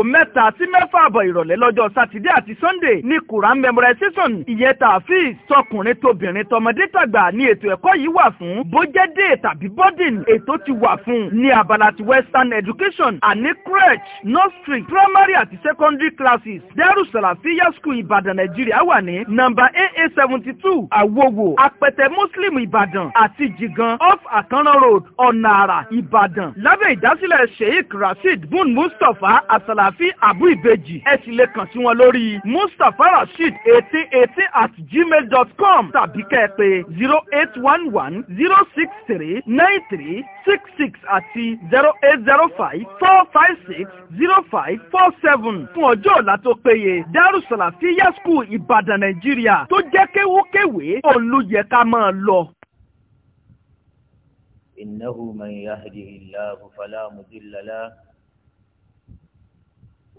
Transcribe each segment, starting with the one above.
aago mẹ́ta sí mẹ́fà àbọ̀ ìrọ̀lẹ́ lọ́jọ́ sátidé àti sunday ní quran memorization ìyẹn tààfíìs tọkùnrin tobìnrin tọmọdé tàgbà ni ètò ẹ̀kọ́ yìí wà fún bójẹ́dé tàbí boarding ètò ti wà fún ní abala ti western education àní crèche nursery primary àti secondary classes dẹ́rù sàlàfíà school ìbàdàn nàìjíríà wà ní nọ́mbà aa seventy two àwòwò apẹtẹ muslim ìbàdàn àti jigan off àkànrán road ọ̀nà àrà ìbàdàn lábẹ́ ìdásílẹ̀ sheikh rasheed bun mustapha asala àfi abu ibeji ẹ sì lè kàn sí wọn lórí mustapha rasheed eighteen eighteen at gmail dot com tàbí kẹ́ẹ̀pè zero eight one one zero six three nine three six six àti zero eight zero five four five six zero five four seven fún ọjọ́ ọ̀la tó péye darussalafiya school ìbàdàn nàìjíríà tó jẹ́ kéwúkéwé olùyẹ ká máa lọ. إنه من يهده الله فلا مضل له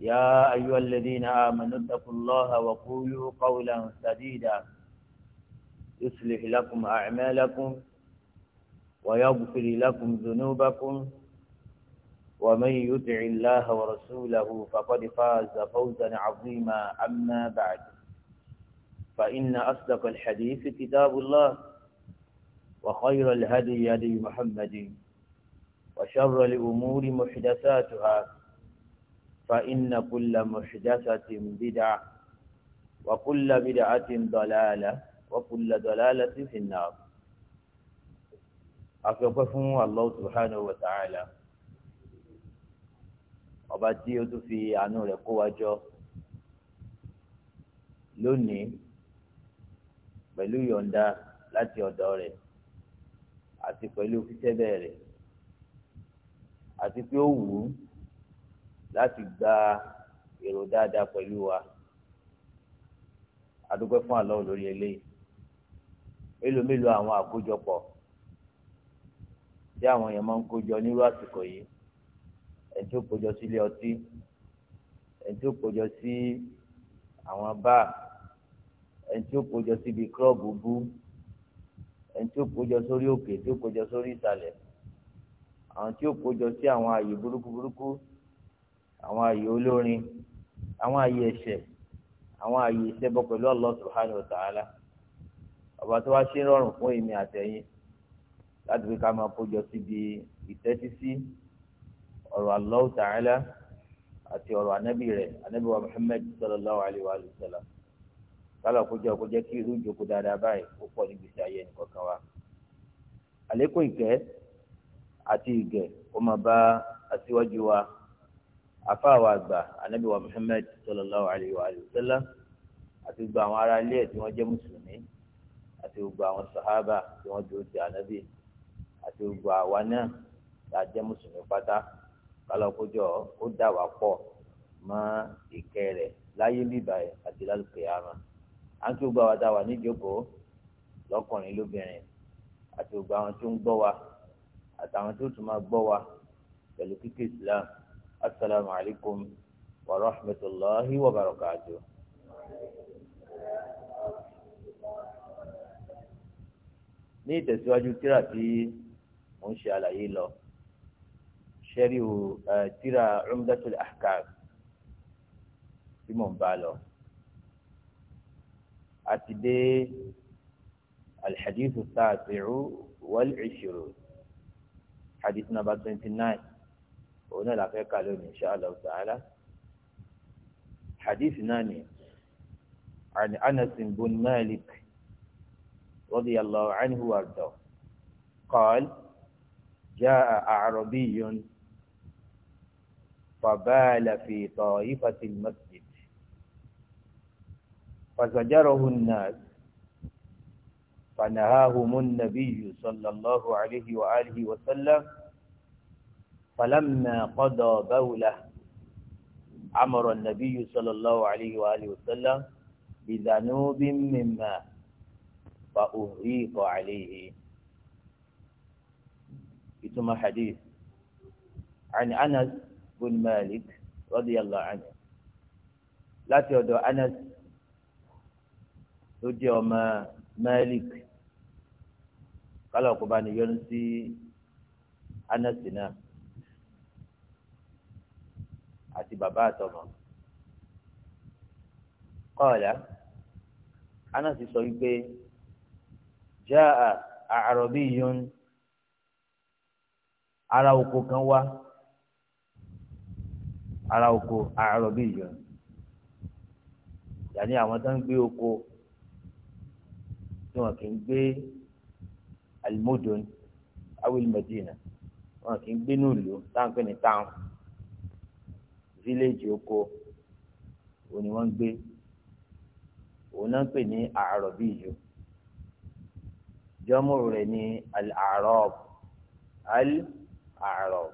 يا أيها الذين آمنوا اتقوا الله وقولوا قولا سديدا يصلح لكم أعمالكم ويغفر لكم ذنوبكم ومن يطع الله ورسوله فقد فاز فوزا عظيما أما بعد فإن أصدق الحديث كتاب الله وخير الهدي هدي محمد وشر الأمور محدثاتها فإن كل محدثة بدعة وكل بدعة ضلالة وكل ضلالة في النار أفقفهم الله سبحانه وتعالى ọba tí ó tún fi àánú rẹ̀ kó wa jọ lónìí pẹ̀lú yọ̀ǹda láti ọ̀dọ̀ rẹ̀ àti pẹ̀lú fífẹ́ bẹ́ẹ̀ rẹ̀ àti pé ó wù ú láti gba èrò dáadáa pẹ̀lú wa adúgbò fún àlọ́ lórí eléyìí mélòó mélòó àwọn àkójọpọ̀ tí àwọn èèyàn máa ń kójọ nírú àsìkò yìí ẹ̀ tí ó kójọ sílé ọtí ẹ̀ tí ó kójọ sí àwọn báà ẹ̀ tí ó kójọ síbi kúrọ́ọ̀bù bú ẹ̀ tí kójọ sórí òkè tí ó kójọ sórí ìsàlẹ̀ àwọn tí ó kójọ sí àwọn ààyè burúkú. burúkú àwọn ààyè olórin àwọn ààyè ẹ̀ṣẹ̀ àwọn ààyè ìṣẹbọ pẹ̀lú Allah subhanahu ta'ala ọba tó wá ṣe rọrùn fún èmi àtẹ̀yin láti fi ká máa kójọ síbi ìtẹ́tísí ọ̀rọ̀ ta'ala àti ọ̀rọ̀ anabi rẹ̀ anábì wa sallallahu alayhi wa sallam kálọ̀ kójọ kó kí irú ìjókòó dáadáa báyìí ó pọ̀ níbi ìṣe ayé nìkọ̀ọ̀kan wa àlékún àti ó wa. àfáàwọ̀ àgbà anabi wa muhammed sallallahu alayhi wa sallam àti gbogbo àwọn ará ilé ẹ̀ tí wọ́n jẹ́ mùsùlùmí àti gbogbo àwọn sàhábà tí wọ́n dúró ti anabi àti gbogbo àwa náà tá a jẹ́ mùsùlùmí pátá kálọ̀kójọ ó dà wá pọ̀ mọ́ ìkẹ́ rẹ̀ láyé bíbá ẹ̀ àti lálùkè ara à ń kí gbogbo àwọn tá a níjókòó lọ́kùnrin lóbìnrin àti gbogbo àwọn tó ń gbọ́ wa àtàwọn tó tún máa gbọ́ wa pẹ̀lú kíkẹ́ islam. السلام عليكم ورحمة الله وبركاته ní ìtẹ̀síwájú tíra tí mò ń ṣe àlàyé lọ ṣẹ́rí o tíra Umdatul Ahkam tí mò ń bá lọ a ti dé alḥadithu tasi'u wal 'ishrun hadith number twenty nine. òun náà la fẹ́ إن شاء الله تعالى حديث hadith عن أنس بن مالك رضي الله عنه وارضاه قال جاء أعربي فبال في طائفة المسجد فزجره الناس فنهاهم النبي صلى الله عليه وآله وسلم فلما قضى بوله أمر النبي صلى الله عليه وآله وسلم بذنوب مما فأهريق عليه ثم حديث عن أنس بن مالك رضي الله عنه لا تودو أنس تودو ما مالك قال أقبان يونسي أنس àti bàbá àtọmọ kọ́ọ̀lá aná ti sọ wípé jáà àròbí yun ara oko kan wá ara oko àròbí yun yàní àwọn tó ń gbé oko tí wọn kì í gbé alimodon awil medina wọn kì í gbé nílùú táwọn pè ní fíléèjì oko òun ni wọ́n ń gbé òun náà ń pè ní àrọ̀bíyù jọ́mù rẹ̀ ní al-Arab al-Arab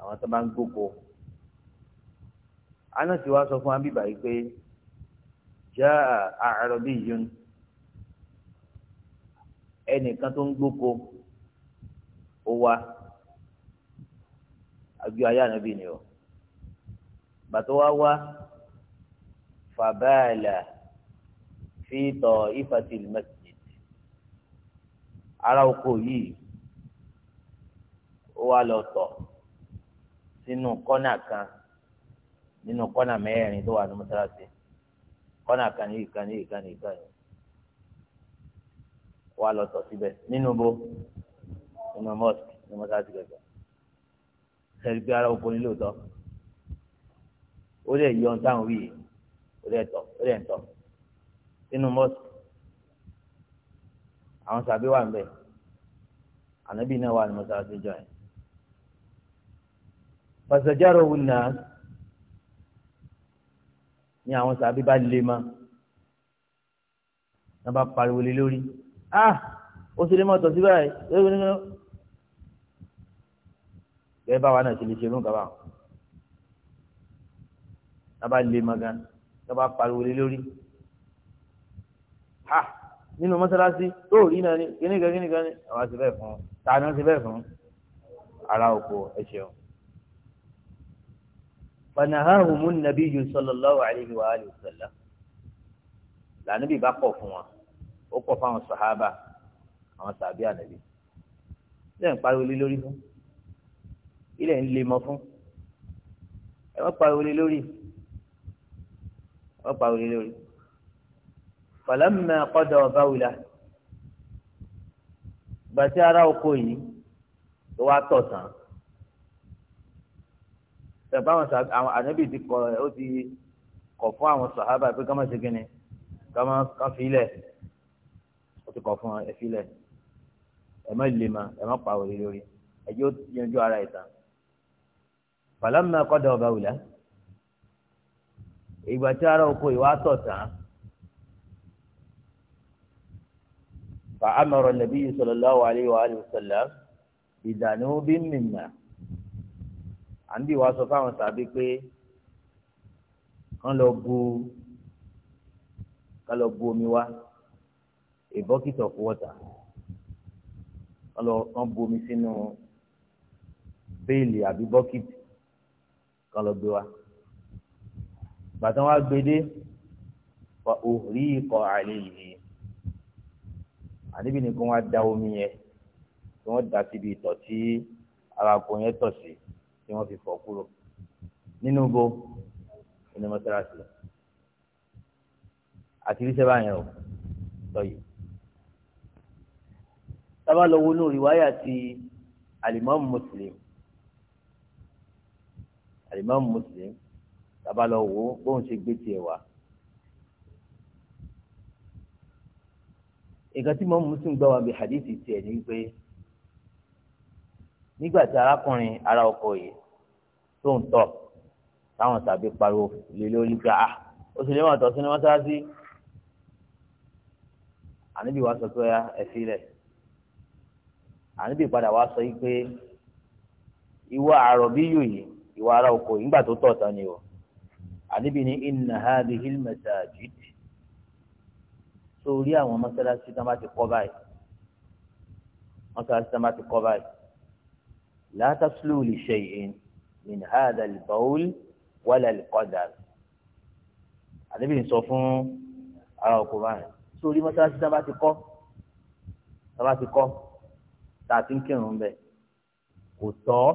àwọn tó bá ń gbóko anasi wa sọ fún abíbá yìí pé jẹ́ àrọ̀bíyù ẹnìkan tó ń gbóko ó wá agbé ayé ànábì ni o bàtọ́ wá wá fàbáàlà fi ta'ifati al-masjid ara oko yìí ó wá lọ tọ̀ sínú kọ́nà kan nínú kọ́nà mẹ́rin tó wà ní mọ́sálásí kọ́nà kan ní ìkan ní ìkan ní ìkan yìí ó lọ tọ̀ síbẹ̀ nínú bo nínú mọ́sálásí ní mọ́sálásí gẹ́gẹ́ sẹ́rí ara oko nílò tọ́ ó lè yọ ohun táwọn wí yìí ó lè tọ̀ ó lè tọ̀ sínú mọ́sù àwọn sàbí wà ń bẹ̀ ànábì náà wà ní mọ́sálásí jọ yẹn. pàṣẹjáró wù náà ni àwọn sàbí bá lè ma náà bá pariwo lé lórí ah ó sì lè mọ̀ tọ̀ sí báyìí lórí bẹ́ẹ̀ bá wà náà sì lè ṣe fún kaba tába lè magan tába pariwo lé lórí ha nínú mọ́sálásí tó rí náà ni kíníkan kíníkan ni àwọn ti bẹ́ẹ̀ fún ta ni wọ́n ti bẹ́ẹ̀ fún ara òkú ẹ ṣeun. fanahahumu nabiyyu sallallahu alayhi wa alihi wa sallam lànàbí bá kọ̀ fún wọn ó kọ̀ fáwọn sàhábà àwọn sàbí ànàbí ilẹ̀ ń pariwo lé lórí fún ilẹ̀ ń lemọ fún ẹ wọ́n pariwo lé lórí fún ọ̀pá òrì lórí falamma qada báwìlà gbàtí ara oko yìí ló wá tọ̀ tán tẹ̀fọ́ àwọn àwọn ànábì ti kọ̀ ó ti kọ̀ fún àwọn sàhábà pé ká má ṣe kíni ká má ká fi ilẹ̀ ó ti kọ̀ fún ẹ fi ẹ má lè ma ẹ má pa òrì lórí ẹ jẹ́ ó yanjú ara ìtàn falamma qada báwìlà ìgbà tí ara oko ìwà tọ̀ tán fa amara nabiyyu sallallahu alayhi wa alihi wa sallam bidanubin minna àǹbí wa sọ fáwọn sàbí pé kán lọ bu kán lọ bu omi wá a bucket of water kán lọ kán bu omi sínú béèlì àbí bucket kán lọ gbé wá bàtà wá gbede fa òhùrí ikọ̀ àlẹ́ yìí àníbi nìkan wá da omi yẹn tí wọ́n da síbi ìtọ̀ tí arakò yẹn tọ̀ sí tí wọ́n fi fọ̀ kúrò nínú bo inú mọ́sálásí àti ibi sẹ́bà yẹn o lọ yìí. sábà lọ wo inú ti alimami muslim alimami muslim tàbá lọ wò ó bóun ṣe gbé tiẹ̀ wá. ìkan tí mọ́mú sì ń gbọ́ wa bí hadithi tiẹ̀ ní pé nígbà tí arákùnrin ara ọkọ yìí tó ń tọ̀ táwọn tàbí pariwo lé lórí pé ah ó sì lè máa tọ̀ sí ni wọ́n àníbi wa sọ pé ah, ẹ̀fí rẹ̀ àníbi padà wa sọ yìí pé ìwọ àròbí yòòyì ìwọ ara ọkọ yìí nígbà tó tọ̀ tán ni o àníbi ní inna hadhihi al-masajid sórí àwọn mọ́sálásí tí wọ́n bá ti kọ́ báyìí mọ́sálásí tí wọ́n bá ti kọ́ báyìí la taslu li shay'in min hadha al-bawl wala al-qadar àníbi ń sọ fún ara ọkọ̀ báyìí sórí mọ́sálásí tí bá ti kọ́ tí bá ti kọ́ tá a ti ń kírun bẹ́ẹ̀ kò tọ́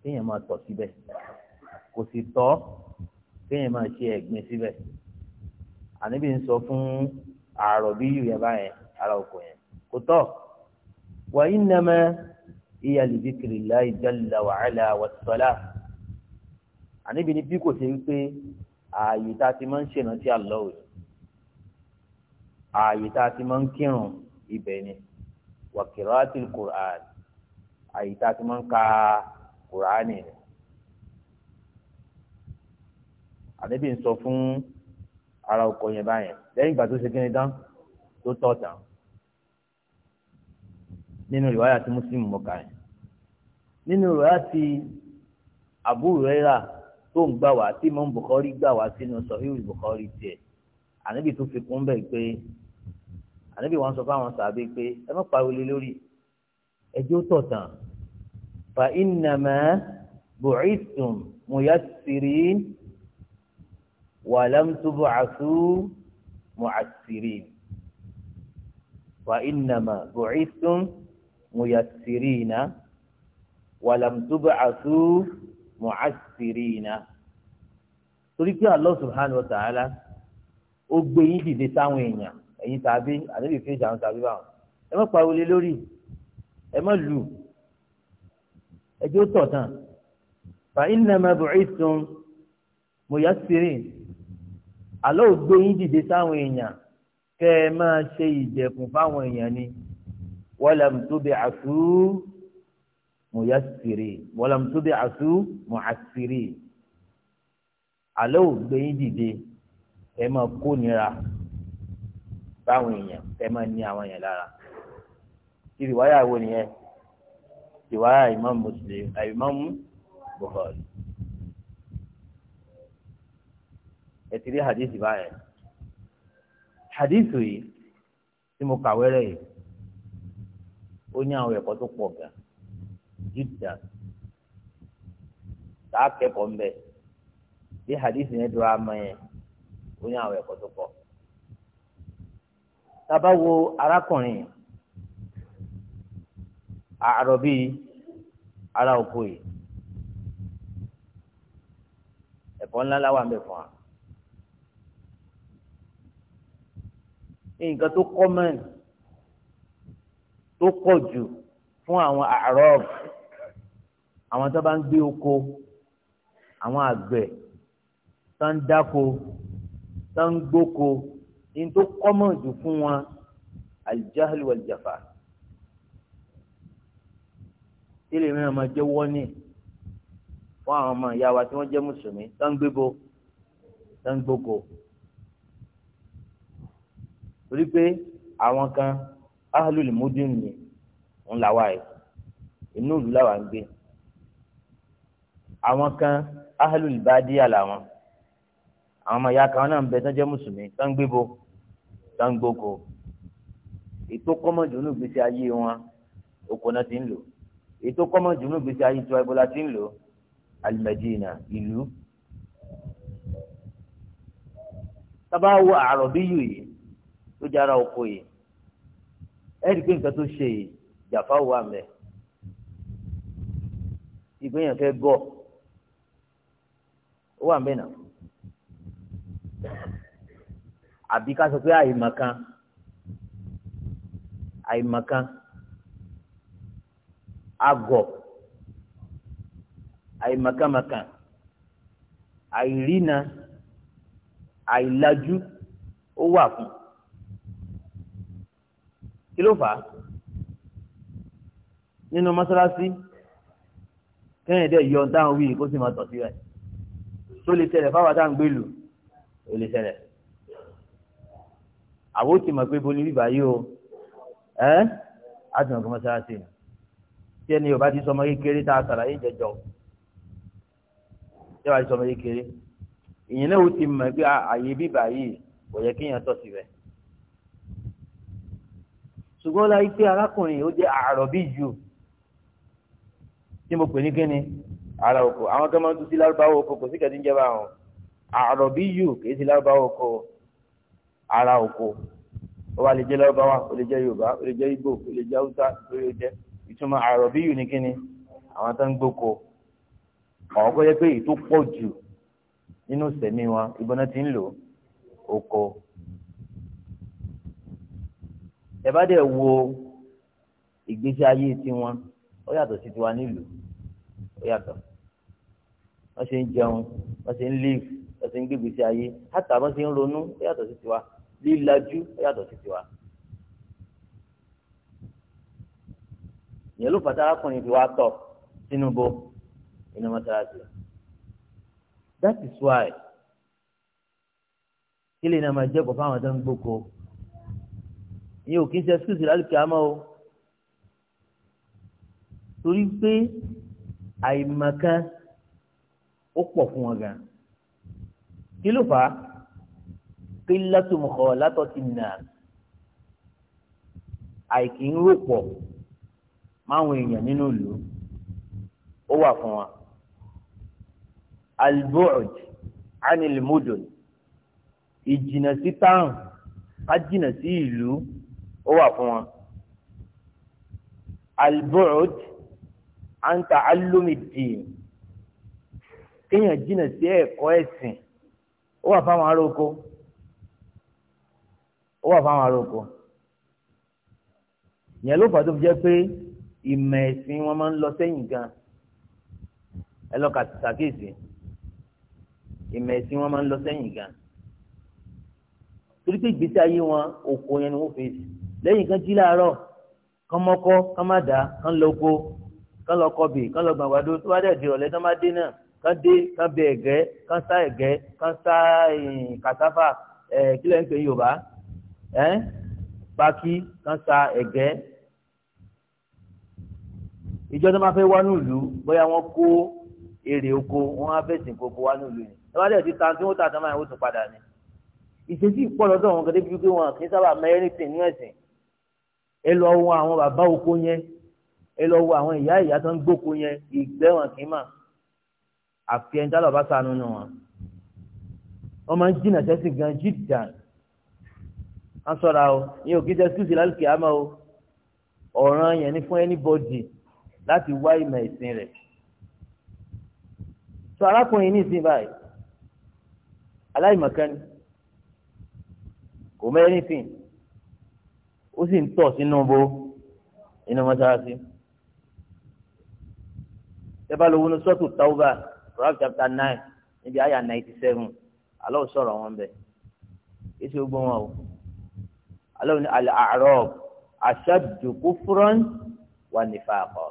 kéèyàn máa tọ̀ síbẹ̀ kò sì tọ́ kéèyàn máa ṣe ẹ̀gbin síbẹ̀ àníbi ń sọ fún àárọ̀ bí yìí yẹn báyẹn ara oko yẹn kò tọ́ wa innama iya li zikrillahi jalla wa ala was-salah àníbi ni bí kò ṣe wípé ààyè tá a ti máa ń ṣèrántí àlọ́ òye ààyè tá a ti máa ń kírun ibẹ̀ ni wa qira'atil Qur'an ààyè tá a ti máa ń ka Qur'ani ni. ànábì ń sọ fún ara ọkọ yẹn báyẹn lẹ́yìn ìgbà tó ṣe kíni dán tó tọ̀ tán nínú ìwáyà tí muslim mọ̀ká yẹn nínú ìwáyà tí Abu Huraira tó ń gbà wá tí Imam Bukhari gbà wá sínú Sahih Bukhari tiẹ̀ ànábì tó fi kún bẹ́ẹ̀ pé ànábì wọn sọ fáwọn sàbẹ̀ pé ẹ má pariwo lé lórí ẹjọ́ tọ̀ tán fa innama bu'ithtum muyassirin. ولم تبعثوا معسرين وإنما بعثتم ميسرين ولم تبعثوا معسرين torí pé Allah subhanahu wa ta'ala ó gbé yín dìde sáwọn èèyàn ẹ̀yin tàbí àdébí fèjì àwọn tàbí báwọn ẹ má pariwo lé lórí ẹ má lù ẹjọ́ tọ̀ tán fa innama bu'ithtum muyassirin àlọ́ ò gbé yín dìde sáwọn èèyàn kẹ́ ẹ máa ṣe ìjẹ̀kùn fáwọn èèyàn ni walam tub'asu muyassiri walam tub'asu mu'assiri àlọ́ ò gbé yín dìde ẹ máa kó nira báwọn èèyàn ẹ máa ní àwọn èèyàn lára ìrìwáyà wo nìyẹn ìrìwáyà Imam Muslim Imam Bukhari. ẹ hadithi rí hadith báyẹn hadith yìí tí mo kàwé rẹ̀ yìí ó ní àwọn ẹ̀kọ́ tó pọ̀ gan jìdá tá a kẹ́kọ̀ọ́ ń bẹ bí hadith yẹn dúró ama yẹn ó ní àwọn ẹ̀kọ́ tó pọ̀ tábà arákùnrin àròbí ara òkú yìí ẹ̀kọ́ ńlá láwà ń bẹ fún wa. nǹkan tó common tó pọ̀ jù fún àwọn Arab àwọn tó bá ń gbé oko àwọn àgbẹ̀ tó ń dáko tó ń gbóko ní tó common jù fún wọn aljahlu waljafa ilé mi náà máa jẹ́ wọ́nì fún àwọn ọmọ ìyá wa tí wọ́n jẹ́ mùsùlùmí tó ń gbébo tó ń gbóko torí pé àwọn kan ahlul mudin ni ń la wa yìí inú ìlú làwọn ń gbé àwọn kan ahlul badiya làwọn àwọn ọmọ ìyá kan náà ń bẹ tán jẹ́ mùsùlùmí tán ń gbébo tán ń gboko ètò kọ́mọ̀jù ní ìgbésí ayé wọn oko náà ti ń lò ètò kọ́mọ̀jù ní ìgbésí ayé tiwa ibola ti ń lò alimẹdina ìlú. tábà àròbí yìí tó jára oko yìí ẹ̀rí pé nǹkan tó ṣe yìí jàfa wà mẹ́ ìgbéyàn fẹ́ gọ̀ ó wà mẹ́nà àbí ká sọ pé àìmọ̀kan àìmọ̀kan agọ̀ àìmọ̀kànmọ̀kàn àìrínà àìlajú ó wà fún un kí ló fà á nínú mọ́sálásí kẹ́yìn dẹ́ yọ táwọn wí kó sì máa tọ̀ síbẹ̀ tó lè ṣẹlẹ̀ fáwọn táwọn gbé lù ó lè ṣẹlẹ̀ àwọn ò sì mọ̀ pé bó ní bíbá yìí o ẹ́ á ti mọ̀ pé mọ́sálásí ni tí ẹni yorùbá ti sọmọ kékeré tá a sàlàyé jẹjọ tí wàá ti sọmọ kékeré ìyẹn náà ó ti mọ̀ pé àyè bíbá yìí kò yẹ kéèyàn tọ̀ síbẹ̀ ṣùgbọ́n láyé pé arákùnrin ó jẹ́ àròbí jù tí mo pè ní kíni ara oko àwọn kan máa ń tún sí lárúbáwò oko kò sí kẹ́tí ń jẹba àwọn àròbí jù kìí sí lárúbáwò oko ara oko ó wà lè jẹ́ lárúbáwá ó lè jẹ́ yorùbá ó lè jẹ́ ìgbò ó lè jẹ́ haúsá ó lè jẹ́ ìtumọ̀ àròbí jù ní kíni àwọn tó ń gboko ọ̀hún kọ́ yẹ pé èyí pọ̀ jù nínú sẹ̀mí wọn ìbọn náà ti ń lò oko ẹ bá dẹ̀ wo ìgbésí ayé tiwọn ó yàtọ̀ sí tiwa nílùú ó yàtọ̀ wọ́n ṣe ń jẹun wọ́n ṣe ń live wọ́n ṣe ń gbé ìgbésí ayé hátà wọ́n ṣe ń ronú ó yàtọ̀ sí tiwa lílajú ó yàtọ̀ sí tiwa. ìyẹn ló arákùnrin fi wá tọ̀ Tinubu inú mọ́tàlásì that is why kí lè nà máa jẹ́ kó fáwọn tó ń gbóko ní òkè ń ṣe ẹ́sìkìsì lálùkì àmọ́ o torí pé àìmọ̀kan ó pọ̀ fún wọn gan kí ló fà á pé látòmùkọ látọ̀ ti nà àìkì ń rò pọ̀ máwọn èèyàn nínú ìlú ó wà fún wa albuud anil mudun ìjìnà sí táwọn ká sí ìlú ó wà fún wọn. albuud an ta'allumi ddin kéèyàn jìnnà sí ẹ̀kọ́ ẹ̀sìn ó wà fáwọn aróko ó wà fáwọn aróko yẹn ló fà tó fi jẹ́ pé ìmọ̀ ẹ̀sìn wọn máa ń lọ sẹ́yìn gan ẹ lọ kàkíyèsí ìmọ̀ ẹ̀sìn wọn máa ń lọ sẹ́yìn gan torí pé ìgbésí ayé wọn òkò yẹn ni wọ́n fèsì lẹ́yìn kan jí láàárọ̀ kán mọ́kọ́ kán má dá kán lọ oko kán lọ kọbì kán lọ gbàgbàdo tó bá dẹ̀ di ọ̀lẹ́ tán má dé náà kán dé kán bẹ ẹ̀gẹ́ kán sá ẹ̀gẹ́ kán sá kàtàfà kílẹ̀ ń pè Yorùbá pákí kán sá ẹ̀gẹ́ ìjọ tó máa fẹ́ wá nílùú bóyá wọ́n kó èrè oko wọ́n á fẹ́ sìn kókó wá nílùú yìí ẹ bá dẹ̀ ti ta tí wọ́n tà tán máa ń wò tún padà ni ìṣesí ìpọ́lọ́dọ̀ wọn kẹ́tẹ́ bíi pé wọn kì í sábà mẹ́rin tì nínú ẹ̀sìn ẹ lọ wo àwọn bàbá oko yẹn ẹ lọ wo àwọn ìyá ìyá tó ń gbóko yẹn ìgbẹ́ wọn kì í mà àfi ẹni tálọ̀ bá sànú nù wọn. wọ́n máa ń jìnnà sẹ́sìn gan jìdà á sọ̀ra o ní òkè jẹ́ skúùsì lálùkì àmọ́ o ọ̀ràn yẹn ni fún anybody láti wá ìmọ̀ ìsìn rẹ̀. sọ arákùnrin ní ìsìn báyìí aláìmọ̀kan ni kò mọ anything ó sì ń tọ̀ sínú bo inú mọ́sálásí. tẹ́bá ló wọnú sọ́ọ̀tù tàwùbà Quran chapter nine níbi àyà ninety seven alọ́ sọ̀rọ̀ wọn bẹ̀ èsì gbogbo wọn o alọ́ ní al-A'rab ashaddu kufran wa nifaqa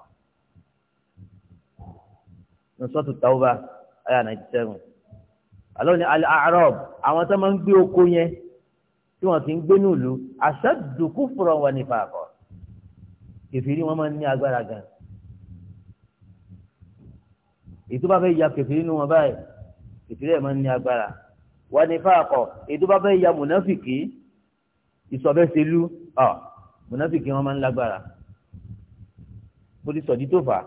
nusọ́tù tàwùbà àyà ninety seven alọ́ ní al-A'rab àwọn tó máa ń gbé oko yẹn tí wọ́n ti ń gbé nílùú ashaddu kufran wa nifaqa kẹfìrí wọn máa ń ní agbára gan ètò bá ya kẹfìrí nu wọn báyìí kẹfìrí ẹ̀ máa ń ní agbára wa nifaqa ètò bá fẹ́ ya mùnáfìkì ìsọ̀bẹ́sẹ̀lú ọ̀ mùnáfìkì wọn máa ń lágbára mo ti tó fà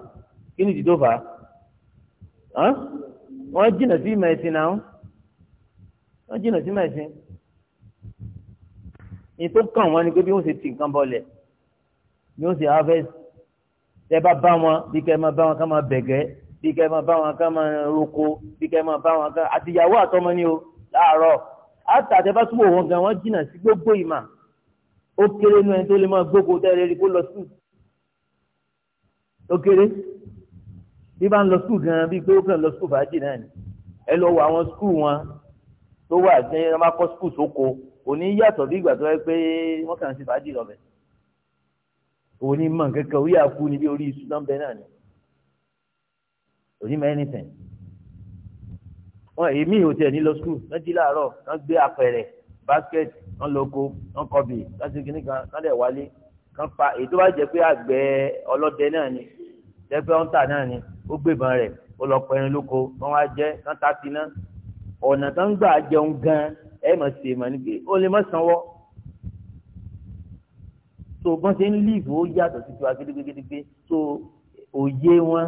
kí ni ìdí tó fà á wọ́n jìnnà sí ìmọ̀ ẹ̀sìn náà wọ́n jìnnà sí ìmọ̀ ní tó kàn wọ́n ni pé bí wọ́n ṣe ti nǹkan bọ̀lẹ̀ ni wọ́n ṣe harvest tẹ́ bá bá wọn bí kẹ́ máa bá wọn ká máa bẹ̀gẹ́ bí kẹ́ máa bá wọn ká máa roko bí kẹ́ máa bá wọn ká àtìyàwó àtọmọ ni o láàárọ̀ àtàtẹ́ bá túbọ̀ wọn gan wọ́n jìnnà sí gbogbo ìmà ó kéré nu ẹni tó lè máa gbógo tẹ́lẹ̀ rí kó lọ sùn ó kéré bí bá ń lọ sùn gan bí pé ó kàn lọ sùn fàájì náà ni ẹ lọ wọ àwọn sùkúù wọn tó wà ní ẹ máa kọ́ sùkúù tó ko òní yàtọ̀ bí ìgbà tó yẹ pé wọ́n kàn ń ṣe fàájì lọ́bẹ̀ òní mọ̀ kankan orí àkú ni bí orí iṣu nọ́mbẹ náà ni òní mọ̀ anything wọn èmi ò tẹ̀ ní lọ skul wọ́n jí láàárọ̀ wọ́n gbé apẹ̀rẹ̀ basket wọ́n lóko wọ́n kọbì wọ́n ṣe kíní kan wọ́n dẹ̀ wálé kan fa èyí tó bá jẹ́ pé àgbẹ̀ ọlọ́dẹ náà ni jẹ́pẹ́ ọ̀ǹtà náà ni ó gbébọn rẹ̀ ó lọ pẹ̀rin lóko wọ́n wá jẹ́ wọ́n ta sí náà ọ̀nà tó ń gbà jẹun gan-an ẹ mọ̀ sí ẹ mọ̀ níbi ó lè mọ̀ sanwó tó bọ́n ṣe ń líìfù ó yàtọ̀ sí tiwa gidigidigbe tó òye wọn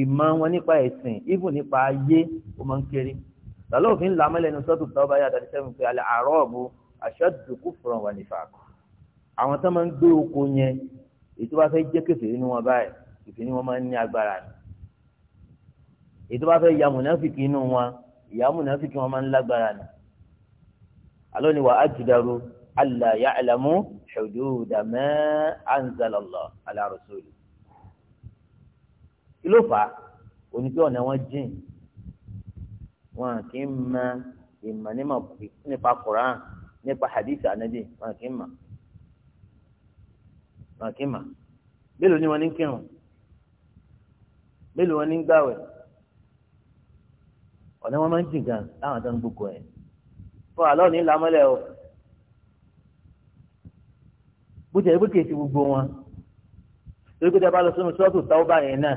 ìmọ̀ wọn nípa ẹ̀sìn ìbùn nípa ayé ó máa ń kéré lọ́lọ́ òfin là mọ́lẹ́nu sọ́tù tọ́ba yà dàdí sẹ́mi pé alẹ́ àárọ̀ ọ̀bù aṣọ́dù kúfùrọ̀ wà ní fàákù àwọn tó máa ń gbé oko yẹn èyí tó bá fẹ́ jẹ́ kẹfìrí ni wọ́n báyìí kẹfìrí ni wọ́n máa ń ní agbára ni èyí tó bá fẹ́ ya mùnáfìkì inú wọn ìyá mùnáfìkì wọn máa ń lágbára ni alóni wa ajudaru alla ya'lamu hududa ma anzalallahu ala rasuli kí ló fà á oníkẹ́ ọ̀nà wọn jìn wọn kì í mọ ìmọ̀ nípa Qur'an nípa hadith anabi wọn kì í mọ wọn kì í mọ mélòó ni wọn ní kírun mélòó wọn ní gbàwẹ̀ ọ̀nà wọn máa ń jìn gan láwọn tó ń ẹ̀ fún àlọ́ ní ìlàmọ́lẹ̀ o bó jẹ́ pé kèsì gbogbo wọn torí pé dábàá lọ sínú sọ́ọ̀tù táwọn bá yẹn náà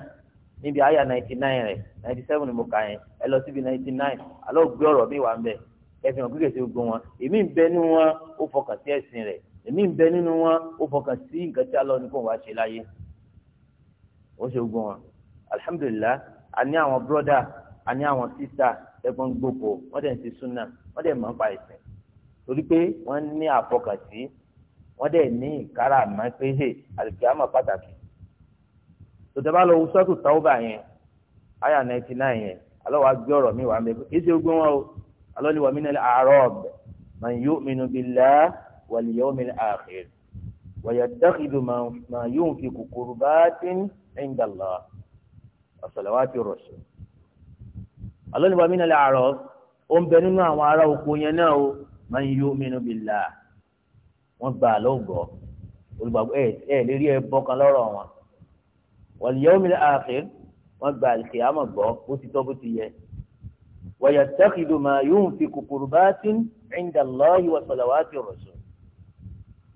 níbi àyà ninety nine rẹ̀ ninety seven ni mo kà yẹn ẹ lọ síbi ninety nine àlọ́ gbé ọ̀rọ̀ mi wà ń bẹ̀ ẹ̀sìn òkú kèsì gbogbo wọn èmi ń bẹ nínú wọn ó fọkàn sí ẹ̀sìn rẹ̀ èmi ń bẹ nínú wọn ó fọkàn sí nǹkan tí àlọ́ ní kò wá ṣe láyé ó ṣe gbogbo wọn alhamdulilah a ní àwọn brọ́dà a ní àwọn sísà ẹ̀gbọ́n gbogbo wọ́n dẹ̀ ń ti súnà wọ́n dẹ̀ mọ̀ nípa ẹ̀sìn torí pé wọ́n ní àfọkànsí wọ́n dẹ̀ ní ìkárà mọ́ pé hè àlùkìyámà pàtàkì tòtẹ́bá lọ sọ́ọ̀tù tàwùbà yẹn àyà náìtì náà yẹn alọ́wọ́ agbé ọ̀rọ̀ mi wà ń bẹ kí ṣe gbé wọn o alọ́ni wàmí náà àárọ̀ ọ̀bẹ man yu'minu billahi wal yawmil akhir wa yattakhidhu ma yunfiqu qurbatin inda Allah wa salawati rasul alọ́ni wàmí náà àárọ̀ ọ̀bẹ ó ń bẹ nínú àwọn ará oko yẹn náà o man yu'minu billah wọ́n gbà lọ́gọ̀ọ́ olùgbàgbọ́ ẹ̀ ẹ̀ lérí ẹ bọ́kan lọ́rọ̀ wọn wal yawmil akhir wọ́n gbà àlùkìyàmọ̀ gbọ́ bó ti tọ́ bó ti yẹ wa yattakhidhu ma yunfiqu qurbatin inda Allahi wa salawati rasul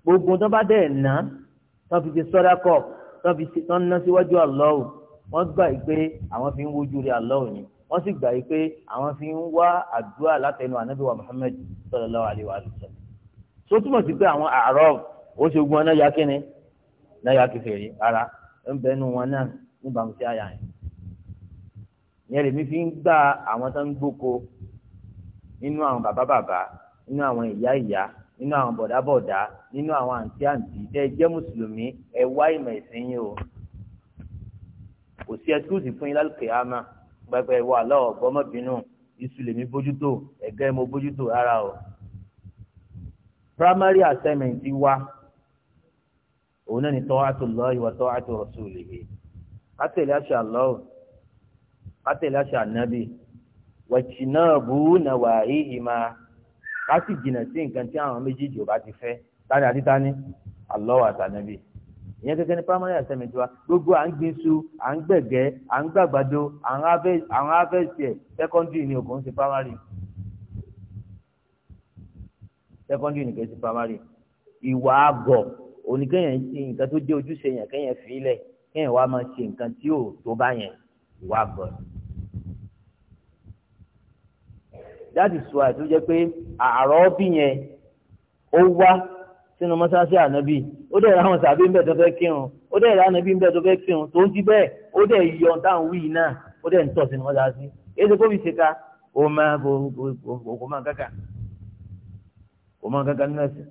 gbogbo tó bá dẹ̀ ná tó fi ti sọ́dá kọ̀ tó fi ti tán ná síwájú àlọ́ wọ́n gbà pé àwọn fi ń wojú rí àlọ́ òní wọ́n sì gbà yí pé àwọn fi ń wá àdúrà látẹnu ànábì wa Muhammad sallallahu alaihi wa so túmọ̀ sí pé àwọn àárọ̀ ó ṣe gbọ́n náà yá kíni náà yá kèfèrí ara ń bẹnu wọn náà níbàámu sí àyà yẹn ìyẹn lèmi fi ń gba àwọn tó ń gboko nínú àwọn bàbá bàbá nínú àwọn ìyá ìyá nínú àwọn bọ̀dá bọ̀dá nínú àwọn àǹtí àǹtí tẹ́ ẹ jẹ́ mùsùlùmí ẹ wá ìmọ̀ ìsìn yín o kò sí ẹtúùsì fún yín lálùkè ámà gbẹgbẹ wà lọ́wọ́ gbọ́mọ̀bínú iṣu lèmi bójútó ẹ̀gẹ́ mo bójútó rárá o. primary assignment wa òun náà ni ta'atu Allahi wa ta'atu rasulihi kátẹ̀lé àṣà Allah kátẹ̀lé àṣà ànábì wàjìnà bú na wà híhì máa ká sì sí nǹkan tí àwọn méjèèjì ò bá ti fẹ́ tani àti tani Allah àtànábì ìyẹn gẹ́gẹ́ ní primary assignment wa gbogbo à ń gbin iṣu à ń gbẹ̀gẹ́ à ń gbàgbàdo àwọn harvest ẹ̀ secondary ni òkò ń ṣe primary secondary ni kò ń ṣe primary ìwà àgọ̀ oníkẹ́yìn nǹkan tó jẹ́ ojúṣe yẹn kẹ́yìn fílẹ̀ kẹ́yìn wá máa ṣe nǹkan tí ò tó bá yẹn ìwà àgọ̀ that is why tó jẹ́ pé àárọ̀ bí yẹn ó wá sínú mọ́ṣáláṣí ànábì ó dẹ̀ ráwọn sàbí ń bẹ̀ tó fẹ́ kírun ó dẹ̀ ráwọn ànábì ń bẹ̀ tó fẹ́ kírun tó ń ti bẹ́ẹ̀ ó dẹ̀ yọ táwọn wíì náà ó dẹ̀ ń tọ̀ sínú mọ́ṣáláṣí èyí tó fi ṣèkà ó máa kò máa kankan kò máa kankan nínú ẹ̀sìn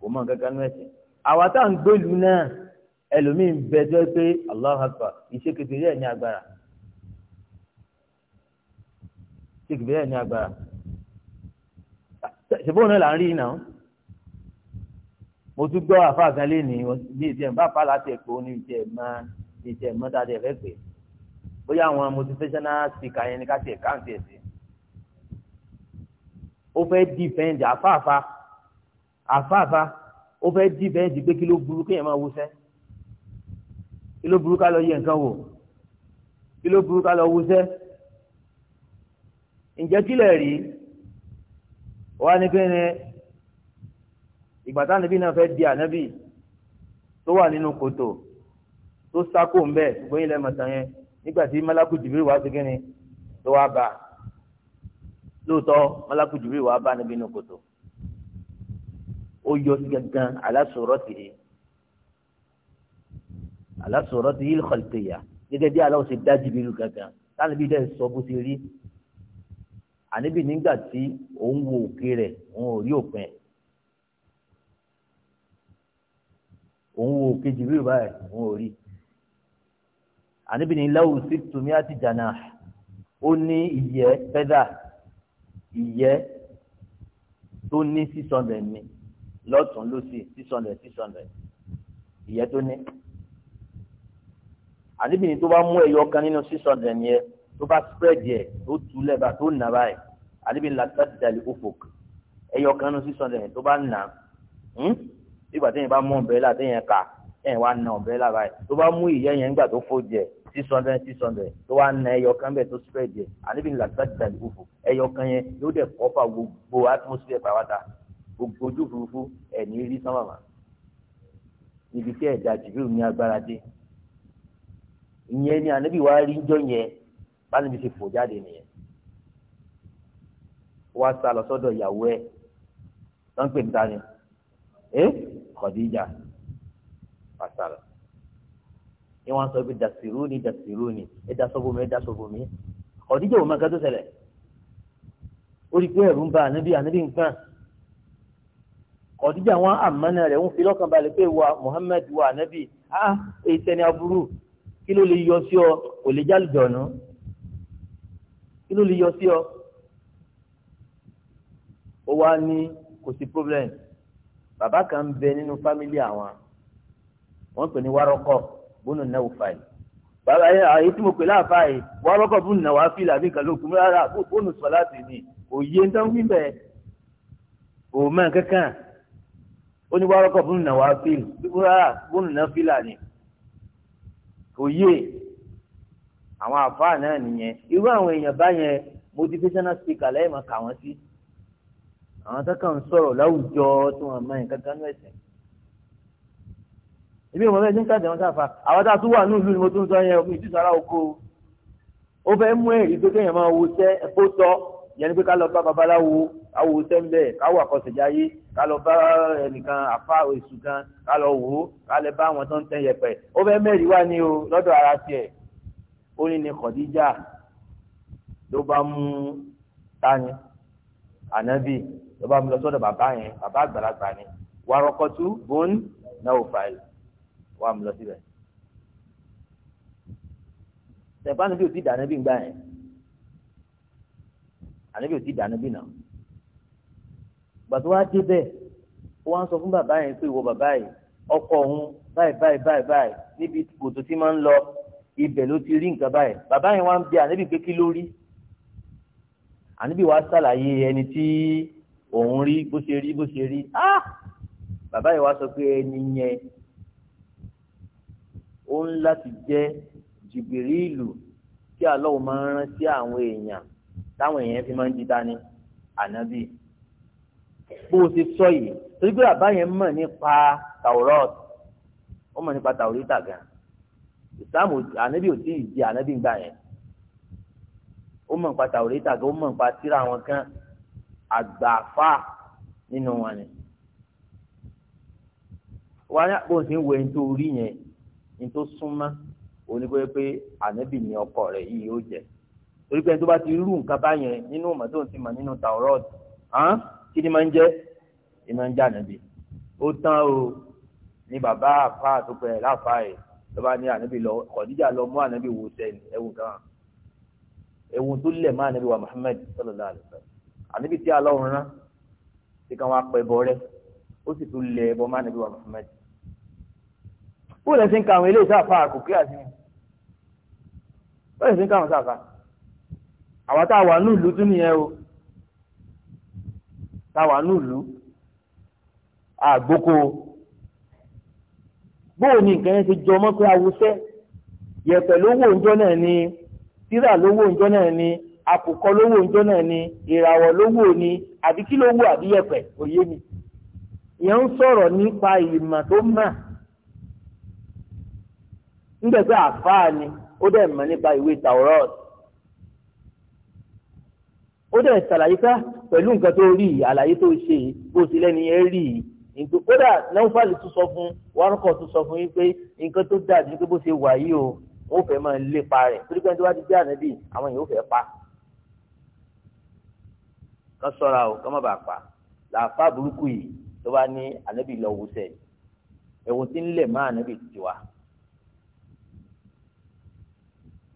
kò máa kankan nínú ẹ̀sìn àwa tá à ń gbèlú náà ẹlòmíì bẹ tó pé Allahu Akbar ìṣèkèkèrè ẹ̀ ní agbára ìṣèkèkèrè ẹ̀ ní agbára ṣùgbọ́n náà là ń rí iná mo tún gbọ́ àfáàgán lé ní ní ìtẹ̀ bá fà láti ẹ̀kọ́ ní ìtẹ̀ mọ́ ìtẹ̀ mọ́ dáadé rẹ̀ pé bóyá àwọn motivational speaker yẹn ní ká tiẹ̀ káàntì ẹ̀ sí ó fẹ́ dìfẹ́ǹdì àfáàfá àfáàfá ó fẹ́ dìfẹ́ǹdì pé kí ló burú kéèyàn máa wúṣẹ́ kí ló burú ká lọ yẹ nǹkan wò kí ló burú ká lọ wúṣẹ́ ǹjẹ́ kílẹ̀ rí wọ́n ní pé ní ìgbà táwọn nabi, náà fẹ́ di ànábì tó wà nínú kòtò tó sákò ń bẹ̀ ṣùgbọ́n ilẹ̀ mọ̀tà yẹn nígbà tí malaku jìbìrì wá sí kínní tó wá bá lóòótọ́ malaku jìbìrì wá bá níbi nínú kòtò ó yọ sí gangan aláṣọrọ tì í aláṣọrọ gẹ́gẹ́ bí aláwọ̀ ṣe dá jìbìrì gangan táwọn ẹbí dẹ́ sọ bó ṣe rí àníbi nígbà tí òun wo òkè rẹ̀ òun ò rí òpin òun wo òkè jìbìrì báyìí òun ò rí àníbi ní lẹ́wù sí tùmí àti jàǹdà ó ní ìyẹ́ fẹ́dà ìyẹ́ tó ní six hundred ní lọ́tún lọ́sì six hundred six hundred ìyẹ́ tó ní àníbi tó bá mú ẹ̀yọ kan nínú six hundred yẹn tó bá spread yẹ tó tú lẹ́bàá tó nà báyìí àdébí làtà dàlí ufuk ẹyọ kan ní six hundred tó bá nà nígbà hmm? téèyàn bá mú ọ̀bẹ́là téèyàn kà téèyàn wá nà ọ̀bẹ́là báyìí tó bá mú ìyẹ́ yẹn nígbà tó fò jẹ six hundred six hundred tó wá nà ẹyọ kan bẹ́ẹ̀ tó spread yẹ àdébí làtà dàlí ufuk ẹyọ kan yẹn yóò dẹ̀ kọ́fà gbogbo atmosphere pàwátà gbogbo ojú òfurufú ẹ̀ ní rí sánmàmà ibi tí ẹ̀dá jìbìrì ní agbára dé ìyẹn ni ànábì wa rí ń yẹn bá níbi ti fò jáde nìyẹn wá sá lọ sọ́dọ̀ ìyàwó ẹ̀ tó pè ní tani ẹ Khadija wá sá lọ ni wọn sọ pé dasiru ni dasiru ni ẹ dasọ bomi ẹ dasọ bomi Khadija òun máa ga tó ṣẹlẹ̀ ó rí i pé ẹ̀rù ń ba ànábì ànábì nǹkan Khadija wọn àmọ́nà rẹ̀ ń fi lọ́kàn balẹ̀ pé wa Muhammad wa ànábì ah èyí sẹ́ni aburú kí ló lè yọ sí ọ kò lè jálùjọ̀nù kí ló lè yọ sí ọ ó wá ní kò sí problem bàbá kan ń bẹ nínú fámìlì àwọn wọ́n pè ní wárọ́kọ̀ bónú náwó fàyè bàbá yẹn àyè tí mo pè láàfà yìí wárọ́kọ̀ bónú náwó àfìlà àbí nǹkan lókun rárá bónú sọ láti ní òye ń tán fíbẹ̀ òmọ kankan ó ní wárọ́kọ̀ bónú náwó àfìlà rárá bónú náwó fìlà ni òye àwọn àfáà náà nìyẹn irú àwọn èèyàn báyẹn motivational speaker lẹ́yìn máa kà wọ́n sí. Si àwọn akẹ́kọ̀ọ́ ń sọ̀rọ̀ láwùjọ tí wọ́n mọ nǹkan kan náà ẹ̀sìn. èmi ò mọ bẹ́ẹ̀ ní káàdì wọn sáfà àwọn tá a tún wà ní ìlú ni mo tún ń sọ yẹn omi ìtúsọ ara oko ó fẹ́ mú ẹ̀rí tó kéèyàn máa wo sẹ́ epo tọ́ yẹn ni pé ká lọ bá babaláwo awo sẹ́ńbẹ̀ káwọ́ àkọsẹ̀jáyé ká lọ bá eh, ẹnìkan àfa èṣù kan ká lọ wò ó ká lẹ bá àwọn tó ń tẹ́ yẹpẹ̀ ó fẹ́ mẹ́rin wá ní o lọ́dọ̀ ara tiẹ̀ ó ní ní Khadija ló bá mú tani ànábì ló bá mi lọ sọ́dọ̀ bàbá yẹn bàbá àgbàlagbà ni wàrọ̀kọ̀tù bọ́n náà fàáyì wà mí lọ síbẹ̀. sẹ̀fánì bí o ti dànù bí ń gbà yẹn àní bí o ti dànù bí náà gbàtọ́ wa dé bẹ́ẹ̀ wọ́n á sọ fún bàbá yẹn pé ìwọ bàbá yìí ọkọ òun báyìí báyìí báyìí báyìí níbi kòtò tí máa ń lọ ibẹ̀ ló ti rí nǹkan báyìí bàbá yẹn wá ń bẹ àníbi pé kí ló rí àníbi wàá ṣàlàyé ẹni tí òun rí bó ṣe rí bó ṣe rí ah bàbá yìí wá sọ pé ẹni yẹn ó ń láti jẹ́ jìbìrìlù tí àlọ́wọ́ máa ń rán sí àwọn èèyàn táwọn èèyàn fi máa ń dídá ní ànábì bó o ṣe sọ yìí torí pé bàbá yẹn mọ̀ nípa tàwùrọ́ọ̀t ó mọ̀ nípa tàwùrítà gan ìsáàmù ànábì ò tí ì di ànábì gbà yẹn ó mọ̀ nípa tàwùrítà gan ó mọ̀ nípa tírà wọn kan àgbààfà nínú wọn ni wọn á bó ti ń wo ẹni tó rí yẹn ẹni tó súnmọ́ onígbé pé ànábì ni ọkọ rẹ̀ yìí yóò jẹ torí pé ẹni tó bá ti rú nǹkan báyẹn nínú mọ̀tò ti mọ̀ nínú tàwọ́rọ́ hàn kí ni máa ń jẹ́ ẹ máa ń jẹ́ ànábì ó tán o ní bàbá àfa àtúpẹ̀ láfa ẹ̀ lọ́ba ní ànábì lọ kọ̀díjà lọ mú ànábì wò sẹ́ni ẹ̀wù kan ẹ̀wù tó lẹ̀ mọ́ ànábì wa Muhammad sallallahu alaihi wasallam àníbi tí alọ́run rán tí kan wá pẹ́ bọ́ rẹ ó sì tún lẹ ẹbọ má níbi wà Muhammad bóòlù ẹ̀sìn ka àwọn eléyìí sáfà kò kí àti ní bóòlù ẹ̀sìn ka àwọn sáfà àwa tá a wà ní ìlú tún nìyẹn o tá a wà ní ìlú àgbókò bóòlù ní nǹkan yẹn ti jọ mọ́ pé awusẹ́ yẹ̀pẹ̀ lówó òǹjọ́ náà ni tíra lówó òǹjọ́ náà ni àkùkọ lówó ńjọ́ náà ni ìràwọ̀ lówó ni àbí kí lówó àbí yẹ̀pẹ̀ òye ni ìyẹn ń sọ̀rọ̀ nípa ìmọ̀ tó mà nígbà tí àfáà ni ó dẹ̀ mọ̀ nípa ìwé tàwọ́rọ́ọ̀t ó dẹ̀ ṣàlàyé ká pẹ̀lú nǹkan tó rí àlàyé tó ṣe bó ti lẹ́ni ẹ rí nǹkan kódà náufàlì tún sọ fún wárúkọ tún sọ fún yín pé nǹkan tó dáa ju pé bó ṣe wà yìí o wọn ò fẹ́ máa lépa rẹ̀ torí pé ẹni tó bá ti jẹ́ ànábì àwọn èèyàn ò fẹ́ pa á kán sọ́ra o kán má bàa pa làáfà burúkú yìí tó bá ní ànábì lọ wùsẹ̀ ẹ̀wò tí ń lẹ̀ má ànábì tiwa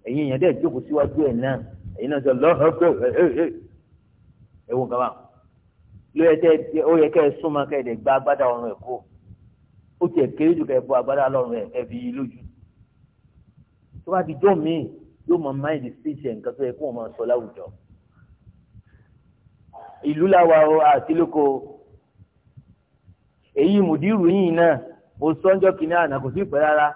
ẹ̀yin èèyàn dẹ̀ jókòó síwájú ẹ̀ náà ẹ̀yin náà sọ lọ́họ́gbẹ́ ẹ̀wò kama ló yẹ kẹ́ ó yẹ kẹ́ ẹ súnmọ́ kẹ́ ẹ dẹ̀ gba agbádá ọrùn ẹ̀ kó ó tiẹ̀ kéré jù kẹ́ ẹ bọ́ agbádá lọ́rùn ẹ̀ ẹ̀ fi yí lójú tó bá ti jọ́ míì yóò máa máa ń di speech ẹ̀ nǹkan tó yẹ kó o máa sọ láwùjọ ìlú làwà o àti lóko èyí mùdírù yìí náà mo sọ́njọ́ kìíní àná kò sí pẹ́ rárá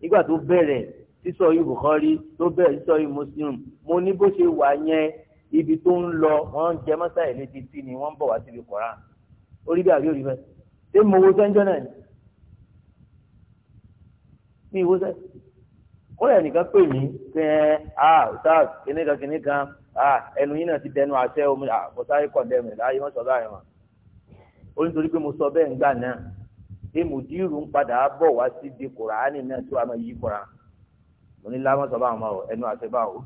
nígbà tó bẹ̀rẹ̀ sísọ yìí Bukhari tó bẹ̀rẹ̀ sísọ yìí Muslim mo ní bó ṣe wà yẹn ibi tó ń lọ wọ́n ń jẹ mọ́sáyè létí tí ni wọ́n ń bọ̀ wá síbi Koran orí bí àbí orí bẹ́ẹ̀ ṣé mo wo sọ́njọ́ náà ni mi wo sẹ́ kọ́lẹ̀ nìkan pè mí pé ẹ́ ah ọ̀tá kìnnìkan kìnnìkan ẹnu yìí náà ti dẹnu àṣẹ omi àbọ̀sáré kọ̀ndẹ́mù láàyè wọ́n sọ báyìí wọn. ó ní torí pé mo sọ bẹ́ẹ̀ ńgbà náà pé mùdírù ń padà bọ̀ wá sí di kùránì náà tó àmọ́ yí kura mo ní lámọ́ sọ báwọn ọ ẹnu àṣẹ báwọn.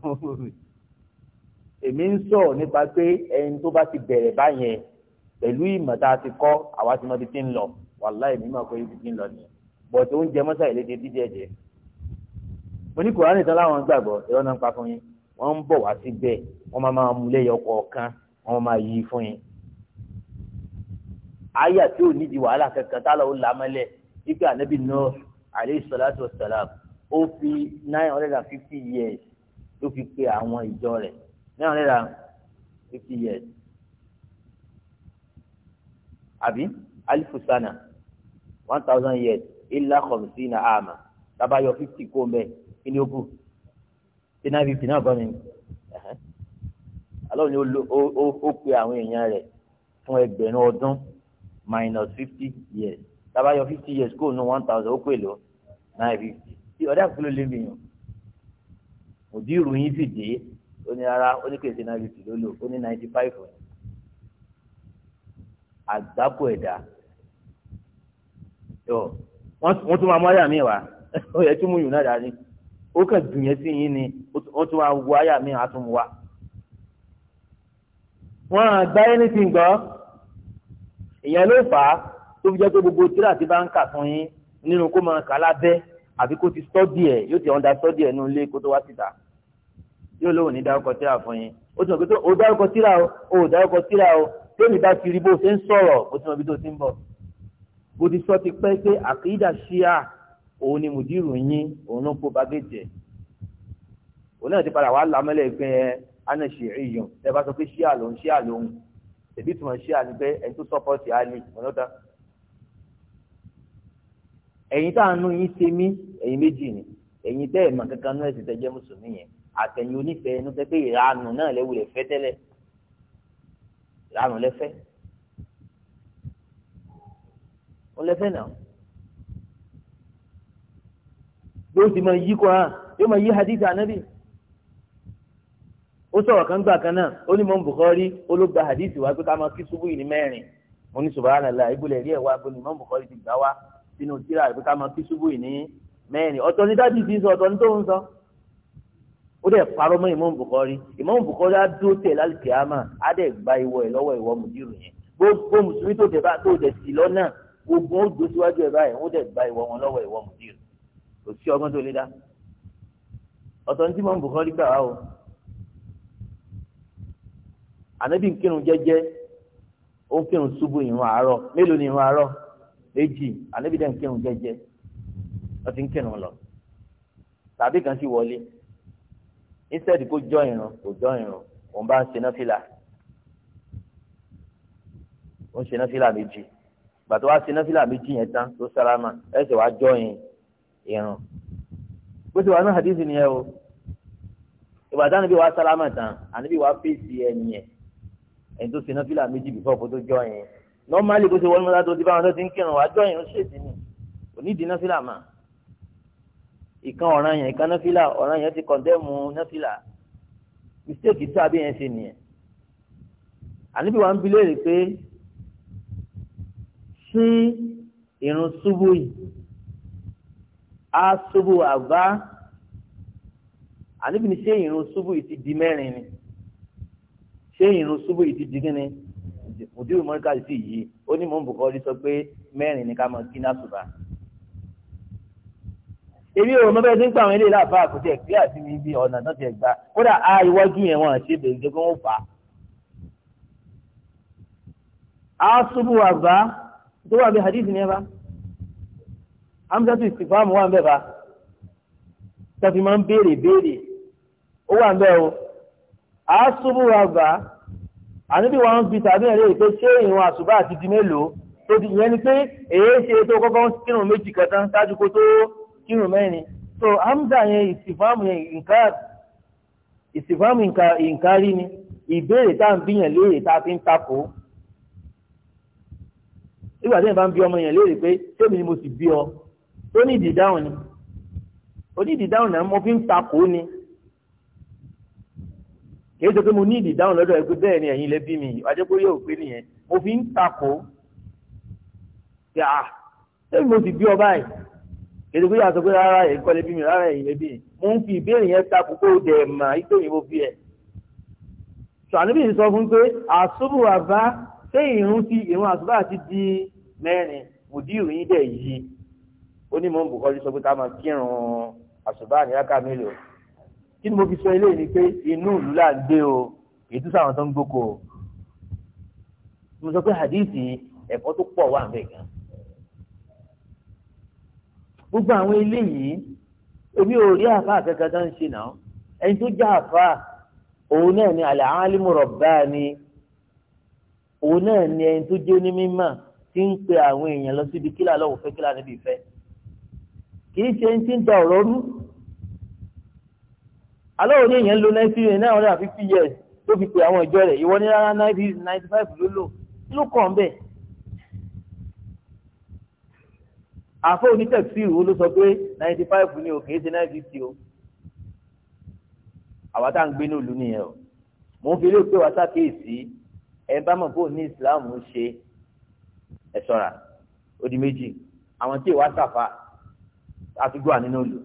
èmi ń sọ nípa pé ẹni tó bá ti bẹ̀rẹ̀ báyẹn pẹ̀lú ìmọ̀ tá a ti kọ́ àwa ti mọ ibi tí ń lọ wàláì mi máa kọ́ ibi tí ń lọ nìyẹn bọ̀dọ̀ oúnjẹ mọ́sá ìlédè dídí ẹ̀jẹ̀ mo ní kùránì tán wọ́n ń bọ̀ wá síbẹ̀ wọ́n máa máa mú lẹ́yọ kọ̀ọ̀kan wọ́n máa yí fún yín. àyà tí ò nídìí wàhálà kankan tá lọ́wọ́ lámẹ́lẹ̀ ipe ànábì Nuh alayhi salatu wassalam ó fi nine hundred and fifty years ló fi pe àwọn ìjọ rẹ̀ nine hundred and fifty years àbí alifusana one thousand years ilá kọ̀mùsínà àmà tábàyọ fifty kó mbẹ́ kí ni ó kù ṣé nine fifty náà kọ́ ni O O O pe àwọn èèyàn rẹ̀ fún ẹgbẹ̀rún ọdún minus fifty years tabayọ fifty years kó nu one thousand O pè lọ nine fifty tí ọ̀dà kúló lè bìyàn òdì ìròyìn sì dé ó ní rárá ó ní kèsì nine fifty ló lò ó ní ninety five rẹ̀ àgbákò ẹ̀dá wọ́n tún máa mọ́ ayà mi wá ó yẹ túmú yùn náà dání ó kàn dùn yẹn sí yín ni ó tún wá wo àyà mi àtún wa. wọn à gbá ẹni tí ń gbọ́ ìyẹn ló fà á tó fi jẹ́ pé gbogbo tíra ti bá ń kà fún yín nínú kó máa kà lábẹ́ àbí kó ti sọ́dí ẹ̀ yóò ti ọ̀ndà sọ́dí ẹ̀ nínú ilé kó tó wá síta yóò lóun ní dárúkọ tíra fún yín ó ti mọ̀ pé tó o dárúkọ tíra o o dárúkọ tíra o tẹ́lẹ̀ bá ti rí bó o ṣe ń sọ̀rọ̀ o ti mọ̀ bí tó ti ń bọ̀ bó ti sọ ti pẹ́ pé àkídà ṣíà òun ni mùdírù yín òun ló ń kó bagéjì òun náà ti padà wà lámẹ́lẹ̀ pé ẹ ana ṣèṣì yàn ẹ bá sọ pé ṣíà lòun ṣíà lòun èbí tí wọn ṣíà ni pé ẹni tó sọpọ́ọ̀tì á lè wọn lọ́tà ẹ̀yin tá à ń nú yín ṣe mí ẹ̀yin méjì ni ẹ̀yin bẹ́ẹ̀ mà kankan nú ẹ̀sìn tẹ́jẹ́ mùsùlùmí yẹn àtẹ̀yìn onífẹ̀ẹ́ inú pé ìranù náà lẹ́wùrẹ̀ fẹ́ tẹ́lẹ̀ ìranù lẹ́fẹ́ ó lẹ́fẹ́ náà. yóò sì máa yí Quran yóò máa yí hadith anabi ó sọ̀rọ̀ kan gbà kan náà ó ní mọ́ Bukhari ó ló gba hadith wá pé ká máa kí ṣubú yìí ní mẹ́rin mo ní subhanallah ibùlẹ̀ rí ẹ̀ wá gbóni mọ́ Bukhari ti gbà wá sínú tíra pé ká máa kí ṣubú yìí ní mẹ́rin ọ̀tọ̀ ní dájú ti sọ ọ̀tọ̀ ní tó ń sọ ó dẹ̀ parọ́ mọ́ Imam Bukhari Imam Bukhari á dúró tẹ̀ lálùkẹ́ àmà kò sí ọgbọ́n tó lè dá ọ̀tọ̀ ní tí mo ń Bukhari gbà wá o ànábì ń kírun jẹ́jẹ́ ó ń kírun ṣubú ìrun àárọ̀ mélòó ni ìrun àárọ̀ méjì ànábì dẹ̀ ń kírun jẹ́jẹ́ ó ti ń kírun lọ tàbí kan sì wọlé instead kó jọ ìrun kò jọ ìrun òun bá ń ṣe náfìlà ó ń ṣe náfìlà méjì gbàtọ́ wá ṣe náfìlà méjì yẹn tán ló sálámà ẹsẹ̀ wá jọ yẹn irun bó ti wà ní hadith nìyẹn o ìbàdàn níbi wàá sálámà tán àníbi wàá fèsì ẹni yẹn ẹni tó sinú fílà méjì bìfọ́ kó tó jọ yẹn nọ́ọ̀málì bó ti wọ́n mọ́tà tó ti bá wọn tó ti ń kírun wàá jọ yẹn ó ṣèṣì ni onídìí náfìlà mà ìkan ọ̀ràn yẹn ìkan náfìlà ọ̀ràn yẹn ti kọ̀ndẹ́mù náfìlà mistake tí abẹ́ yẹn ṣe nìyẹn àníbi wàá ń bi léèrè pé ṣé irun ṣubú yìí asubu àbá àníbi ni ṣé ìrun ṣubú yìí ti di mẹ́rin ni ṣé ìrun ṣubú yìí ti di kí ni mùdírù mọ́ríkàlì sì yìí ó ní mọ́ bùkọ́rí sọ pé mẹ́rin ni ká mọ kí náà ṣùgbọ́n. èmi ò mọ bẹ́ẹ̀ tí ń pa àwọn ilé ìlà àbá àkùtì ẹ̀kí àti ibi ọ̀nà tó ti ẹ̀ gbà kódà á iwájú yẹn wọn àti ìbẹ̀rù jẹ́ pé fà á. àá ṣubú àbá tó wà bí hadith ni ẹ bá amúsẹ́tù ìsìfáàmù wà ń bẹ̀ bá tẹ́fì máa ń béèrè béèrè ó wà ń bẹ̀ o àásùbù àgbà wa wọn fi tàbí ẹ̀rẹ́ ìpè ṣé ìrun àsùbá àti di mélòó tó di ìyẹn ni pé èyí ṣe tó kọ́kọ́ ń kírun méjì kẹta ṣáájú kó tó kírun mẹ́rin so amúsà yẹn ìsìfáàmù yẹn nǹkan ìsìfáàmù nǹkan rí ni ìbéèrè tá à ń bíyàn léèrè tá a fi ń takò nígbà tí yẹn bá ń bí ọmọ yẹn léèrè pé ṣé ni mo sì bí ọ tó ní ìdìdáhùn ni onídìdáhùn náà mo fi ń takò ni kìí ṣe pé mo ní ìdìdáhùn lọ́dọ̀ ẹgbẹ́ bẹ́ẹ̀ ni ẹ̀yin lẹ bí mi wájú pé yóò pé nìyẹn mo fi ń takò ṣe à ah, ṣé mo sì bí ọ báyìí kìí ṣe pé yàtọ̀ pé rárá ẹ̀yin kọ́ lẹ bí mi rárá ẹ̀yin lẹ bí mi mo ń fi ìbéèrè yẹn takò kó o dẹ̀ mà ìgbé òyìnbó fi ẹ̀ ṣàníbí sọ fún pé àṣùbù àbá ṣé ìrún ti ìrún àṣùbà ti di mẹ́rin mùdírù yín dẹ̀ yìí ó ní mò ń bùkọ́lí sọ pé ká máa kírun àṣùbá àníyáká mélòó kí ni mo fi sọ eléyìí ni pé inú ìlú là ń gbé o kì í tún sáwọn tó ń gboko o mo sọ pé hadithi ẹ̀kọ́ tó pọ̀ wà nbẹ̀ gan gbogbo àwọn eléyìí èmi ò rí àfa kankan tó ń ṣe náà ẹni tó já àfa òun náà ni àlẹ́ alimu rabbani òun náà ni ẹni tó jẹ́ onímọ̀ tí ń pe àwọn èèyàn lọ síbi kílà lọ́wọ́ fẹ́ kílà níbi ìfẹ́ kìí ṣe ń tí ń da ọ̀rọ̀ rú aláwọ̀ ní èèyàn lo ninety nine hundred and fifty years tó fi pè àwọn ìjọ rẹ̀ ìwọ ní rárá ninety ninety five ló lò kí ló kàn bẹ́ẹ̀. àfọ onítẹ̀síìrù ló sọ pé ninety five ni o kìí ṣe nine fifty o àwa tá à ń gbé nílùú nìyẹn o mò ń fi ilé pé wàá ṣàkíyèsí ẹ bá mọ̀ bó ní ìsìláàmù ṣe ẹ̀ ṣọ́ra ó di méjì àwọn tí ìwà ṣàfà àtúgbò ànínú lò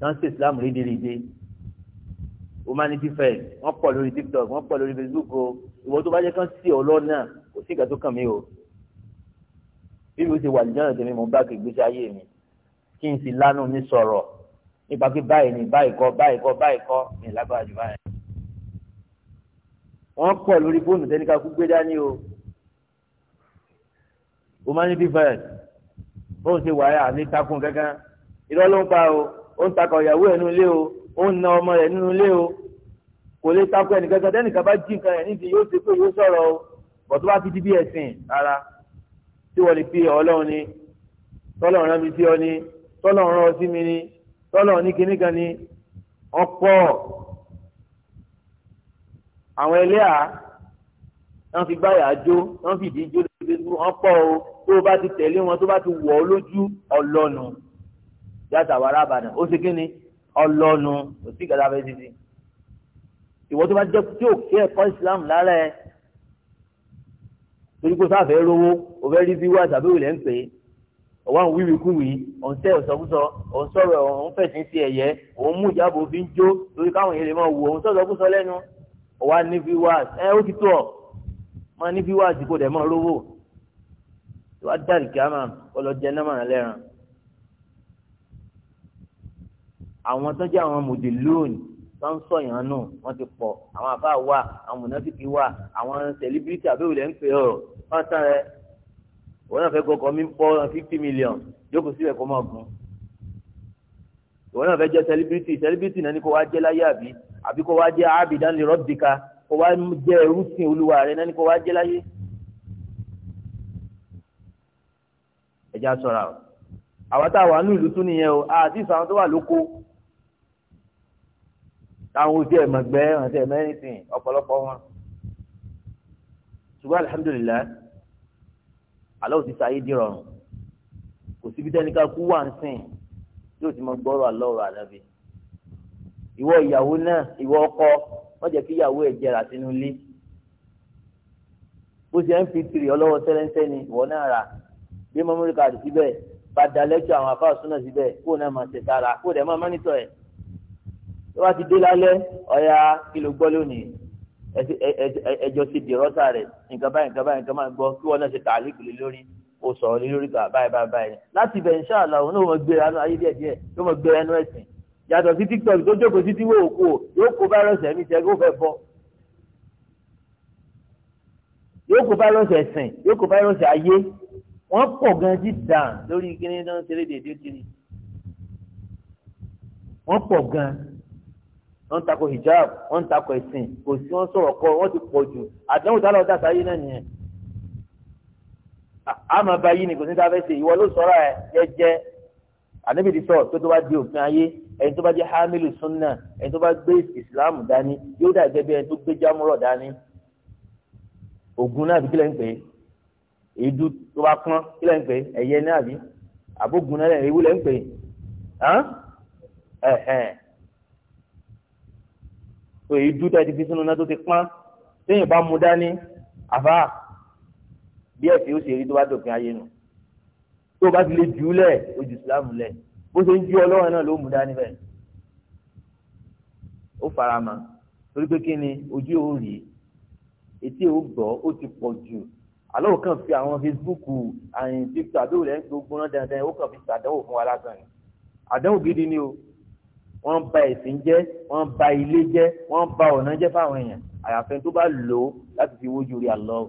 tọ́ńsì islam rédèrèdè humanity first wọ́n pọ̀ lórí tiktok wọ́n pọ̀ lórí facebook o ìwọ tó bá jẹ́ kán sí ọlọ́nà kò sí ìgbà tó kàn mí o bí mo ṣe wà lìjọ́nà tèmi mo bá kè gbèsè ayé mi kí n sì lánàá mi sọ̀rọ̀ nípa pé báyìí ni báyìí kọ́ báyìí kọ́ báyìí kọ́ mi lágbára jù báyìí. wọ́n pọ̀ lórí fóònù tẹ́lifà kú gbé dání o humanity first bó ṣe wáyà ní takùn kankan irọ́ ló ń pa o ó ń takọ̀ ìyàwó ẹ̀ nínú ilé o ó ń na ọmọ rẹ̀ nínú ilé o kò lè takọ̀ ẹnìkan tẹ́nìkan bá jí nǹkan ẹ̀ nídìí yóò ṣe pé yóò sọ̀rọ̀ o bọ̀ tó bá fi di bí ẹ̀sìn rárá tí wọ́n lè fi ọlọ́run ni tọ́lọ́run rán mi sí ọ ni tọ́lọ́run rán ọ sí mi ni tọ́lọ́run ní kinní kan ni ọ̀pọ̀ àwọn ẹlẹ́à wọ́n fi gbáyà jó wọ́n fi ìdí jó lórí ọ̀pọ̀ o tó o bá ti tẹ̀lé wọn tó bá ti wọ̀ ọ́ lójú ọlọ́nu yàtọ̀ àwọn arábàdàn ó ṣe kíni ọlọ́nu kò sí ìgbàlá fẹ́ títí ìwọ tó bá jẹ́ tí ò kí ẹ̀kọ́ Islam lára ẹ̀ torí kó sáfẹ́ rówó o fẹ́ rí bíwá tàbí òlẹ̀ ń pè é ọwọ́ àwọn wíwí kú wí òun tẹ́ ọ̀sọ́kúsọ òun sọ̀rọ̀ òun fẹ̀sìn sí ẹ̀yẹ òun mú ìjábọ̀ fi ń jó torí káwọn èèyàn lè máa wò òun sọ̀sọ́kúsọ lẹ́nu ọwọ́ ní bíwá ẹ ó ti tó ọ máa ní bíwá àsìkò dẹ̀ máa rówó tó wá dárì kíámà ọlọ́jẹ náà màá lẹ́ràn àwọn tó jẹ́ àwọn mòdì lónìí tó ń sọ̀yàn nù wọ́n ti pọ̀ àwọn àbá wà àwọn mọ̀nàfíkì wà àwọn sẹ̀líbírìtì àbẹ̀wòlẹ̀ ń pè ọ́ pátá rẹ̀ wọ́n náà fẹ́ gọkọ̀ mi pọ̀ fifty million jókòó síbẹ̀ kó máa gùn ìwọ náà fẹ́ jẹ́ sẹlibiriti sẹlibiriti náà ni kó wá jẹ́ láyé àbí àbí kó wá jẹ́ ábìdánilọ́dìka kó wá jẹ́ ẹrúsìn olúwa rẹ náà ni kó wá jẹ́ láyé ẹja ṣọ́ra o àwọn tá a wà ní ìlú tún nìyẹn o àti ìsàwọn tó wà lóko táwọn ojú ẹ̀ mọ̀gbẹ́ àti ẹ̀ mẹ́rìndín ọ̀pọ̀lọpọ̀ wọn ṣùgbọ́n alihamudulilayi aláwọ ti sáyé dìrọ̀rùn kò síbi tẹ́ni ká kú wà ń sìn yóò ti mọ gbọ́rọ̀ àlọ́rọ̀ ànábì ìwọ ìyàwó náà ìwọ ọkọ wọ́n jẹ́ kí ìyàwó ẹ̀ jẹrà sínú ilé bó ṣe ń fi tìrì ọlọ́wọ́ sẹ́lẹ́ńsẹ́ ni ìwọ náà rà bí memory card síbẹ̀ bá da lẹ́kṣọ̀ àwọn afáà súnà síbẹ̀ kó náà máa ṣe tara kó dẹ̀ máa mánítọ̀ ẹ̀ tó bá ti dé lálẹ́ ọ̀ya kí ló gbọ́ lónìí ẹjọ́ ti dèrọ́ sá rẹ̀ nǹkan báyìí nǹkan báyìí nǹkan máa gbọ́ kí wọ́n náà ṣe tààlí kìlì lórí o sọ̀rọ̀ lé lórí kà báyìí báyìí báyìí láti ibẹ̀ inṣàlá òun náà mọ̀ gbé ẹnu ayé díẹ̀ díẹ̀ ló mọ̀ gbé ẹnu ẹ̀sìn yàtọ̀ sí tiktok tó jókòó sí tí wò ó kó yóò kó fáírọ̀sì ẹ̀mí tiẹ̀ kó fẹ́ bọ́ yóò kó fáírọ̀sì ẹ̀sìn yóò kó fáírọ̀sì ayé wọ́n pọ̀ gan dídà lórí kíní náà ṣeré dèdè kiri wọ́n pọ̀ gan wọ́n takò hijab wọ́n takò ẹ̀sìn kò sí wọ́n sọ̀rọ̀ kọ́ wọ́n ti pọ̀ jù àdánwò tá a lọ dá sáyé náà nìyẹn àmọ́ báyìí ni kò sí sáfẹ́ ṣe ìwọ ló sọ̀rọ̀ ẹ jẹ́jẹ́ ànábì ti sọ tó tó bá di òfin ayé ẹni tó bá jẹ́ hamilu sunna ẹni tó bá gbé ìsìlámù dání yóò dà gẹ́gẹ́ bí ẹni tó gbé jámúrọ̀ dání ògùn náà bí kílẹ̀ ń pè é èédú tó bá pọ́n kí lẹ́ ń pè ẹ̀yẹ náà bí àbógun náà ewu lẹ́ ń pè ẹ̀hẹ́n so èédú tó ẹ ti fi sínú náà tó ti pọ́n téèyàn bá mu dání àfà bí ẹ̀sìn ó ṣe rí tó bá dòpin ayé nu tó bá ti lè jù ú lẹ̀ ojú ìsìlámù lẹ̀ bó ṣe ń jú ọlọ́run náà ló mú dání bẹ́ẹ̀ ó fara mọ́ torí pé kí ni ojú ò rí etí ò gbọ́ ó ti pọ̀ jù alóò kàn fi àwọn Facebook àyìn tiktok àbẹ́wò lẹ́yìn gbogbo náà dandan ó kàn fi ṣàdánwò fún wa lásán ni àdánwò gidi ni o wọ́n ba ẹ̀sìn jẹ́ wọ́n ba ilé jẹ́ wọ́n ba ọ̀nà jẹ́ fáwọn èèyàn àyàfẹ́ tó bá lò ó láti fi wójú rí àlọ́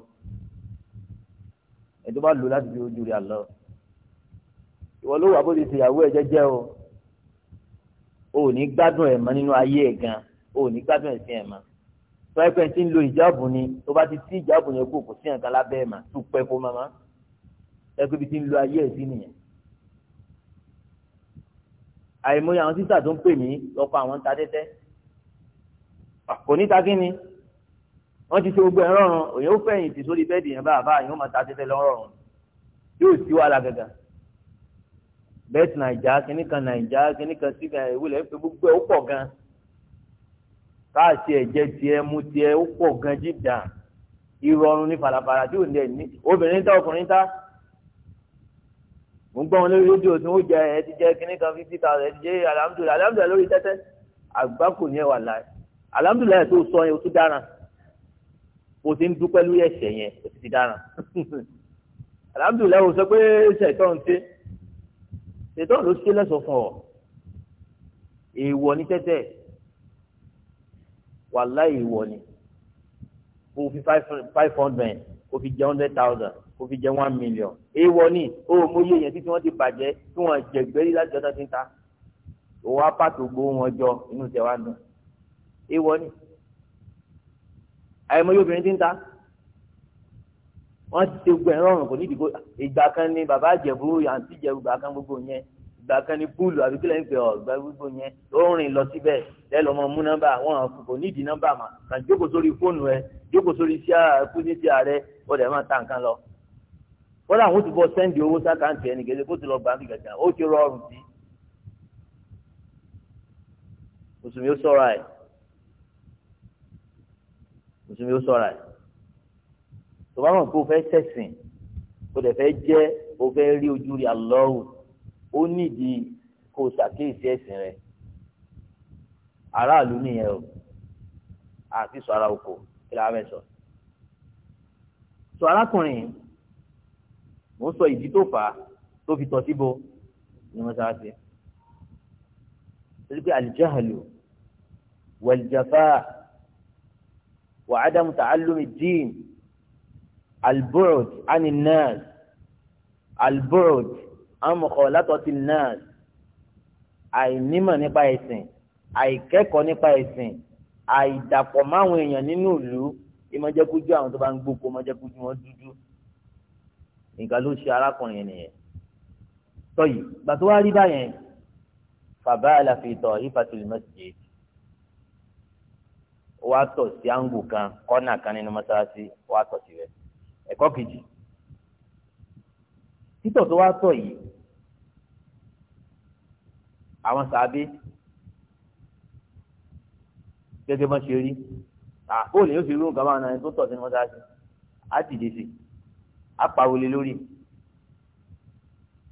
ẹ̀ tó bá lò ó láti fi wójú rí àlọ́ ìwọ ló wà bó ti ṣèyàwó ẹ̀ jẹ́jẹ́ o ò ní gbádùn ẹ̀ mọ́ nínú ayé ẹ̀ gan ò ní gbádùn ẹ̀sìn ẹ̀ mọ́ tọ́yẹ pé ti ń lo ìjáàbù ni tó bá ti sí ìjáàbù yẹn kó kò sí nǹkan lábẹ́ ẹ̀ mà tó pẹ́ kó mama ẹgbẹ́ ibi ti ń lo ayé ẹ̀ sí nìyẹn. àìmọye àwọn sísà tó ń pè mí lọ́kọ̀ àwọn ta tẹ́tẹ́ kò ní ta kí ni wọ́n ti ṣe gbogbo ẹ̀ rọrùn òye ó fẹ̀yìn tì sórí bẹ́ẹ̀dì yẹn báà báà yóò máa ta tẹ́tẹ́ lọ́rọ̀rùn yóò sí wàhálà gàgà bẹ́ẹ̀tì nàìjà kíníkan nàìjà kíníkan sígà káàsì ẹ̀jẹ̀ tiẹ̀ mú tiẹ̀ ó pọ̀ gan jìdá ìrọ̀rùn ní falafala tí ò ní ẹ̀ ní obìnrin tá ọkùnrin tá mo ń gbọ́ wọn lórí rédíò tí wọ́n jẹ ẹ ti jẹ kínní kan fifty thousand ẹ ti jẹ alhamdulilayi alhamdulilayi lórí tẹ́tẹ́ àgbákò ní ẹwà láì alhamdulilayi tó sọ yẹn o tún dára o ti ń dúpẹ́ lórí ẹ̀ṣẹ̀ yẹn o ti dára alhamdulilayi o sọ pé ṣètọ́ ń ṣe ló ṣe lẹ́sọ̀ fún ọ wàláyé ìwọ ni kó fi five hundred kó o fi jẹ hundred thousand kó o fi jẹ one million ìwọ ni o mo yé èèyàn títí wọ́n ti bàjẹ́ tí wọ́n jẹ̀gbẹ́rí láti ọjọ́ tí ń ta òun á pàtó gbowó wọn jọ inú tẹ wá nù ìwọ ni àìmọye obìnrin ti ń ta wọ́n ti ṣe gbẹ̀rún ọ̀rùn kò nídìí kó ìgbà kan ní bàbá àjẹ̀bú àǹtí ìjẹ̀bú gbà kan gbogbo yẹn ìgbà kan ní púùlù àbí kílẹ̀ ń pè ọ́ ìgbà gbogbo yẹn ó rìn lọ síbẹ̀ lẹ́lọ́ mọ mú nọ́mbà wọn kò ní ìdí nọ́mbà mà kàn jókòó sórí fóònù ẹ jókòó sórí sí àkúnyẹ́sí ààrẹ ó dẹ̀ máa ta nǹkan lọ. kódà àwọn ti bọ́ sẹ́ndì owó sákàǹtì ẹnì gẹ́gẹ́ kó ti lọ gbà á gàgà ó ti rọrùn sí. mùsùlùmí ó sọ̀ra ẹ̀ mùsùlùmí ó sọ̀ra ẹ̀ tó bá mọ̀ pé o fẹ́ sẹ̀sìn o dẹ̀ fẹ́ jẹ́ o fẹ́ rí ojú rí alọ́wù ó nídìí kó o ṣàkíyèsí ẹ̀sìn rẹ aráàlú nìyẹn o àti sọ ara oko kí la fẹ́ sọ. sọ arákùnrin mo sọ ìdí tó fà á tó fi tọ́ síbo ni mo sára sí. torí pé alìjáhàlù wàlìjàfà wàhádàmù tàálùmí dín albúròd ánì náà albúròd àmọ̀kọ̀ látọ̀tì náà àìnímọ̀ nípa ẹ̀sìn àìkẹ́kọ̀ọ́ nípa ẹ̀sìn àìdàpọ̀ máwọn èèyàn nínú ìlú ìmọ̀jẹ́kújú àwọn tó bá ń gboko ìmọ̀jẹ́kújú wọn dúdú nǹkan ló ṣe arákùnrin yẹn nìyẹn tọ́yì gbà tó wá rí báyẹn fàbá àlàfíìtọ̀ ìfàtúlì mẹ́sìgì wàá tọ̀ sí àǹgù kan kọ́nà kan nínú mọ́ṣáláṣí wàá tọ̀ sí rẹ̀ ẹ̀kọ́ kejì títọ̀ tó wá tọ̀ yìí àwọn sàábé gẹ́gẹ́ bá ṣe rí àpòlì yóò fi rú nǹkan máa na ẹni tó tọ̀ sínú mọ́ṣáláṣí á dìde sí á pariwolé lórí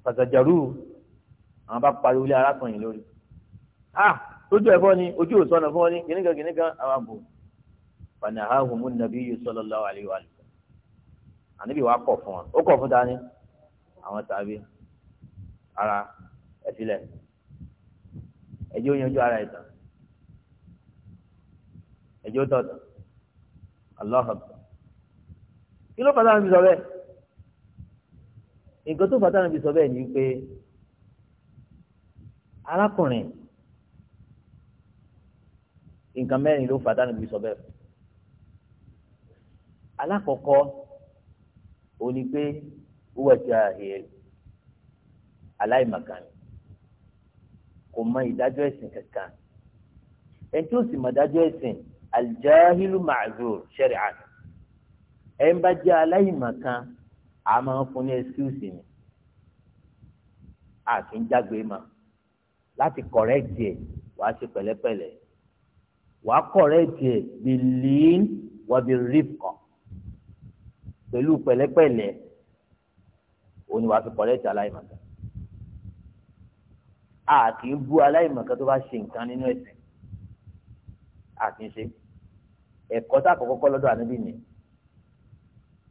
pàtàjàrú àwọn bá pariwolé arákùnrin lórí a lójú ẹ̀fọ́ ni ojú ò sọnà fún ọ ní kìnnìkan kìnnìkan àwọn àbò fanahahumu nabiyyu sallallahu alaihi wa sallam àníbi wàá kọ̀ fún ọ ó kọ̀ fún ta ni àwọn tàbí ara ẹ̀fílẹ̀ ẹjọ́ yanjú ara ìtàn ẹjọ́ tọ̀tọ̀ aláhàbà kí ló fàtà níbi sọ bẹ́ẹ̀ nǹkan tó fàtà níbi sọ bẹ́ẹ̀ ni pé arákùnrin nǹkan mẹ́rin ló fàtà níbi sọ bẹ́ẹ̀ alákọ̀ọ́kọ́ òní pé. huwa jahil aláìmọ̀kan kò mọ ìdájọ́ ẹ̀sìn kankan ẹni tí ó sì mọ ìdájọ́ ẹ̀sìn aljahilu ma'zur shari'an ẹni bá jẹ́ aláìmọ̀kan a máa ń fún ní ẹsíùsì ni a kì í jágbe mọ́ láti kọ̀rẹ́ẹ̀tì ẹ̀ wàá ṣe pẹ̀lẹ́pẹ̀lẹ́ wàá kọ̀rẹ́ẹ̀tì ẹ̀ bil-lin pẹ̀lú pẹ̀lẹ́pẹ̀lẹ́. òun wàá fi kọ̀lẹ́tì aláìmọ̀kan a kì í bú aláìmọ̀kan tó bá ṣe nǹkan nínú ẹ̀sìn a kì í ṣe ẹ̀kọ́ tá àkọ́kọ́ kọ́ lọ́dọ̀ àníbí nìyẹn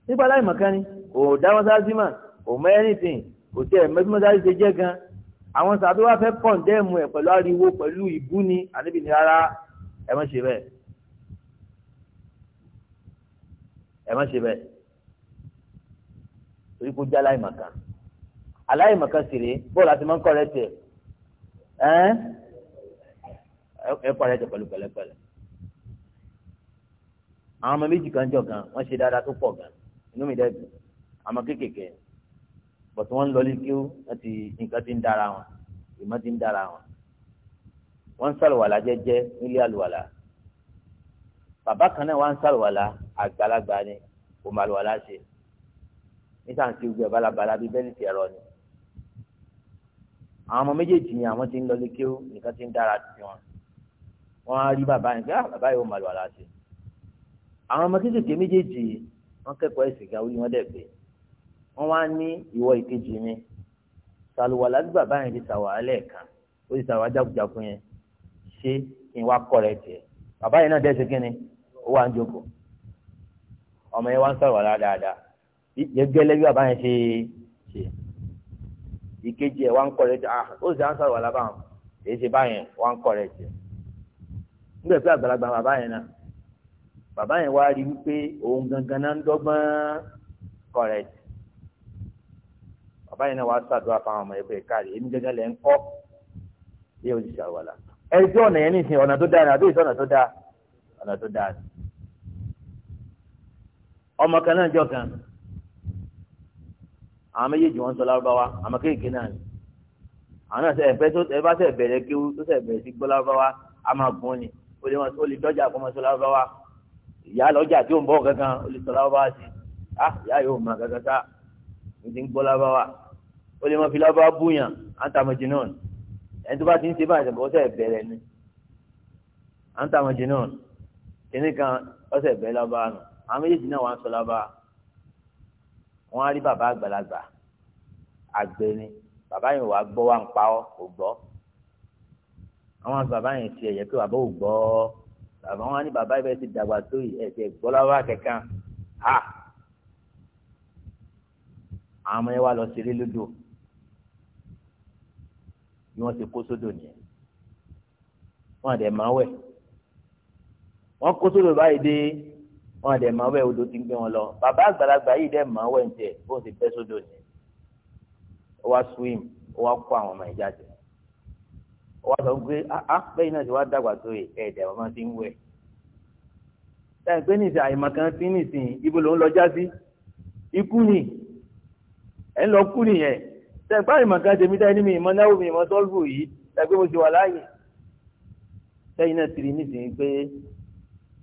nípa aláìmọ̀kan ni kò dá mọ́sáàsì mọ̀ kò mọ anything kò tiẹ̀ mẹ́tí mọ́sáàsì ṣe jẹ́ gan àwọn sàbí wa fẹ́ kọ̀ǹdẹ́ẹ̀mù ẹ̀ pẹ̀lú ariwo pẹ̀lú ìbúni àníbí ni rárá ẹ má ṣe bẹ́ẹ̀ ṣe bẹ́ẹ̀ torí kó jẹ́ aláìmọ̀kan aláìmọ̀kan sì rèé bóòlù àti mọ́ ń kọ́ rẹ tiẹ̀ ẹ́n ẹ kọ́ rẹ tiẹ̀ pẹ̀lú pẹ̀lẹ́pẹ̀lẹ́ àwọn ọmọ méjì kan jọ gan wọ́n ṣe dáadáa tó pọ̀ gan inú mi dẹ́gbẹ̀ẹ́ àmọ́ kéékèèké bọ̀tún wọn ń lọlé kí ó láti nǹkan ti ń dára wọn ìmọ̀ ti ń dára wọn wọ́n ń sàlùwàlà jẹ́jẹ́ nílé àlùwàlà bàbá kan náà wọ́n ń sàlùwàlà àgbàlagbà ni kò má àlùwàlà ṣe níta ń ti gbẹ balabala bíi bẹ́ẹ̀ ti ẹ̀rọ ni àwọn ọmọ méjèèjì yẹn àwọn ti ń lọlé kéwú nìkan ti ń dára sí wọn wọn á rí bàbá yẹn pé ah bàbá yìí ó màlúwà láti àwọn ọmọ kéékèèké méjèèjì wọn kẹ́kọ̀ọ́ ẹ̀sìn gan orí wọn dẹ̀ pé wọn wá ní ìwọ ìkejì mi sàlùwàlá bí bàbá yẹn ti sàwàlẹ̀ kan ó ti sàwàlá jákujákun yẹn ṣé kí n wá kọ́ rẹ tiẹ̀ bàbá yẹn náà dẹ́ ṣe ni ó wà ń jókòó ọmọ yẹn wá ń sàlùwàlá dáadáa yẹn gẹ́lẹ́ bí bàbá yẹn ṣe ṣe ìkejì ẹ̀ wá ń kọ́rẹ́ ah ó sì á ń sọ̀rọ̀ wàhálà báwọn èyí ṣe báyẹn wá ń kọ́rẹ́ tí nígbà tí àgbàlagbà bàbá yẹn náà bàbá yẹn wá rí wípé òun gangan náà ń dọ́gbọ́n kọ́rẹ́ tí bàbá yẹn náà wá ṣàdúrà fáwọn ọmọ ẹgbẹ́ káàrí èmi gangan lẹ́ ń kọ́ yóò sì ṣàrọ̀ wàhálà ẹni ọ̀nà yẹn nìsín ọ̀nà tó dáa ni àbí ìṣe tó dáa ọ̀nà tó dáa ọmọ kan náà jọ kan àwọn méjèèjì wọn sọ lárúbáwá àmọ́ kéèké náà ni àwọn náà ẹ̀fẹ́ tó ẹ bá sẹ̀ bẹ̀rẹ̀ kéwú tó sẹ̀ bẹ̀rẹ̀ sí gbọ́ lárúbáwá a máa ni ó lè ó lè dọ́jà kó máa sọ lárúbáwá ìyá lọ́jà tí ó ń bọ̀ kankan ó lè sọ lárúbáwá sí a ìyá yóò máa kankan sá ní ti ń gbọ́ lárúbáwá ó lè fi lárúbáwá búyàn antamọ̀jì náà ẹni tó bá ti ń ṣe báyìí ó sẹ̀ ni antamọ̀jì náà kìnnìkan ó sẹ̀ bẹ̀rẹ̀ lárúbáwá nù àwọn méjèèjì náà wọ́n á rí bàbá àgbàlagbà àgbẹ̀ ni bàbá yẹn wàá gbọ́ wà ń pa ọ́ kò gbọ́ àwọn bàbá yẹn ti ẹ̀yẹ pé bàbá ò gbọ́ bàbá wọn á ní bàbá yẹn ti dàgbà tó ẹ̀jẹ̀ gbọ́ láwá kẹ̀kẹ́ ha àwọn ọmọ yẹn wá lọ ṣeré lódò bí wọ́n ti kó sódò nìyẹn wọ́n àdẹ̀ máa wẹ̀ wọ́n kó sódò báyìí dé wọn dẹ̀ máa wẹ̀ odò ti ń gbé wọn lọ bàbá àgbàlagbà yìí dẹ̀ máa wẹ̀ ń bó ti bẹ́ sódò ní ó wá swim ó wá kó àwọn ọmọ ìjà jẹ ó wá sọ pé á ah, ah, bẹ́yìn náà ti wá dàgbà tó yẹ ẹ̀ẹ́dẹ̀ ọmọ ti ń wẹ̀ táyì pé nìsín àyèmọ̀ kan ti nìsín ibo ló ń lọ já ikú ni ẹ̀ ń lọ kú nìyẹn táyì pé àyèmọ̀ kan tèmi táyì ní mi ìmọ̀ náwó mi ìmọ̀ sọ́ọ̀bù yìí táyì pé mo ti wà láàyè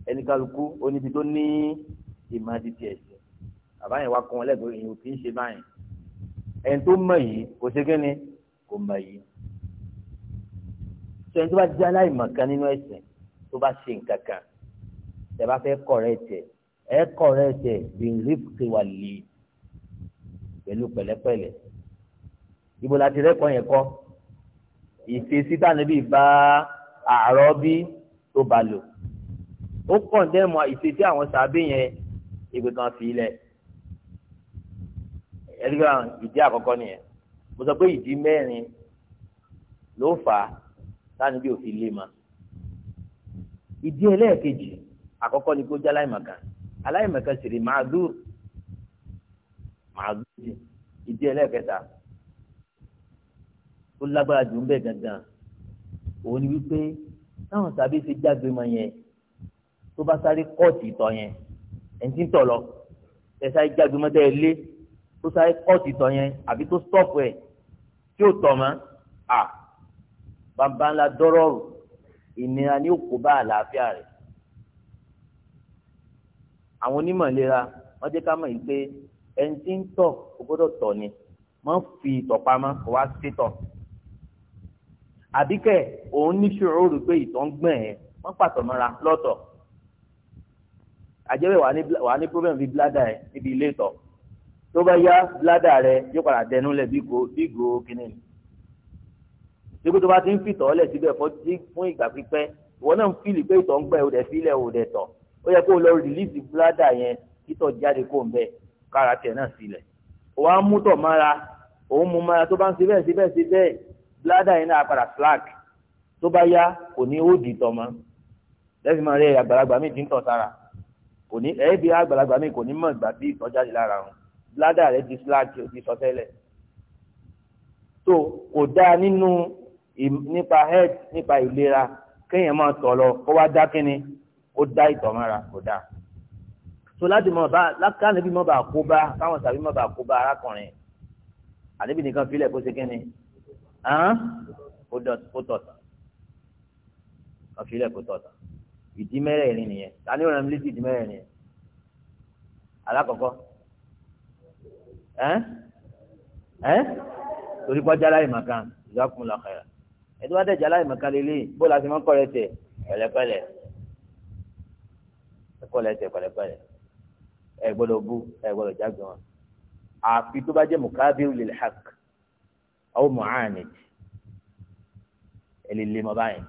ẹni kálukú oníbi tó ní ìmọ̀dí tiẹ̀ sí bàbá yẹn wá kàn lẹ́gbẹ̀ẹ́ èèyàn kì í ṣe báyìí ẹni tó mọ̀ yìí kò ṣe kí ni kò mọ̀ yìí sọ ẹni tó bá jẹ́ aláìmọ̀kan nínú ẹ̀sìn tó bá ṣe nǹkan kan tẹ́ bá fẹ́ correct ẹ correct bí rìpì wà lè pẹ̀lú pẹ̀lẹ́pẹ̀lẹ́ ibo la ti rẹ́kọ̀ọ́ yẹn kọ́ ìfèsì tànàbí bá àárọ̀ bí tó bá lò ó kọ̀ndẹ́mù ìṣesí àwọn sàbẹ̀ yẹn ìgbé kan fi lẹ̀ ẹ̀dígbà ìdí àkọ́kọ́ nìyẹn mo sọ pé ìdí mẹ́rin ló fà á sáni bí òfin lè ma ìdí ẹlẹ́ẹ̀kejì àkọ́kọ́ ni kó jẹ́ aláìmọ̀kan aláìmọ̀kan sì rí màá dúró màá dúró jù ìdí ẹlẹ́ẹ̀kẹta ó lágbára jù ń bẹ̀ gangan òun ni wípé táwọn sábẹ́ ṣe jágbe mọ yẹn tó bá sáré kọ́ọ̀tì ìtọ̀ yẹn ẹni tí ń tọ̀ lọ ẹ̀sà ìjàgbọ́mọdé ilé tó sáré kọ́ọ̀tì ìtọ̀ yẹn àbí tó stọ́ọ̀pù ẹ̀ tí ò tọ̀ mọ́ à bàbá ńlá dọ́rọ́rù ìnira ni ó kó bá àlàáfíà rẹ̀ àwọn onímọ̀ ìlera wọ́n jẹ́ ká mọ̀ yìí pé ẹni tọ̀ kò gbọ́dọ̀ tọ̀ ni mọ́ fi ìtọ̀ pamọ́ kó wá sí tọ̀ àbíkẹ́ òun ní ṣòro rò pé ìtọ̀ ń gbọ̀n ẹ̀ wọ́n pàtọ́ mọ́ra lọ́tọ̀ àjẹ́wé wà ní problem bíi bladder ẹ̀ níbi ilé ìtọ̀ tó bá yá bladder rẹ̀ yóò padà dẹnu lẹ̀ bí ìgò kínní dípò tó bá ti ń fìtọ̀ ọ́lẹ̀ síbẹ̀ fún ìgbà pípẹ́ ìwọ náà ń fìlì pé ìtọ̀ ń gbẹ ò dẹ̀ fílẹ̀ ò dẹ̀ tọ̀ ó yẹ kó o lọ rìlíìsì bladder yẹn títọ̀ jáde kó ń bẹ̀ kára tẹ̀ náà sílẹ̀ ó wá mú tọ̀ mára òun mú mára tó bá ń ṣe bẹ́ẹ̀ ṣe bladder yẹn náà padà kò ní ẹbí àgbàlagbà mi kò ní mọ̀ ìgbà tí ìtọ́jáde lára wọn bládà rẹ di slack di sọ tẹ́lẹ̀ so kò dáa nínú nípa health nípa ìlera kéèyàn máa tọ̀ lọ kó wá dá kínni ó dá ìtọ̀ mọ́ra kò dáa so láti mọ̀ bá lákàlẹ́ bí mọ̀ bá kó bá káwọn sàbí mọ̀ bá kó bá arákùnrin àdébì nìkan filẹ̀ kó ṣe kínni ó tọ̀ tán kan filẹ̀ kó tọ̀ tán ìdí mẹ́rẹ̀ẹ̀rin nìyẹn tani ó ràn mí létí ìdí mẹ́rẹ̀ẹ̀rin yẹn alákọ̀ọ́kọ́ ẹ́ ẹ́ torí kọjá láì màkàn ìjọkùn làkàrà ẹtí wọ́n tẹ̀jà láì màkàn lélẹ̀ bó la ti mọ́ kọ́ lẹ́tẹ̀ pẹ̀lẹ́pẹ̀lẹ́ kọ́ lẹ́tẹ̀ pẹ̀lẹ́pẹ̀lẹ́ ẹ gbọ́dọ̀ bú ẹ gbọ́dọ̀ jágbe wọn àfi tó bá jẹ́ mukabiru lil haq aw mu'anid ẹ lè lè mọ báyìí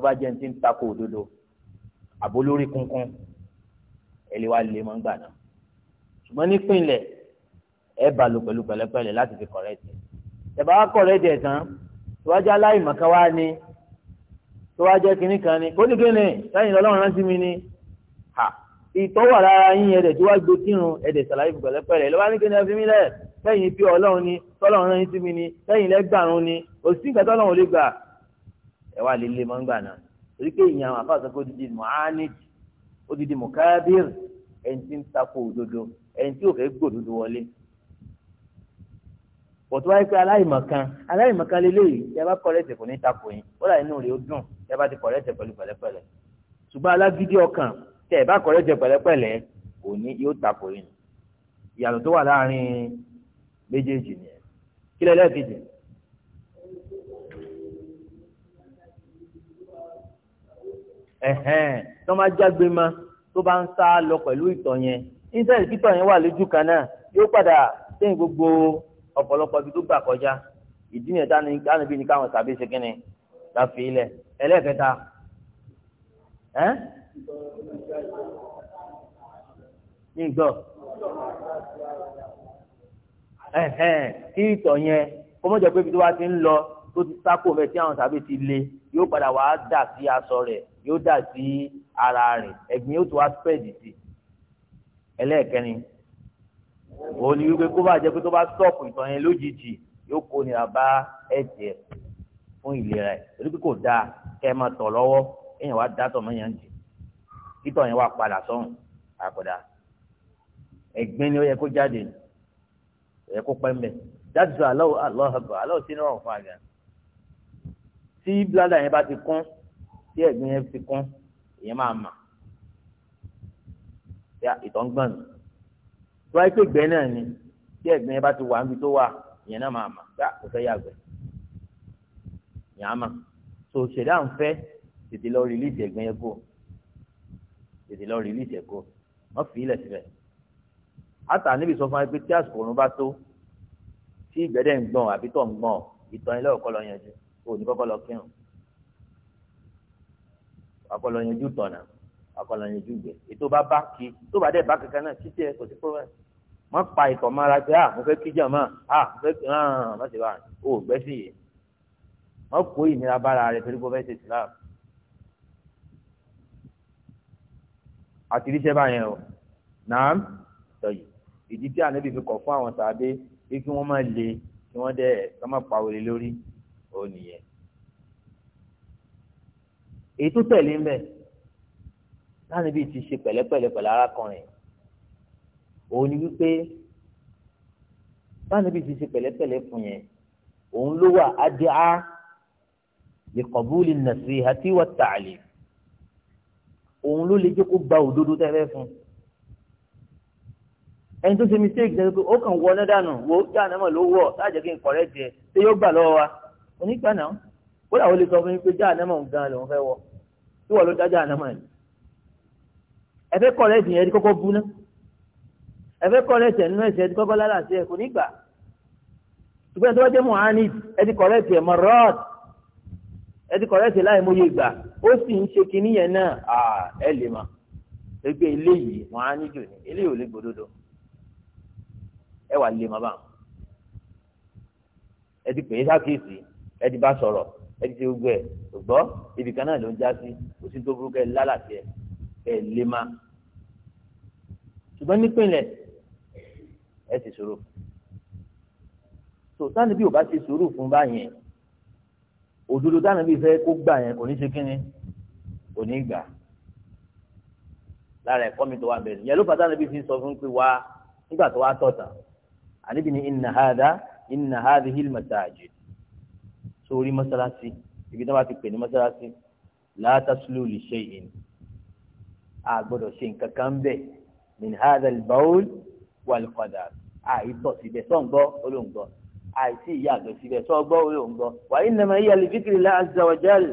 tó bá jẹ́ ní ti ń takò òdodo àbólórí kunkun ẹ lè wá lè mọ́ gbà náà ṣùgbọ́n nípìnlẹ̀ ẹ bá lò pẹ̀lú pẹ̀lẹ́pẹ̀lẹ́ láti fi kọ̀rẹ́tì tẹ̀bá wá kọ̀rẹ́tì ẹ̀ tán tó wá jẹ́ aláìmọ̀kan wá ni tó wá jẹ́ kinní kan ni kó ní kíni sẹ́yìn lọ́lọ́run rántí mi ni ha ìtọ́wà lára yín ẹ̀dẹ̀ tó wá gbé kírun ẹ̀dẹ̀ sàlàyé fi pẹ̀lẹ́pẹ̀lẹ́ ló bá ní kíni ẹ fi mí lẹ̀ sẹ́yìn pé ọlọ́run ni tọ́lọ́run rántí mi ni sẹ́yìn lẹ́gbàrún ni òsì ẹ wá lè lé mọ́ngbà náà torí pé ìyẹn àwọn afáàsọ pé odidi muhanid odidi mukabir ẹni tí ń takò òdodo ẹni tí ò fẹ́ gbòdodo wọlé pọ̀tù wáyé pé aláìmọ̀kan aláìmọ̀kan lélẹ́yìí tí a bá kọ̀rẹ́tẹ̀ kò ní takò yín ó dà inú rẹ̀ ó dùn tí a bá ti kọ̀rẹ́tẹ̀ pẹ̀lú pẹ̀lẹ́pẹ̀lẹ́ ṣùgbọ́n alágídí ọkàn tí ẹ̀ bá kọ̀rẹ́tẹ̀ pẹ̀lẹ́pẹ̀lẹ́ kò ní yóò takò yín ìyàtọ̀ tó wà láàrin méjèèjì nìyẹn kí lẹ́lẹ́kejì ẹ̀hẹ́n tó máa jágbe ma tó bá ń sá lọ pẹ̀lú ìtọ̀ yẹn nítorí títọ̀ yẹn wà lójú kan náà yóò padà sẹ́yìn gbogbo ọ̀pọ̀lọpọ̀ ibi tó gbà kọjá ìdí yẹn táwọn ibi ní káwọn tàbí ṣe kínni ká fi ilẹ̀ ẹlẹ́ẹ̀kẹta ẹ́ ní gbọ́ ẹ̀hẹ́n kí ìtọ̀ yẹn kó mọ̀ jẹ́ pé ibi tó bá ti ń lọ tó ti sáko mẹ́ tí àwọn tàbí ti le yóò padà wàá dà sí aṣọ rẹ̀ yóò dà sí ara rìn ẹ̀gbìn yóò tó wá spẹ́ẹ̀dì sí ẹlẹ́ẹ̀kẹrin òun ni wípé kó bá jẹ́ pé tó bá stọ́ọ̀pù ìtàn yẹn lójijì yóò kó nira bá ẹ̀jẹ̀ fún ìlera ẹ̀ torí pé kò dáa kẹ́ ẹ máa tọ̀ lọ́wọ́ èèyàn wá dá tọ̀ mọ́yàn jì títọ̀ yẹn wá padà sọ́hùn àkọ́dá ẹ̀gbin ni ó yẹ kó jáde ó yẹ kó pẹ́ mbẹ́ dájú àlọ́ àlọ́ àgbà àlọ́ sínú ọ̀fun àgbà tí bládà yẹn bá ti kún tí ẹ̀gbin yẹn fi kún èèyàn máa mà yá ìtọ̀ ń gbọ̀n nù tó wáyé pé gbẹ́ náà ni tí ẹ̀gbin yẹn bá ti wà níbi tó wà èèyàn náà máa mà yá kò fẹ́ yàgbẹ́ èèyàn á mà so ṣẹ̀dá ń fẹ́ tètè lọ rìlíìsì ẹ̀gbin yẹn kó tètè lọ rìlíìsì ẹ̀ kó wọ́n fi ilẹ̀ síbẹ̀ àtà níbi sọ fún wa pé tí àsìkò òun bá tó tí ìgbẹ́dẹ̀ ń gbọ̀n àbí tọ̀ ń gbọ̀n ìtọ̀ ilé ọ̀kọ́ lọ yanjú òní kọ́kọ́ lọ kírun akọlọ yanjú tọ̀nà akọlọ yanjú gbẹ ètò bá bá kí tó bá dẹ̀ bá kankan náà títí ẹ kò sí pọ́wẹ́ má pa ìtọ̀ mára pé à ah, mo fẹ́ kí jàmá à ah, mo fẹ́ kí hàn ah, má ti bá o gbẹ́ sí yìí má kó ìnira bára rẹ torí kó fẹ́ ṣe islam àti ríṣẹ́ báyẹn o nàám tọ̀yì ìdí tí ànábì fi kọ̀ fún àwọn tàbí kí wọ́n má le kí wọ́n dẹ̀ kí wọ́n má pa òrè lórí òun nìyẹn èyí tó tẹ̀lé ń bẹ̀ láti bí ti ṣe pẹ̀lẹ́pẹ̀lẹ́ pẹ̀lú arákùnrin òun ni wípé láti bí ti ṣe pẹ̀lẹ́pẹ̀lẹ́ fún yẹn òun ló wà ádìá lè kọ̀bùlì nasihati wa ta'lim òun ló lè jẹ́ kó gba òdodo tẹ́lẹ̀ fún ẹni tó ṣe mistake ṣe pé ó kàn wọ ọ́nà dànù wo jáàná mọ̀ ló wọ̀ láàjẹ́ kí n kọ̀rẹ́ tiẹ̀ ṣé yóò gbà lọ́wọ́ wa onígbà náà kódà ó lè sọ fún mi pé jáàná mọ̀ gan lòún fẹ́ wọ̀ tí wọ́n ló dájà ànámà ni ẹ̀fẹ́ kọ́lẹ́ẹ̀tì yẹn kọ́kọ́ bú ná ẹ̀fẹ́ kọ́lẹ́ẹ̀tì ẹ̀nú ẹ̀sẹ̀ ẹ̀dí kọ́kọ́ lálàsí ẹ̀ kò ní gbà ṣùgbọ́n tí wọ́n jẹ́ mohanid ẹ̀dí kọ́lẹ́ẹ̀tì ẹ̀ mọ̀rọ́ọ̀t ẹ̀dí kọ́lẹ́ẹ̀tì láì mọ̀ yé gbà ó sì ń ṣe kinní yẹn náà ẹ̀ lè mọ̀ gbẹgbẹ eléyìí mohanid ò ẹ ti gbogbo ẹ gbọ́ ibì kan náà ló ń já sí kò sí tó burúkú ẹ lálàtì ẹ ẹ lè má ṣùgbọ́n nípìnlẹ̀ ẹ ti sọ̀rọ̀ tó sáni bí o bá ti sùúrù fún báyẹn òdodo dáná bí fẹ́ kó gbà yẹn kò ní ṣe kínní kò ní gbà lára ẹ̀kọ́ mi tó wà bẹ̀rẹ̀ yẹn ló fà sáni bí fi sọ fún pé wá nígbà tó wá tọ̀ àníbi ni inna hada inna hadhihi sórí mọ́sálásí ibi tí wọ́n bá ti pè ní mọ́sálásí látàsílù lè ṣe ìhìn a gbọ́dọ̀ ṣe nǹkan kan bẹ́ẹ̀ min hadal baul wal qadar àìtọ́ síbẹ̀ sọ̀ ń gbọ́ olóńgbọ́ àìsí ìyàgbẹ́ síbẹ̀ sọ̀ gbọ́ olóńgbọ́ wa innama hiya li dhikrillah azza wa jal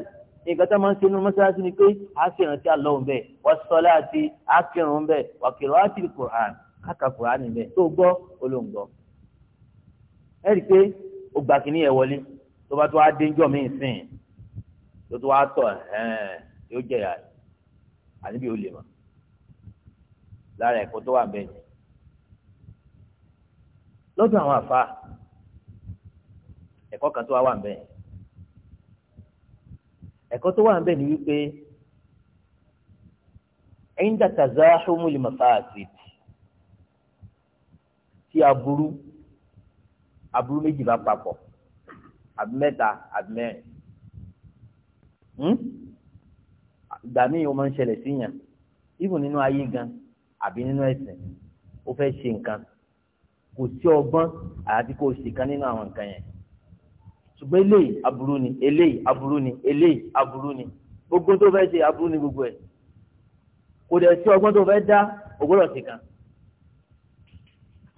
nǹkan tá a máa ń ṣe nínú mọ́sálásí ni pé a fi ìrántí àlọ́hùn bẹ́ẹ̀ wọ́n sọ láti a fi ìrùn bẹ́ẹ̀ wà kìrọ̀ á ti kùrán káka kùrán bẹ́ẹ̀ tó gbọ́ olóńgbọ́ ẹ̀rí pé ó gbà kìíní yẹn wọlé tó bá tó wá mi sìn tó tó wá tọ̀ ẹ̀ẹ́n yóò jẹ̀yà àníbi lè mọ̀ lára ẹ̀kọ́ tó wà bẹ́ẹ̀ ni lọ́dọ̀ àwọn àfa ẹ̀kọ́ kan tó wá wà bẹ́ẹ̀ ẹ̀kọ́ tó wà bẹ́ẹ̀ ni wípé ẹ̀yin dàtà àbí mẹ́ta àbí mẹ́rin hmm? ìgbà míì ó máa ń ṣẹlẹ̀ síyàn even nínú ayé gan àbí nínú ẹ̀sìn ó fẹ́ ṣe nǹkan kò sí ọgbọ́n àti kò sí kan nínú àwọn nǹkan yẹn ṣùgbọ́n eléyìí aburú ni eléyìí aburú ni eléyìí aburú ni gbogbo tó fẹ́ ṣe aburú ni gbogbo ẹ̀ kò dẹ̀ sí ọgbọ́n tó fẹ́ dá ògbọ́dọ̀ sí kan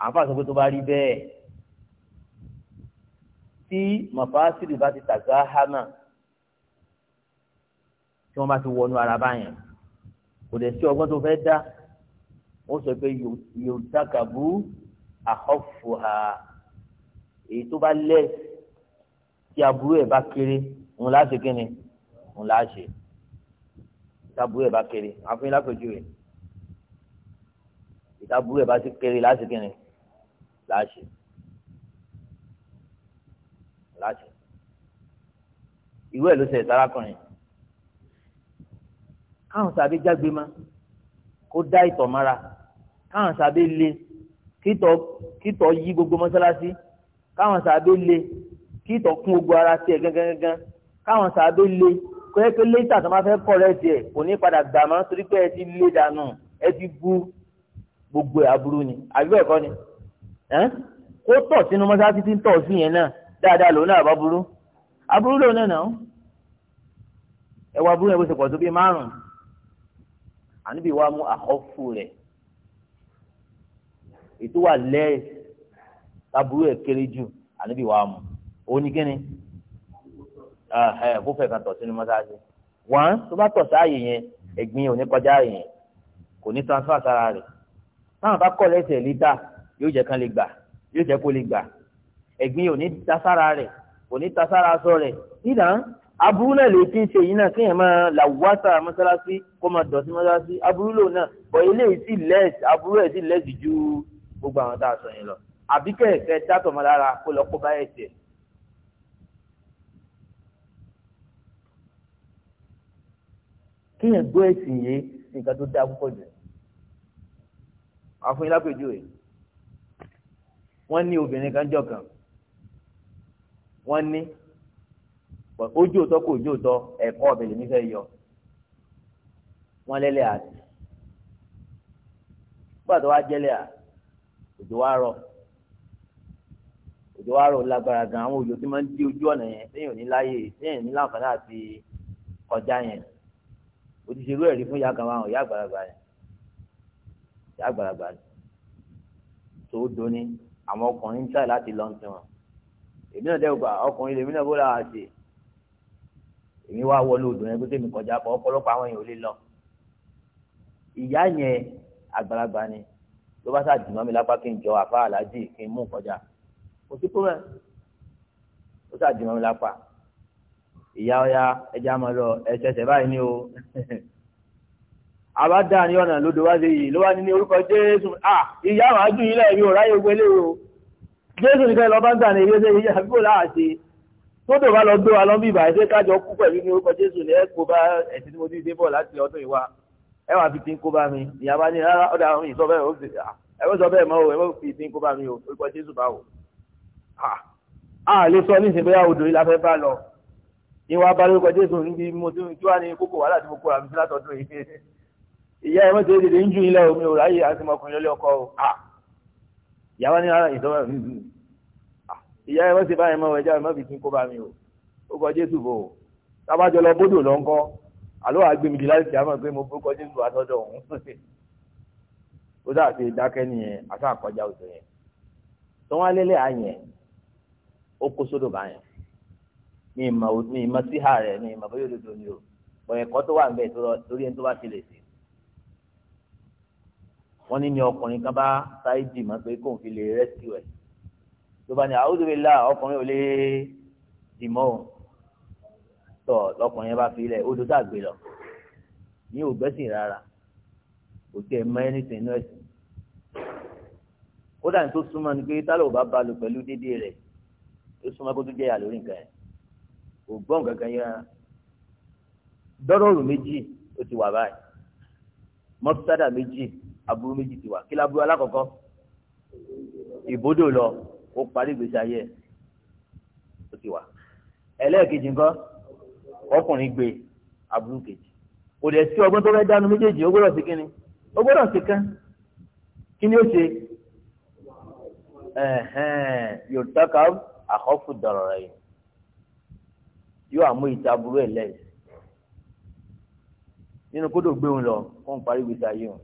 àǹfààní sọ pé tó bá rí bẹ́ẹ̀ tí mọ̀fásìlì bá ti tàgbà hámà tí wọ́n bá ti wọnú ara báyẹn kò dẹ̀ sí ọgbọ́n tó fẹ́ dá wọ́n sọ pé yòókàbù àkọ́fùhà èyí tó bá lẹ̀ tí aburú ẹ̀ bá kéré òun láṣẹ kínni òun láṣẹ ìtaburú ẹ̀ bá kéré àfihàn lápẹjù rẹ̀ ìtaburú ẹ̀ bá ti kéré láṣẹ kínni láṣẹ. ìwé ẹ̀ ló ṣe ìtarakùnrin káwọn sábẹ jágbe ma kó dá ìtọ̀ mara káwọn sábẹ le kítọ̀ kítọ̀ yí gbogbo mọ́sálásí káwọn sábẹ le kítọ̀ kún gbogbo ara tiẹ̀ gángan káwọn sábẹ le kọ́yẹ́ pé létà tó máa fẹ́ kọ́ rẹ̀ tiẹ̀ kò ní padà gbà mọ́ torí pé ẹ ti lé dànù ẹ ti bu gbogbo ẹ̀ aburú ni àbí bẹ́ẹ̀ kọ́ ni kó tọ̀ sínú mọ́sálásí tí ń tọ̀ sí yẹn náà dáadáa lòun náà bá burú aburú lòun náà náà ẹwà aburú yẹn bó ṣe pọ̀ tó bíi márùn-ún àníbi wa mú àkọ́fù rẹ̀ ètò wà lẹ́ẹ̀ aburú ẹ̀ kéré jù àníbi wa mú oníkíni kó fẹ̀ kan tọ̀ sínú mọ́sáàsì wọ́n tó bá tọ̀ sáàyè yẹn ẹ̀gbin ò ní kọjá yẹn kò ní transfer sára rẹ̀ táwọn bá kọ̀ lẹ́sẹ̀ lítà yóò jẹ́ kan lè gbà yóò jẹ́ kó lè gbà ẹ̀gbin ò ní dá sára rẹ̀ kò ní ta sára aṣọ rẹ̀ ìdá aburú náà lè fi ṣe yìí náà kéèyàn máa làwùwátà mọ́sálásí kó máa dọ̀tí mọ́sálásí aburú lòun náà bọ̀ eléyìí sì lẹ́ẹ̀sì aburú ẹ̀ sì lẹ́ẹ̀sì ju gbogbo àwọn tá a sọ yẹn lọ àbí kẹ̀kẹ́ dátọ̀ mọ́ lára kó lọ kó bá ẹ̀ kéèyàn gbọ́ ẹ̀sìn yé nǹkan tó dáa púpọ̀ jù àfọyín lápèjúwe wọ́n ní obìnrin kan jọ kan wọ́n ní ojú òtọ́ kò ojú òtọ́ ẹ̀kọ́ ọ̀bẹ lèmi fẹ́ yọ wọ́n lẹ́lẹ́ àti gbọ́dọ̀ wá jẹ́lẹ̀ à òjò wá rọ̀ òjò wá rọ̀ lágbára gan àwọn òjò tí máa ń di ojú ọ̀nà yẹn téèyàn ní láàyè téèyàn ní láǹfààní àti kọjá yẹn ó ti ṣe irú ẹ̀rí fún ìyá kan àwọn ìyá àgbàlagbà yẹn ìyá àgbàlagbà tó doni àwọn ọkùnrin ń tà láti lọ́ntì wọn èmi náà dẹ́wọ̀ gbà ọkùnrin lèmi náà bó la ṣe èmi wá wọlé odò yẹn pété mi kọjá bọ ọ̀pọ̀lọpọ̀ àwọn èèyàn ò lè lọ ìyá yẹn àgbàlagbà ni ló bá sáà dì mọ́ mi lápá kí n jọ àfa àlájì kí n mú kọjá kò sí pọ́nmẹ́ ó sáà mọ́ mi lápá ìyá ọya ẹja máa lọ ẹsẹsẹ báyìí ni o àbá dáa ní ọ̀nà lódò wá sí yìí ló wá ní orúkọ Jésù ìyá màá dùn yín lẹ́yìn mi ráyè gbélé o jésù nìkan lọ bá ń gbà ní ilé iṣẹ́ àbíkò láàṣẹ tó dò bá lọ gbé wa lọ́nbí ìbàdí pé kájọ kú pẹ̀lú ní orúkọ jésù ní ẹ̀kọ́ bá ẹ̀sìn tí mo ti dé bọ̀ láti ọdún ìwà ẹ wà fi ti ń kó bá mi ìyá bá ní rárá ah, ọ̀dà àwọn ìsọ bẹ́ẹ̀ ó sì ah, ẹ wọ́n sọ bẹ́ẹ̀ mọ́ o ẹ wọ́n fi ti ń kó bá mi o orúkọ jésù bá wò. Ah, a lè sọ níṣẹ́ bóyá odò yìí la fẹ́ bá lọ ìwà bá lórúkọ jésù níbi mo ti ń kíwá ní kókò wàhálà tí mo kó àmì sí látọ̀dún ìyá ẹ ìyàwó ní ara ìtọ́wà hmm, hmm, hmm. ah, ìyá ẹ̀rọ sì báyìí mọ́ ẹja ẹ̀mọ́ fi tún kó bá mi o ó kọ jésù bò ó tábàjọ lọ bódò lọ ń kọ́ àlọ́ àgbèmìdì láti kí a mọ̀ pé mo kọ jésù àtọ́jọ òun ó dà sí dákẹ́ nìyẹn àti àkọjá òjò yẹn tó wọn lélẹ̀ àyẹn ó kó sódò báyẹn ní ìmọ̀ sí ha rẹ̀ ní ìmọ̀ bóyá òdodo ni o bọ̀yẹ̀kọ́ tó wà ń bẹ̀ torí ẹni tó bá ti lè sí wọ́n ní ní ọkùnrin kan bá Saidi mọ̀ pé kóun fi lè rẹ́sì ẹ̀ tó bá ní a'udhu billahi ọkùnrin ò lè dì mọ́ o tọ̀ lọkùnrin bá fi lẹ̀ odò tá a lọ ní ògbẹ́sìn rárá kò tiẹ̀ mọ anything inú ẹ̀sìn kódà ní tó súnmọ́ ni pé tálọ̀ ò bá ba lò pẹ̀lú dédé rẹ̀ ó súnmọ́ kó tó jẹ́yà lórí nǹkan yẹn kò gbọ́n kankan yẹn dọ́rọ̀rù méjì ó ti wà báyìí mọ́tàdà méjì aburú méjì ti wà kí láburú alákọ̀ọ́kọ́ ìbódò lọ ó parí ìgbésí ayé ẹ̀ ó ti wà ẹlẹ́ẹ̀kejì nǹkan ọkùnrin gbé aburú kejì kò dẹ̀ sí ọgbọ́n tó fẹ́ dánu méjèèjì ó gbọ́dọ̀ sí kínni ó gbọ́dọ̀ sí kán kí ó ṣe yóò tọ́ka àkọ́fù dọ̀rọ̀ rẹ̀ yóò àmú ìta burú ẹ̀ lẹ́yìn nínú kódò gbé lọ kó ń parí gbèsè ayé òun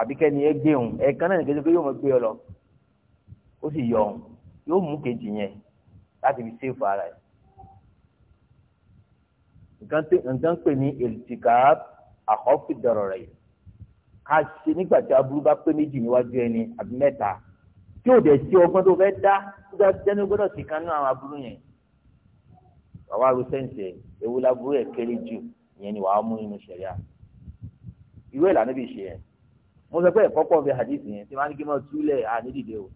àbí kẹ́ni ẹ gbé òun ẹ̀ẹ̀kan náà nìkan pé yóò mọ gbé ọ lọ ó sì yọ òun yóò mú kejì yẹn láti fi ṣèfù ara ẹ̀ nǹkan pè ní èlìtìkà àkọ́fì dọ̀rọ̀ rẹ̀ ká ṣe nígbà tí aburú bá pé méjì níwájú ẹni àbí mẹ́ta tí ò dẹ̀ sí ọgbọ́n tó fẹ́ dá tó dá dẹ́nu gbọ́dọ̀ sí kan àwọn aburú yẹn wàá ro sẹ́ǹsì ewu laburú ẹ̀ kéré jù ìyẹn ni wàá mú inú ṣẹ̀ríà ìwé ìlànà bí ṣe yẹn mo sọ pé ẹ̀kọ́ pọ̀ fi hadith yẹn tí wọ́n á ní kí n máa túlẹ̀ ànídìde o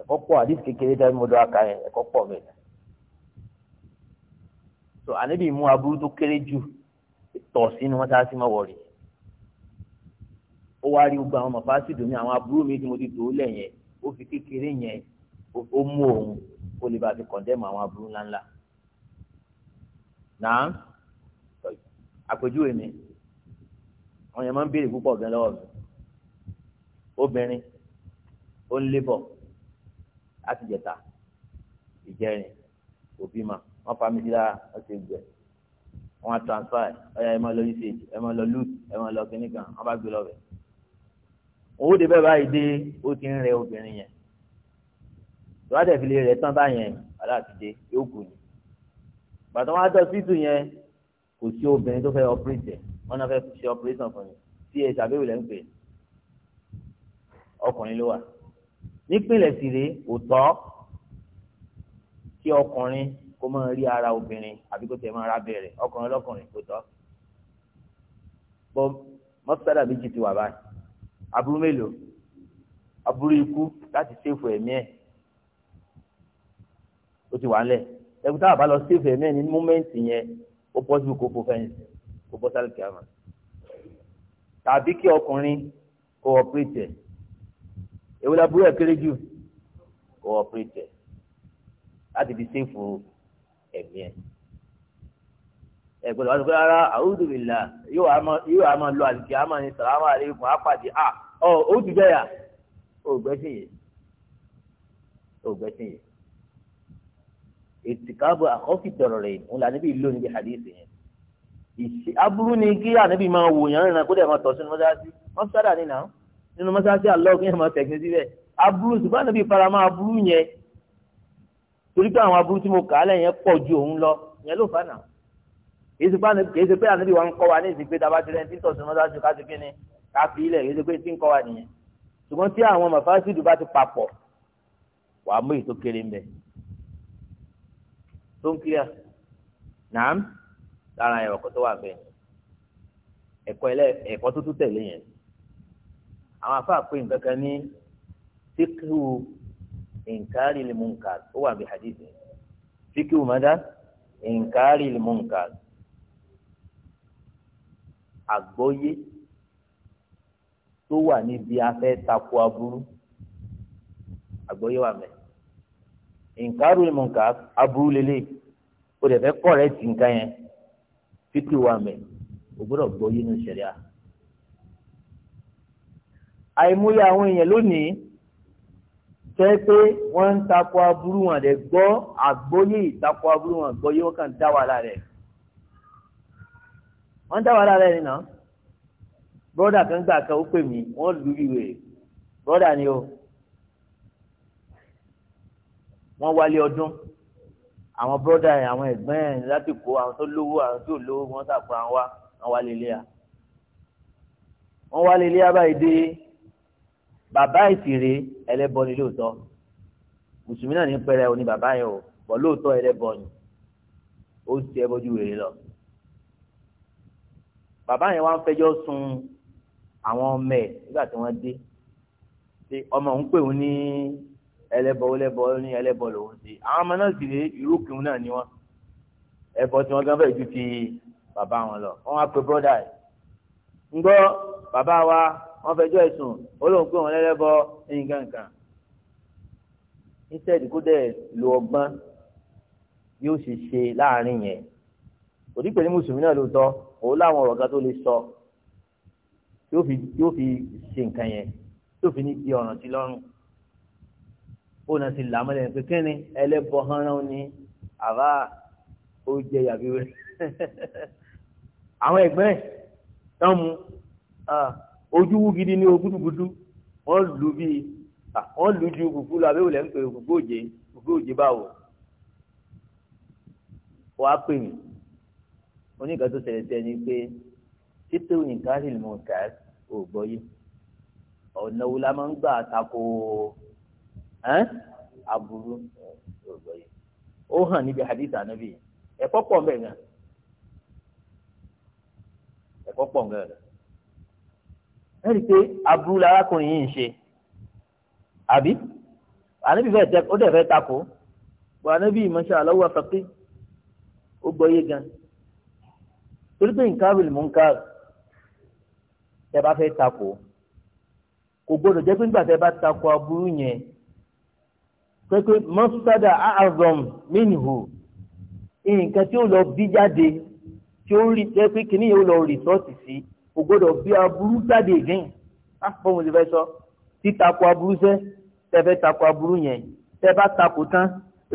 ẹ̀kọ́ pọ̀ hadith kékeré tẹ́lẹ̀ mo dọ́ aka yẹn ẹ̀kọ́ pọ̀ bẹ́ẹ̀ so ànábì mú aburú tó kéré jù tọ̀ sínú wọn sáà sí máa wọ̀rì ó wá rí gbogbo àwọn mọ̀fásìdù ní àwọn aburú mi tí mo ti dòó lẹ̀ yẹn ó fi kékeré yẹn ó mú òun kó lè bá fi kọ̀ndẹ́mù àwọn aburú ńláńlá náà àpèjúwe mi àwọn yẹn máa ń béèrè púpọ̀ gan lọ́wọ́ mi obìnrin ó ń lébọ̀ láti jẹ̀ta ìjẹrin òbí ma wọ́n fa mi sí lára wọ́n ti gbẹ wọ́n á transfer ọ̀yà ẹ̀ máa lọ usage ẹ̀ máa lọ loot ẹ̀ máa lọ kíní kan wọ́n bá gbé lọ bẹ̀. owó de bẹ́ẹ̀ báyìí dé ó ti ń rẹ obìnrin yẹn tó wá dẹ̀ fi lè rẹ̀ tán báyẹn wàhálà ti dé yóò kù ni bàtà wọn á tọ́ síìtù yẹn kò sí obìnrin tó fẹ́ operate wọn náà fẹ́ ṣe operation fún mi tí ẹ ṣàbẹ̀wò lẹ́ ń pè ọkùnrin ló wà nípìnlẹ̀ sì rèé òtọ́ kí ọkùnrin kó máa rí ara obìnrin àbí kó tẹ̀ máa ra bẹ̀rẹ̀ ọkùnrin lọ́kùnrin kò tọ́. bọ́ mọ́sálà méjì ti wà báyìí aburú mélòó aburú ikú láti ṣèfù ẹ̀mí ẹ̀ ó ti wà ń lẹ̀ ẹ̀kú táwọn bá lọ ṣèfù ẹ̀mí ẹ̀ ní múmẹ́ǹtì yẹn ó pọ́sibú kó fò fẹ́ǹsì kó bọ́ sálẹ̀ kìámà tàbí kí ọkùnrin kó ọ̀pẹ̀tì ẹ̀ ewu la burú ẹ̀ kéré jù kó ọ̀pẹ̀tì ẹ̀ láti fi ṣèfù ẹ̀mí ẹ̀ ẹgbẹ́ lọ́wọ́ rárá àwùjọ ìlà yóò á máa lọ àlùkí á máa ní sàlámà àlékún á à ọ ó ti bẹ́yà ògbẹ́sìn yìí ògbẹ́sìn yìí ètìkábọ̀ àkọ́kì dọ̀rọ̀ rẹ̀ ń níbi ìlú níbi hadith yẹn ìṣe aburú ni kí ànábì máa wò yàn rìnrìn kó dẹ̀ máa tọ̀ sínú mọ́sáàsì mọ́sáàdà ni nà nínú mọ́sáàsì àlọ́ kí yẹn máa tẹ̀sí síbẹ̀ aburú ṣùgbọ́n ànábì fara máa aburú yẹn torí pé àwọn aburú tí mo kà á lẹ̀ yẹn pọ̀ ju òun lọ yẹn ló fà nà ṣe pé ànábì wa kọ́ wa ní ìsìnkú tá a bá ti rẹ́ni tí ń tọ̀ sínú mọ́sáàsì ká ti kí ni ká fi ilẹ̀ kì í ṣe pé tí ń kọ́ wa nìyẹn ṣùgbọ́n tí àwọn màfáàsìdù bá ti papọ̀ wàá mú ètò kéré ń bẹ̀ tó ń kíyà lára yẹn ọkọ tó wà bẹ́ẹ̀ ẹ̀kọ́ ẹlẹ ẹ̀kọ́ tó tún tẹ̀lé yẹn àwọn afa pé nǹkan kan ní fíkìrù nkari limunkar ó wà bí hadithi fíkìrù mọdà nkari limunkar àgbọ́yé tó wà níbi afẹ́ takò aburú àgbọ́yé wà mẹ́ nkari limunkar aburú lélẹ̀ o dẹ̀ fẹ́ kọ̀rẹ́tì nǹkan yẹn fíkì wa mẹ́ o gbọ́dọ̀ gbọ́ yín ní sẹ̀ríà. àìmọye àwọn èèyàn lónìí tẹ́ pé wọ́n ń takò aburú wọn rẹ̀ gbọ́ àgbóyè ìtakò aburú wọn gbọ́ yóò kàn dá wàhálà rẹ̀. wọ́n dá wàhálà rẹ̀ nìyẹn bọ́dà kan gbà kan ó pè mí wọ́n lù ú rè bọ́dà ni o wọ́n wálé ọdún àwọn bọ́dà yẹn àwọn ẹ̀gbọ́n yẹn láti kó àwọn tó lówó àwọn tó lówó wọn sàkó àwọn wá wọn wá lélẹ̀ à wọn wá lélẹ̀ à báyìí dé bàbá ìtìrè ẹlẹ́bọ ni lóòótọ́ mùsùlùmí náà ní pẹrẹ òní bàbá yẹn o bọ̀ lóòótọ́ ẹlẹ́bọ ni ó ti ẹ bọ́jú wèrè lọ bàbá yẹn wá ń fẹjọ́ sun àwọn ọmọ ẹ̀ nígbà tí wọ́n dé ọmọ òun pè òun ní ẹlẹ́bọ ẹlẹ́bọ ní ẹlẹ́bọ lòún ṣe àwọn ọmọ náà sì rè ìrókùn náà ni wọn ẹbọ tí wọn gan fẹẹ ju ti bàbá wọn lọ wọn wá pe bọdà ẹ ń gbọ́ bàbá wa wọn fẹjọ́ ẹ̀sùn olóhùn pé wọn lẹlẹbọ nǹkan nǹkan instead kó dẹ lo ọgbọ́n yóò ṣe ṣe láàrin yẹn òdìpẹ ní mùsùlùmí náà ló tọ òun láwọn ọ̀rọ̀ kan tó lè sọ yóò fi yóò fi ṣe nǹkan yẹn yóò fi ní ti ọ̀ràn sí lọ́rùn ó náà ti là á mọ́lẹ̀ pé kí ni ẹlẹ́bọ hánrán ni àbá ó jẹ yàbí rẹ̀ àwọn ẹ̀gbẹ́ rẹ̀ tán mu ojú wú gidi ní ogúdúgudú wọ́n lù bí wọ́n lù ju kùkú lọ abẹ́wò lẹ́ ń kùkú òjé kùkú òjé báwo wọ́n á pè mí oníkan tó ṣẹlẹ̀ sí ẹni pé títí nǹkan àti ìmọ̀ ò gbọ́ yìí ọ̀nà wo la máa ń gbà tako o aburú ó hàn níbi hadith anabi ẹ̀kọ́ pọ̀ mbẹ̀ gan ẹ̀kọ́ pọ̀ mbẹ̀ rẹ̀ ẹ rí i pé aburú larákùnrin yìí ń ṣe àbí anabi fẹ́ tẹ ó dẹ̀ fẹ́ takò wà anabi masha Allah wà fàkì ó gbọ́ yé gan torí pé nǹkan rẹ̀ mú nǹkan tẹ bá fẹ́ takò kò gbọdọ̀ jẹ́ pé nígbà tẹ bá takò aburú yẹn pẹ́pẹ́ mọ́sádà àzọm mínhù nǹkan tí ó lọ bí jáde tí ó rí pẹ́pẹ́ kìíní yóò lọ rìsọ́ọ̀tì sí kò gbọ́dọ̀ bí aburú jáde again àpò ah, mo ti fẹ́ sọ títakò aburú sẹ́ tẹ́fẹ́ takò aburú yẹn tẹ́fẹ́ takò tán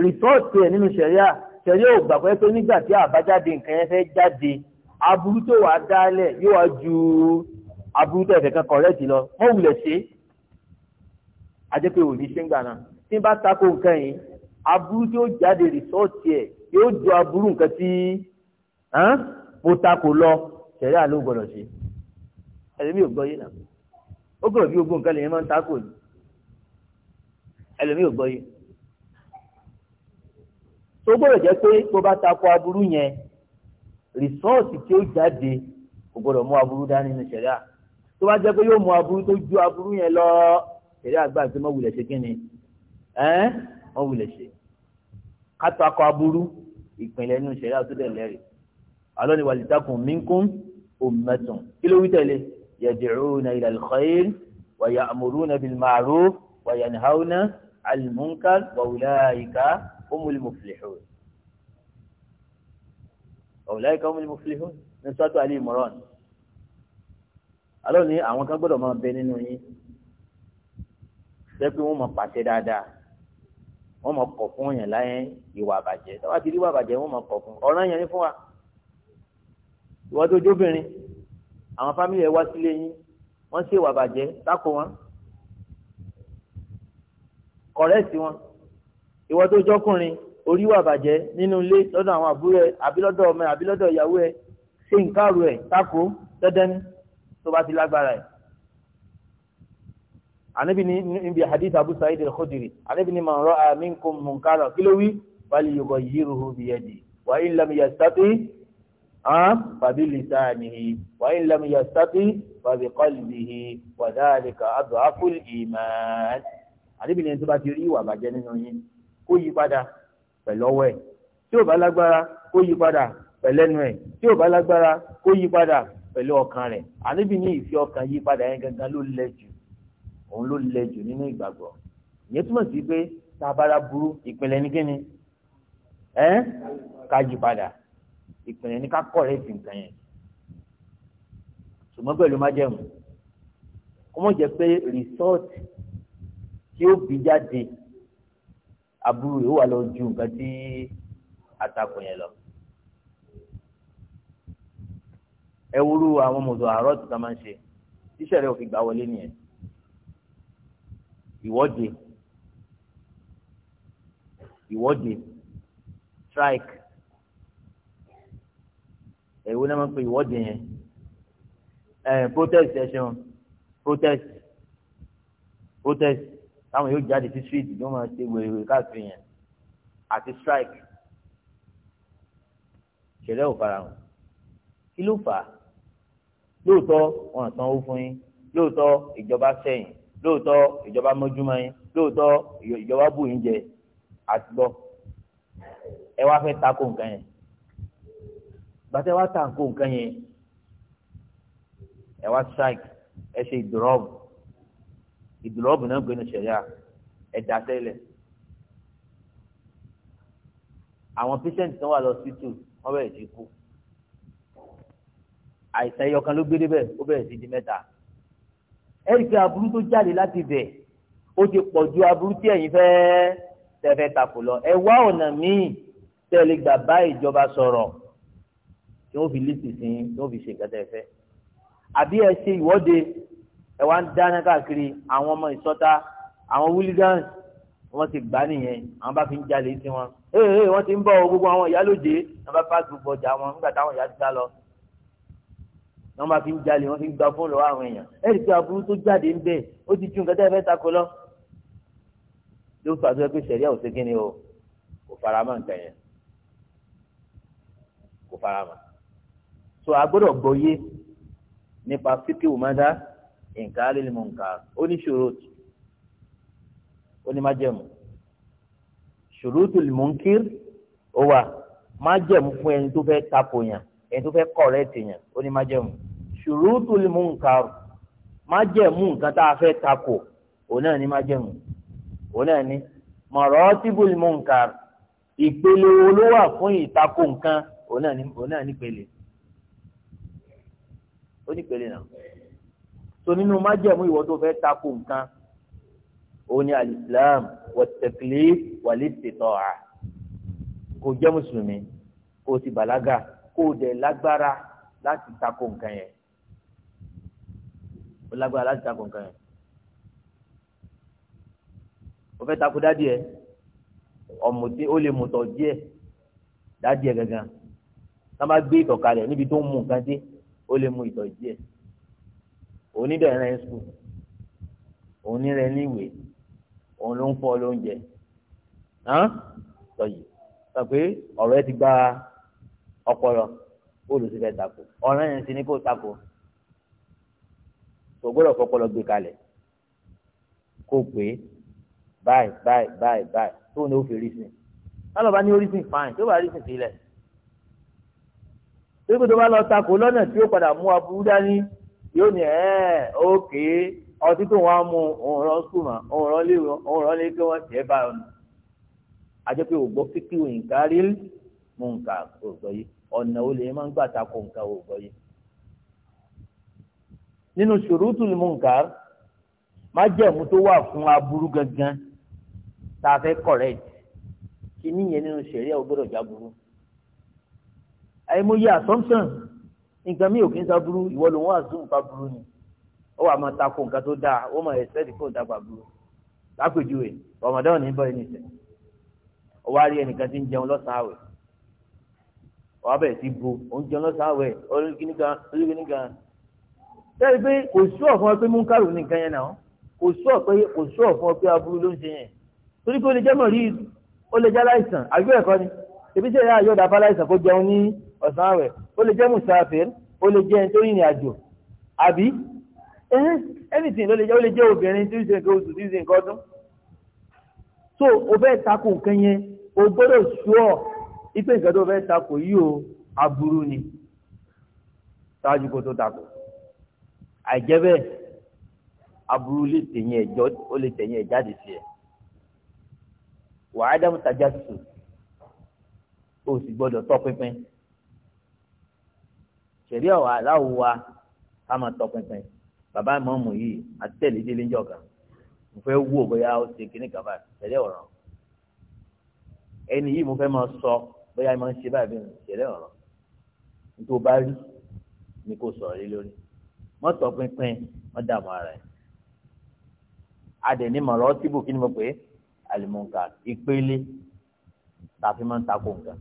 rìsọ́ọ̀tì ẹ̀ nínú sẹ̀ríà sẹ̀ríà ò gbà pé pé nígbà tí àbájáde nǹkan yẹn fẹ́ jáde aburú tó wàá dálẹ̀ yóò wá ju aburú tẹ̀fẹ̀ kan kọ̀rẹ́ẹ̀tì lọ mọ́ wulẹ̀ ṣe àjẹpẹ́ òní ṣé ń gbà náà tí n bá tako nǹkan yìí aburú tí ó jáde rìsọ́ọ̀tì ẹ̀ yóò ju aburú nǹkan tí mo tako lọ tẹ̀lé àló gbọ́dọ̀ ṣe ẹlẹ́mi ò gbọ́ yé náà ó gbọ́dọ̀ bí gbogbo nǹkan lèyìn máa ń tako yìí ẹlẹ́mi ò gbọ́ yé tó gbọ́dọ̀ jẹ́ pé tó bá tako aburú yẹn rìsọ́ọ̀tì tí ó jáde kò gbọ́dọ̀ mú aburú dání nínú ṣẹ̀ríà tó bá jẹ́ pé yóò mú aburú tó ju aburú yẹn lọ ṣẹ̀ríà àgbà tó mọ̀ ṣe kí ni ẹ́ wọ́n wulẹ̀ ṣe kátó akọ aburú ìpínlẹ̀ inú ìṣẹ̀lẹ̀ àtúndẹ̀ lẹ́rìí alọ́ni walitakun minkum ummatun kí ló wí tẹ̀lé yad'una ila al-khair wa ya'muruna bil ma'ruf wa yanhauna 'anil munkar wa ulaika humul muflihun wa ulaika humul muflihun ní sọ́tò Ali Imran alọ́ni àwọn kan gbọ́dọ̀ máa bẹ nínú yín jẹ́ pé wọ́n máa pàṣẹ dáadáa wọ́n mọ̀ kọ̀ fún yẹn láyé ìwà àbàjẹ́ tọ́wọ́ ti rí ìwà àbàjẹ́ wọ́n mọ̀ kọ̀ fún ọ̀ràn yẹn ní fún wa ìwọ tó jóbìnrin àwọn fámìlì ẹ wá sílé yín wọ́n ṣe ìwà àbàjẹ́ sáko wọn kọ̀rẹ́ẹ̀tì wọn ìwọ tó jọkùnrin orí ìwà àbàjẹ́ nínú ilé lọ́dọ̀ àwọn àbúrò ẹ àbí lọ́dọ̀ ọmọ ẹ àbí lọ́dọ̀ ìyàwó ẹ ṣe nǹkan àrò ẹ sáko dandan tó bá ti lágbára ẹ anabi ni níbi hadith abu sa'id al-khudri anabi ni man ra'a minkum munkara kí ló wí falyughayyirhu bi yadihi wa in lam yastati fabi lisanihi wa in lam yastati fabi qalbihi wa dhalika adhafu al-iman anabi ni tó bá ti rí ìwà bàjẹ́ nínú yín kó yí padà pẹ̀lú ọwọ́ ẹ̀ tí ò bá lágbára kó yí padà pẹ̀lẹ́nu ẹ̀ tí ò bá lágbára kó yí padà pẹ̀lú anabi ni ìfi ọkàn yí padà yẹn gangan ló lẹ́jù òun ló le jù nínú ìgbàgbọ́ ìyẹn túmọ̀ sí pé tá a bára burú ìpìlẹ̀ ní kíni ẹ́ kájú padà ìpìlẹ̀ ní ká kọ̀rẹ́ sí nǹkan yẹn ṣùgbọ́n pẹ̀lú májẹ̀mú kó mọ̀ jẹ́ pé rìsọ́ọ̀tì tí ó bí jáde aburú yóò wà lọ ju nǹkan tí atakùn yẹn lọ. ẹ wúru àwọn mọ̀tò àárọ̀ tó ta máa ń ṣe tíṣẹ̀rẹ̀ òfin gbà wọlé nìyẹn ìwọ́de ìwọ́de strike èwo náà máa ń pè ìwọ́de yẹn protest ẹ̀sìn protest protest táwọn yóò jáde sí street ló máa ṣe wèrèwèrè káàkiri yẹn àti strike ìṣẹ̀lẹ̀ ò farahàn kí ló fà á lóòótọ́ wọn àtàn ó fún yín lóòótọ́ ìjọba sẹ́yìn lóòótọ́ ìjọba mọ́júmọ́ yín lóòótọ́ ìjọba bù yín jẹ àti lọ ẹ wá fẹ́ ta kó nǹkan yẹn gbàtẹ́ wá ta kó nǹkan yẹn ẹ wá strike ẹ ṣe ìdúrọ́ọ̀bù ìdúrọ́ọ̀bù náà gbénu ṣẹ̀yà ẹ dá tẹ́lẹ̀ àwọn patient tó wà lọ sí tù wọ́n bẹ̀rẹ̀ sí kú àìsàn ẹyọkan ló gbé débẹ̀ ó bẹ̀rẹ̀ sí di mẹ́ta ẹ̀rí pé aburú tó jáde láti bẹ̀ ó ti pọ̀ ju aburú tí ẹ̀yin fẹ́ tẹ̀fẹ́ tako lọ ẹ wá ọ̀nà míì tẹ̀lé gbà bá ìjọba sọ̀rọ̀ tí wọ́n fi lísì sí i tí wọ́n fi ṣe nǹkan tẹ̀ fẹ́ àbí ẹ ṣe ìwọ́de ẹ wá ń dáná káàkiri àwọn ọmọ ìsọta àwọn wúlígáns wọ́n ti gbà nìyẹn àwọn bá fi ń jalè sí wọn ee wọ́n ti ń bọ̀ gbogbo àwọn ìyálòjé wọ́n bá fà gbogbo ọjà wọn nígbà táwọn ìyá ti sá lọ wọ́n máa fi ń jalè wọ́n fi ń gba fóònù lọ́wọ́ àwọn èèyàn ẹ̀rí pé aburú tó jáde ń bẹ̀ ó ti ju nǹkan tẹ́ takò lọ. ló fà tó yẹ pé ò sí kíni o kò fara mọ́ nǹkan yẹn kò fara mọ́. so a gbọ́dọ̀ gbọ́yé nípa fíkì òmádá nǹkan alẹ́lẹ́mọ̀ nǹkan ó ní ṣòrótù ó ní májẹ̀mú ṣòrótù lìmọ̀nkìr ó wà májẹ̀mú fún ẹni tó fẹ́ takò yàn ẹni tó fẹ́ kọ̀rẹ́tì yàn ó ní májẹ̀mú ṣùrùtùl munkar májẹ̀mú nǹkan tá a fẹ́ takò òun náà ni májẹ̀mú òun náà ni maratibul munkar ìpele wo ló wà fún ìtakò nǹkan òun náà ni òun náà nípele ó nípele náà so nínú májẹ̀mú ìwọ tó fẹ́ takò nǹkan òun ni alìsílám wat-taklif kò jẹ́ mùsùlùmí kò sì bàlágà kò dẹ̀ lágbára láti takò nǹkan yẹn ó lágbára láti takò nǹkan yẹn ó fẹ́ takò dádì ẹ ọ̀mùtí ó lè mùtọ̀ díẹ̀ dádì ẹ gangan tá a bá gbé ìtọ̀ kalẹ̀ níbi tó ń mú nǹkan dé ó lè mú ìtọ̀ díẹ̀ òní dẹ̀ rẹ̀ ń sùn òní rẹ̀ níwèé òun ló ń fọ́ lóúnjẹ sọyìí sọ pé ọ̀rọ̀ ẹ ti gba ọpọlọ bóòlù sí fẹ́ takò ọ̀rọ̀ yẹn ti ní kó takò kò gbọ́dọ̀ fọpọlọ gbé kalẹ̀ kó pé báyìí báyìí báyìí báyìí tó ní ó fi rí sìn alọba ní orísìn fine tó bá rísìn sílẹ̀ torí pé tó bá lọ takò lọ́nà tí ó padà mú aburú dání yóò ní ẹ́ẹ̀ ókè ọtí tó wọn á mú òun rán sùnmọ́ òun rán lé òun rán lé kí wọ́n tiẹ̀ bá ọ̀nà àti pé ògbọ́ kíkí òyìnká rí mú nǹkan ògbọ́ yìí ọ̀nà olè máa ń gbà takò nǹkan ògbọ́ yìí nínú ṣurutul munkar májẹ̀mú tó wà fún aburú gangan tá a fẹ́ correct kí níyẹn nínú ṣẹ̀ríà ò gbọ́dọ̀ jáburú. àìmọye assumption nǹkan mi ò kí ń sáburú ìwọ ló wọn àzùn nípa burú ni ó wà máa takò nǹkan tó dáa ó máa expect kó n dàgbà burú lápèjúwe Ramadan ní bọ́ ẹni sẹ́ ọ wá rí ẹnìkan tí ń jẹun lọ́sàn-án àwẹ̀ ọ wá bẹ̀rẹ̀ sí bu òun jẹun lọ́sàn-án àwẹ̀ olùkíní kan olùkíní kan sẹ́rí pé kò sú ọ̀fun pé múkàrù nìkan yẹn náà kò sú ọ̀pẹ kò sú ọ̀fun pé aburú ló ń ṣe yẹn torí pé ó lè jẹ́ mọ̀rí ó lè jẹ́ aláìsàn àgbẹ̀ ẹ̀kọ́ ni ebi sẹ́yìn àyọ̀dà abáláìsàn kó jẹun ní ọ̀sán àwẹ̀ ó lè jẹ́ mùsàfẹ́ ó lè jẹ́ ẹni tó rìnrìn àjò àbí anything ló lè jẹ́ ó lè jẹ́ obìnrin tí ó ṣe nǹkan ṣe nǹkan ọdún so o fẹ́ takò o gbọ́dọ̀ ṣúọ̀ ipe nǹkan tó fẹ́ takò yìí o aburú ni àìjẹ́bẹ́ aburú lè tẹ̀yìn ẹ̀jọ́ ó lè tẹ̀yìn ẹ̀ jáde sí ẹ̀ wàá dáhùn tajà sùn o sì gbọ́dọ̀ tọpinpin ṣẹ̀rí ọ̀wà aláwọ̀ wa ká máa tọpinpin bàbá ìmọ̀ọ́mù yìí àtẹ̀lé délé ńjọ kan mo fẹ́ wò bóyá ó ṣe kíní kàbá ṣẹ̀rí ọ̀ràn ẹni yìí mo fẹ́ máa sọ bóyá ìmọ̀ ń ṣe báyìí ṣẹ̀rí ọ̀ràn nítorí bá rí ni kò sọ̀rọ̀ lé lórí mọ́tò pínpín wọ́n dààmú ara ẹ̀ adẹ̀ni mọ̀rọ̀ tìbù kí ni mo pè é àlùmọ̀ǹkà ìpele tàfi máa ń takò nǹkan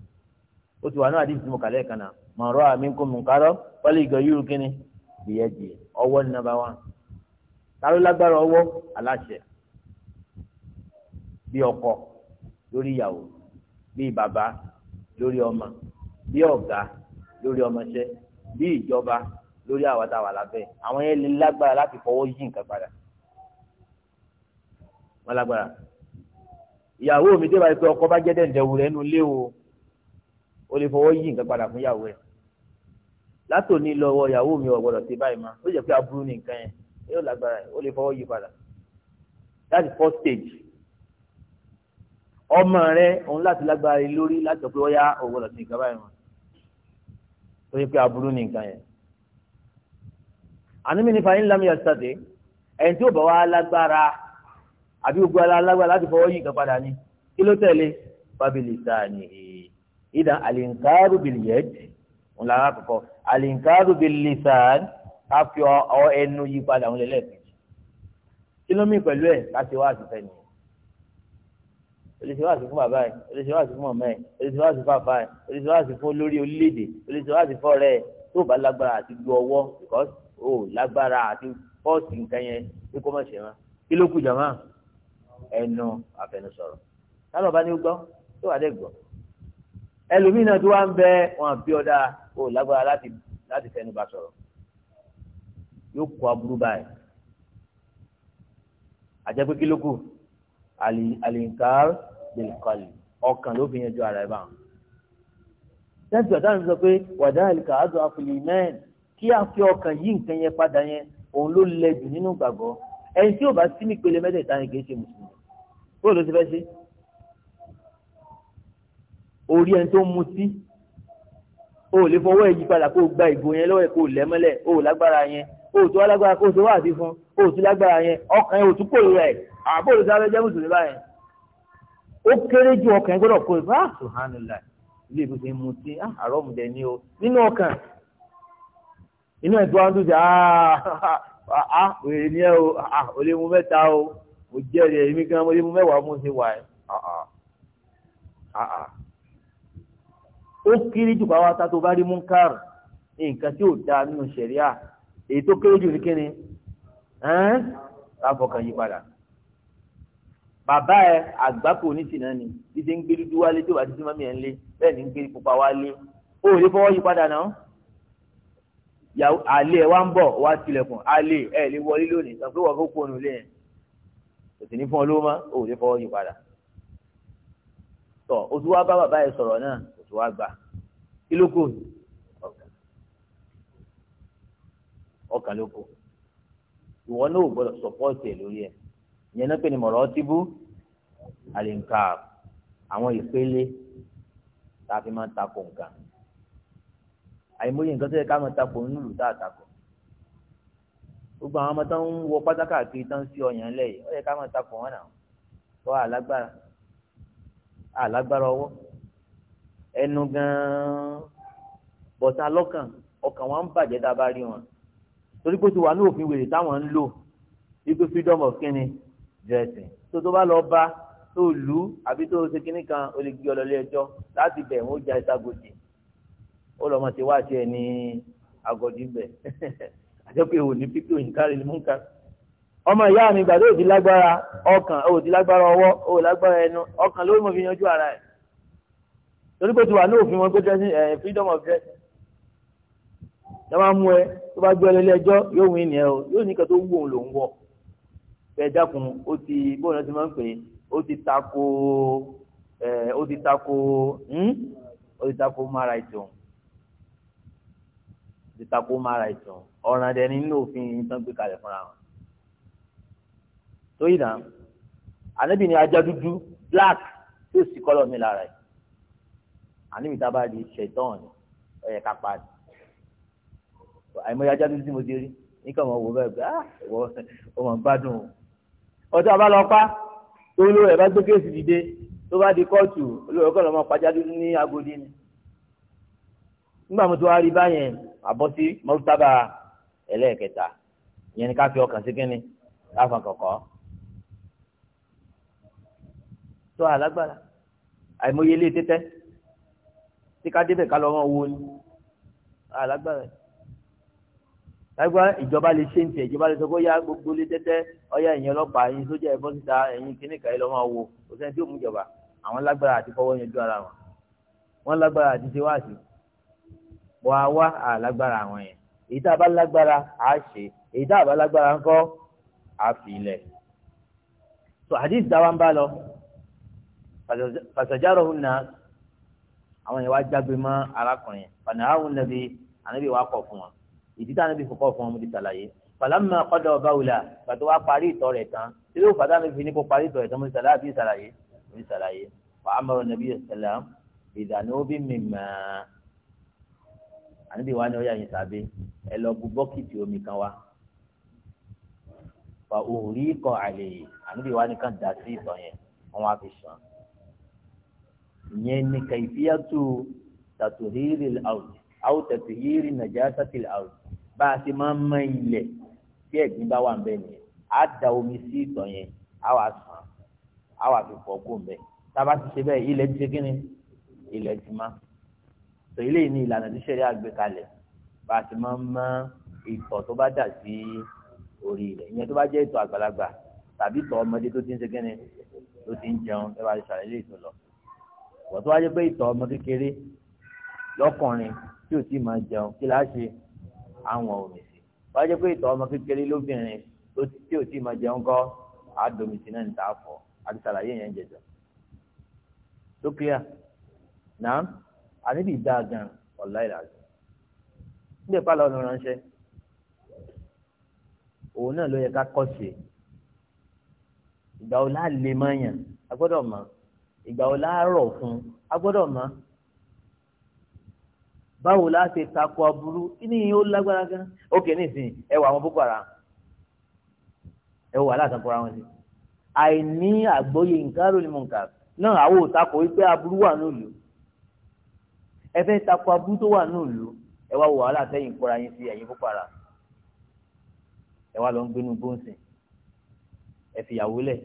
ó ti wà náà àdìsí mo kàlẹ́ kan náà mọ̀rọ̀ àmì ń kó mùkárọ́ pálí ìgbà yúrù kí ni bìyẹ́ bìyẹ́ ọwọ́ ní nàbà wọn táló lágbára ọwọ́ aláṣẹ bí ọkọ lórí ìyàwó bí bàbá lórí ọmọ bí ọ̀gá lórí ọmọṣẹ́ bí ìjọba lórí àwa tá a wà lábẹ́ àwọn yẹn lè lágbára láti fọwọ́ yí nǹkan padà wọn lágbára ìyàwó mi dé báyìí pé ọkọ bá jẹ́ dẹ̀ǹdẹ̀wù rẹ̀ nínú ilé o ó lè fọwọ́ yí nǹkan padà fún ìyàwó rẹ̀ látòní lọ́wọ́ ìyàwó mi ò gbọ́dọ̀ ṣe báyìí mọ́ ó jẹ́ pé aburú ni nǹkan yẹn yóò lágbára ó lè fọwọ́ yí padà that is first stage ọmọ rẹ̀ òun láti lágbára lórí láti sọ pé ó yá òun gbọ́dọ̀ ṣe nǹkan báyìí mọ́ ó yẹ pé aburú ni nǹkan yẹn ànímí nípa yín lámì ẹ̀sítàdé ẹ̀yìn tí ó bá wá lágbára àbí gbogbo alágbára láti fọwọ́ yìí kan padà ní kí ló tẹ̀lé fábìlì sáàni ìdá àlìǹkárù bìlìyẹ́dì ńlá àkọ́kọ́ àlìǹkárù bìlì sáàni ká fi ọ ẹnu yí padà ńlẹ lẹ́ẹ̀kejì kí ló mí pẹ̀lú ẹ̀ láti wá àtúntẹ̀ nìyẹn olùsèwàsí fún bàbá ẹ olùsèwàsí fún mọ̀mọ́ ẹ olùsèwàsí fún àfa ẹ olùsèwàsí fún olórí orílẹ̀-èdè fún ọ̀rẹ́ ẹ tó bá lágbára àti du ọwọ́ because o lágbára àti pọ́ọ̀sì nǹkan yẹn bí kò má ṣe wọn kí ló kù jàmá ẹnu àfẹnusọ̀rọ̀ sálọ bá ní gbọ́ tó wà dé gbọ́ ẹlòmíì náà tó wà ń bẹ wọn àbí ọ̀dà o lágbára láti láti fẹnu bá sọ̀rọ̀ yóò kó aburú báyìí àjẹpé kí ló kù àlìǹkàr bìlìkọlì ọkàn ló fi yanjú ara ẹ báwọn. sẹ́ńtì ọ̀tá mi sọ pé wàdà àlìkà àdùn àfìlì mẹ́rin kí a fi ọkàn yí nǹkan yẹn padà yẹn òun ló lẹ jù nínú gbàgbọ́ ẹni tí ò bá sí nípele mẹ́tẹ̀ẹ̀ta yẹn kì í ṣe mùsùlùmí bó ló ti fẹ́ ṣe orí ẹni tó ń mutí o lè fọwọ́ ẹ̀ yí padà kó o gba ìgò yẹn lọ́wọ́ ẹ̀ kó o lẹ̀ mọ́lẹ̀ o lágbára yẹn o tó lágbára kó o ṣe wáàbí fún o tó lágbára yẹn ọkàn yẹn o tún kò rẹ̀ àbó ló sáré jẹ́ mùsùlùmí báyẹn ó kéré ju ọkàn yẹn gbọ́dọ̀ kó o bá sùhánù láì ilé ìbùsùn mutí ah, àrọ́mùdẹ inú ẹ̀ tó wá ń dùn sí àá òye ni ẹ o ò lè mẹ́ta o mo jẹ́rìí èmi gan mo lè mu mẹ́wàá mo ṣe wà ẹ́ ó kéré jù báwa ta tó bá rí munkar nǹkan tí ò dáa nínú ṣẹ̀ríà èyí tó kéré jù ní kíni láfọkàn yí padà bàbá ẹ àgbákò ní tìǹà ni títí ń gbé dúdú wálé tí wàá títí mọ́mí ẹ̀ ń lé bẹ́ẹ̀ ni ń gbé pupa wálé ó lè fọwọ́ yí padà náà alẹ́ wa ń bọ̀ wá tilẹ̀kùn alẹ́ ẹ lè wọlé lónìí sọ pé wọ́n kó kónú lé yẹn kò sì ní fún ọ lówó mọ́ ò lè fọwọ́ yí padà tọ́ o tún wá bá bàbá yẹn sọ̀rọ̀ náà o tún wá gbà kí ló kù ọkàn ló kù ìwọ náà ò gbọdọ̀ sọpọ́ọ̀tì ẹ̀ lórí ẹ̀ ìyẹn náà pé ni mọ̀rọ̀ ọtí àlìǹkà àwọn ìpele tá a fi máa ń takò nǹkan àìmọye nǹkan tó yẹ ká máa takò nínú ìlú tá a takò gbogbo àwọn ọmọ tó ń wọ pátákà kiri tó ń fi ọyàn lẹ yìí ó yẹ ká máa takò wọn náà tó alágbára alágbára ọwọ́ ẹnu gan-an bọ̀tà lọ́kàn ọkàn wọn ń bàjẹ́ tá a bá rí wọn torí pé ó ti ní òfin wèrè táwọn ń lò wípé freedom of kíni dressing tó tó bá lọ bá tó lù ú àbí tó ṣe kíní kan ó lè gbé ọ lọ ilé ẹjọ́ láti bẹ̀ wọ́n ó ja ó lọ mọ ti wá tiẹ̀ ní agọdí bẹ àjẹpẹ òní pípé òyìn kárí ni mú ká ọmọ ìyá mi gbàdé òdi lágbára ọkàn òdi lágbára ọwọ́ òdi lágbára ẹnu ọkàn ló mọ fi yanjú ara ẹ torí pé ti wà ní òfin wọn pé tẹ́sí ẹ freedom of death ẹ máa mú ẹ tó bá gbé ọlẹ́lẹ́ ẹjọ́ yóò wí nìyẹn o yóò ní kẹ́tọ́ wù òun lòún wọ̀ ẹ dákun ó ti bóun náà ti máa ń pè é ó ti tako ẹ ó ti tako hmm? ó ti tako mara ìtòun ti takò mara ìtàn ọ̀ràn dẹni nínú òfin ìtàn gbé kalẹ̀ fúnra wọn. torí náà ànábì ni ajá dúdú black tó sì kọ́lọ̀ mi lára ẹ̀ ànábì tá a bá di ṣẹ̀tàn ni ẹ̀yẹ ká pa ni àìmọye ajá dúdú tí mo ti rí nígbà wọn wò bẹ́ẹ̀ bẹ́ẹ̀ wọ́n ọmọ ń gbádùn o ọtí àbá lọ pa olú ẹ̀ bá gbé kéèsì dìde tó bá di kóòtù olú ẹ̀ kọ́ lọ́mọ pàjá dúdú ní agodi ni nígbà mo ti wá rí báyẹn àbọ̀tí mọ́tàbà ẹlẹ́ẹ̀kẹta ìyẹn ni ká fi ọkàn sí kínní láfọn kọ̀kọ́ tó alágbára àìmọye ilé tẹ́tẹ́ tí ká débẹ̀ ká lọ wọn wo ni alágbára lágbá ìjọba lè ṣe ń tẹ ìjọba lè sọ pé ya gbogbo ilé tẹ́tẹ́ ọyá ẹ̀yin ọlọ́pàá ẹ̀yin sójà ẹbọ síta ẹ̀yin kíníkà ẹ lọ wọn wo kò sẹ́ni tí ò mú àwọn lágbára àti fọwọ́ yẹn ju ara wọn wọn lágbára àti ṣe wáàsí bọ́ a wá àlágbára àwọn yẹn èyí tá a bá lágbára á ṣe èyí tá a bá lágbára ńkọ́ á fi ilẹ̀ tó hadith dáwà ń bá lọ fàṣàjáró hùn náà àwọn yẹn wá jágbe mọ́ arákùnrin fàná àwọn nàbí ànábì wà kọ̀ fún wọn ìdí tá ànábì fòkọ̀ fún wọn mo ti ṣàlàyé fàlámà kọ́dọ̀ báwùlà pàtó wá parí ìtọ́ rẹ̀ tán tí yóò fàdá mi fi ní kó parí ìtọ́ rẹ̀ tán mo ti ṣàlàyé àbí ìṣàlàyé mo ti ṣàlàyé wàá mọ̀rọ̀ nàbí ìṣàlàm bí mi àníbi wa ni ọ̀yà yìí sàbẹ̀ ẹ lọ bu bọ́kìtì omi kan wa fa òrí kọ àlè àníbi wa ni kàn dá sí ìtọ̀ yẹn wọn wá fi sàn ìyẹn ni kàìfíyàtú tàtòhírì àwùjọ àwọn tàtòhírì nàjàsátì àwùjọ bá a ti máa ń mọ ilẹ̀ tí ẹ̀gbin bá wà ń bẹ nìyẹn á da omi sí ìtọ̀ yẹn á wà sàn á wà fi fọ́ kó ń tá a bá ti ṣe bẹ́ẹ̀ ilẹ̀ ti ṣe kí ni ilẹ̀ ti máa sọ eléyìí ní ìlànà tí sẹ́rí àgbékalẹ̀ bá a ti máa ń mọ ìtọ̀ tó bá dà sí orí rẹ̀ ìyẹn tó bá jẹ́ ìtọ̀ àgbàlagbà tàbí ìtọ̀ ọmọdé tó ti ń segẹ́ni tó ti ń jẹun ẹ bá ti ṣàlàyé ètò lọ wọ́n tó wá jẹ́ pé ìtọ̀ ọmọ kékeré lọ́kùnrin tí ò tí ì máa jẹun kí láá ṣe àwọn omi sí wọ́n á jẹ́ pé ìtọ̀ ọmọ kékeré lóbìnrin tí ò tí ì máa jẹun kọ́ àádọ́mi sí náà níta fọ́ àti ṣàlàyé yẹn jẹjọ. tó náà àníbi dáa gan ọ̀la ìlàjì níbẹ̀ pàlọ́ ọ̀nà ránṣẹ́ òun náà ló yẹ ká kọ́ sí ìgbà wo láà lè mọ yàn a gbọ́dọ̀ mọ̀ ìgbà wo láà rọ̀ fún a gbọ́dọ̀ mọ̀ báwo láà ṣe takò aburú kíni ó lágbára gan ókè nísìnyí ẹ wà àwọn boko haram ẹ wà látàkùrọ̀ àwọn sí àìní àgbóyè nǹkan ló ní mọ̀ nǹkan náà àwọn òtakò wípé aburú wà nílùú ẹ fẹ́ takọ abú tó wà ní ìlú ẹ wá wò wàhálà sẹ́yìn kóra yín sí ẹ̀yìn Boko Haram ẹ wá lọ ń gbénu gbóǹsìn ẹ fìyàwó lẹ̀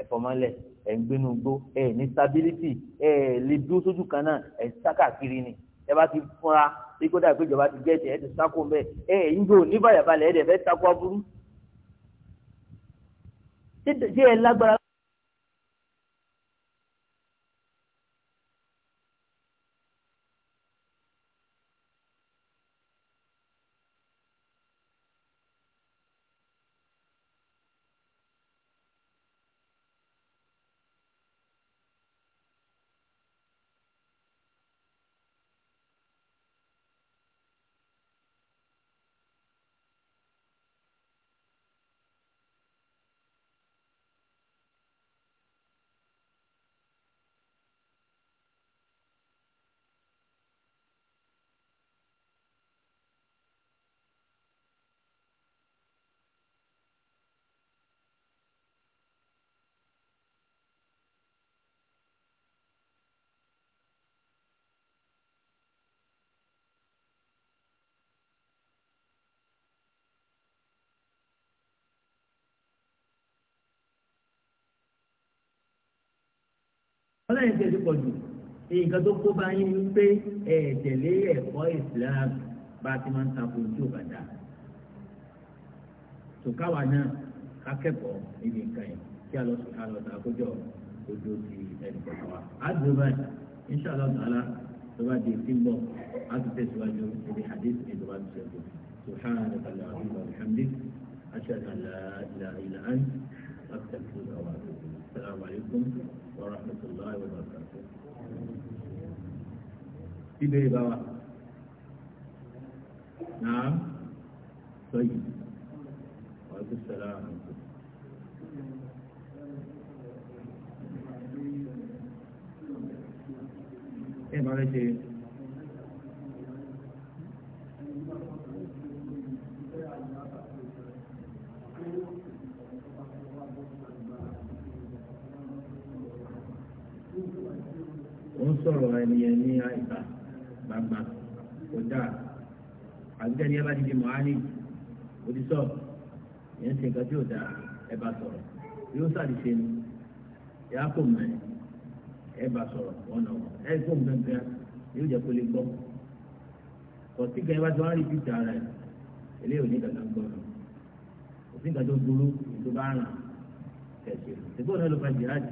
ẹ fọmọ lẹ̀ ẹ ń gbénu gbó ẹ ní stability ẹ lè dúró sójú kan náà ẹ ń sá káàkiri ni ẹ bá ti fúnra bí kó dà pé ìjọba ti gẹ̀ẹ́sì ẹ ti sáko mbẹ ẹ ẹ̀yin gbé òní bàyàbalẹ̀ ẹ dẹ̀ fẹ́ takọ aburú ṣé ẹ lágbára wọ́n lẹ́yìn tí ẹ ti pọ̀ jù nǹkan tó kó bá yín ni pé ẹ tẹ̀lé ẹ̀kọ́ Islam bá a ti máa ń takò ojú òbàdà tòkáwá náà akẹ́kọ̀ọ́ níbi nǹkan yẹn kí a lọ sí àlọ́ta àkójọ ojú ti ẹnì kọ̀ọ̀kan wa. àdúró báyìí inṣàlá ọ̀tàlá tó bá di ìsín bọ̀ á ti tẹ̀síwájú ibi hadith ní ìjọba ti ṣẹ́gun subhanahu wa ta'ala wa bihamdihi ashhadu an la ilaha illa anta astaghfiruka wa atubu ilayk assalamu alaykum. ورحمة الله وبركاته إبري بوا نعم طيب وعليكم السلام إيه معلش sọ̀rọ̀ ẹni yẹn ní àìsà gbàgbà kò dáa àbíkẹ́ ni ẹ bá ti di mọ̀hánì òdìsọ́ yẹn ṣe nǹkan tí ò dáa ẹ bá sọ̀rọ̀ yóò ṣàdìṣe ni yà á kò mọ̀ ẹ́ ẹ bá sọ̀rọ̀ ọ̀nà ẹ kó nǹkan yóò jẹ́ kó lè gbọ́ kọ̀ọ̀tì kan ẹ bá ti wá rí píta rẹ̀ eléyìí ò ní gàgà gbọ́dọ̀ òfin gàdó burú ètò bá rìn kẹ̀sì ìgbóhùn náà ló fa jihad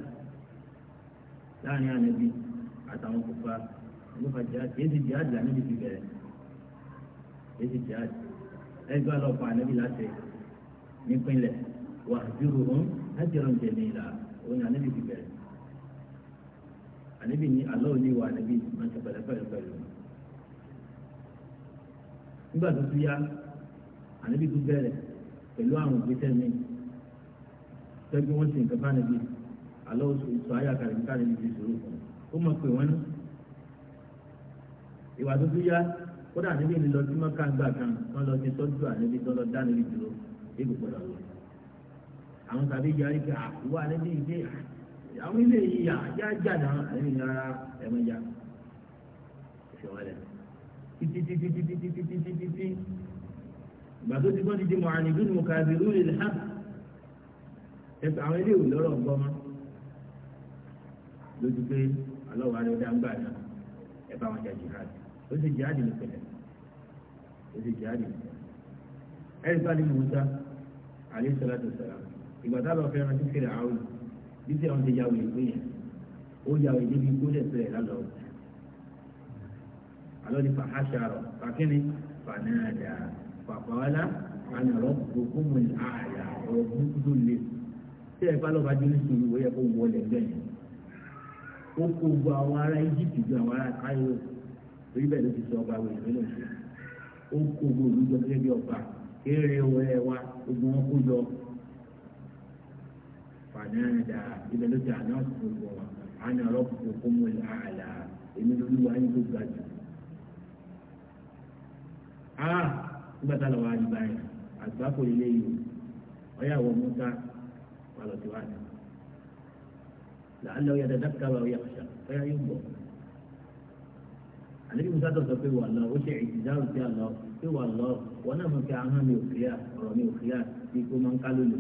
láàrin ànábì àtàwọn kópa nípa jihad kìí ti jihad là níbi ti bẹ̀rẹ̀ kìí ti jihad ẹgbẹ́ ọlọ́pàá níbi láti nípínlẹ̀ wà dúró hún láti rán jẹ̀mí ìlà òun là ti bẹ̀rẹ̀ àníbi ní alọ́ òní wà níbi máa ti pẹ̀lẹ́ pẹ̀lú pẹ̀lú nígbà tó tún yá àníbi tún bẹ̀rẹ̀ pẹ̀lú mi tẹ́gbẹ́ wọ́n alọ́ òṣù ìṣọ́ ayé ti fún un. ó mọ̀ pé wọ́n ní. ìwà tó tún yá kódà níbi ìlú lọ sí mọ́ká gbà kan wọ́n lọ sí tọ́jú àníbi tó lọ dá níbi dúró ebi gbọ́dọ̀ lọ. àwọn tàbí yarí pé àkúwà níbi ìdí àwọn ilé yìí yà yá jàdá ẹni rárá ẹ̀mọ́ yá ìfẹ̀wọ́lẹ̀ títítítítítítítítítítí ìgbà tó ti gbọ́n ti di mọ̀ àníbí ni mo kà bí rúlé lẹ́hàn ẹ̀sìn àwọn ilé ìwé lọ́rọ̀ gbọ́mọ́ lójú pé ọlọ́wọ́ àrẹ ọdá ń gbà náà ẹ bá wọn jà jihad ó sì jihad ní pẹ̀lẹ́ ó sì jihad ní pẹ̀lẹ́ ẹ̀rí bá ní Musa alayhi salatu wassalam ìgbà tá a lọ fẹ́ rántí fèrè àwọn bíbí àwọn ti yàwó ìpín yẹn ó yàwó ìdíbi gbólẹ̀ fẹ́rẹ̀ lálọ́ alọ́ ní fàhásà rọ̀ fàkínní fànáàdà fàkọ́ọ́lá àná rọ́pò kúmùn àyà ọ̀rọ̀ burúkú tó le ẹ bá lọ́ba jẹ́ ní sùúrù ó yẹ kó wọlé bẹ́ẹ̀ ó kó gbogbo àwọn ará Egypt ju àwọn ará Cairo torí bẹ́ẹ̀ ló ti sọ ọba wẹ̀ nínú ìṣẹ́ ó kó gbogbo olùjọ gẹ́gẹ́ bí ọba eré wẹ́ẹ́ wa gbogbo wọn kó jọ fàdáàdà ibẹ̀ ló ti àná gbogbo wa àná ọlọ́pàá kó mú ilé àlà èmi lórí wa yín tó ga jù. a ah, nígbà tá a lọ wá rí báyìí àgbákò ilé yìí ọyàwó mú ká wà lọ sí wa náà làálẹ̀ ọ̀yà dàda kábà ọ̀yà kàṣà ọ̀yà yóò gbọ́. àlejò musa tó sọ pé wà lọ ó ṣe ìdíjáwó sí àlọ pé wà lọ wọn náà mọ pé ahọ́n mi ò kíyà ọ̀rọ̀ mi ò kíyà bí kò máa ń ká lónìí.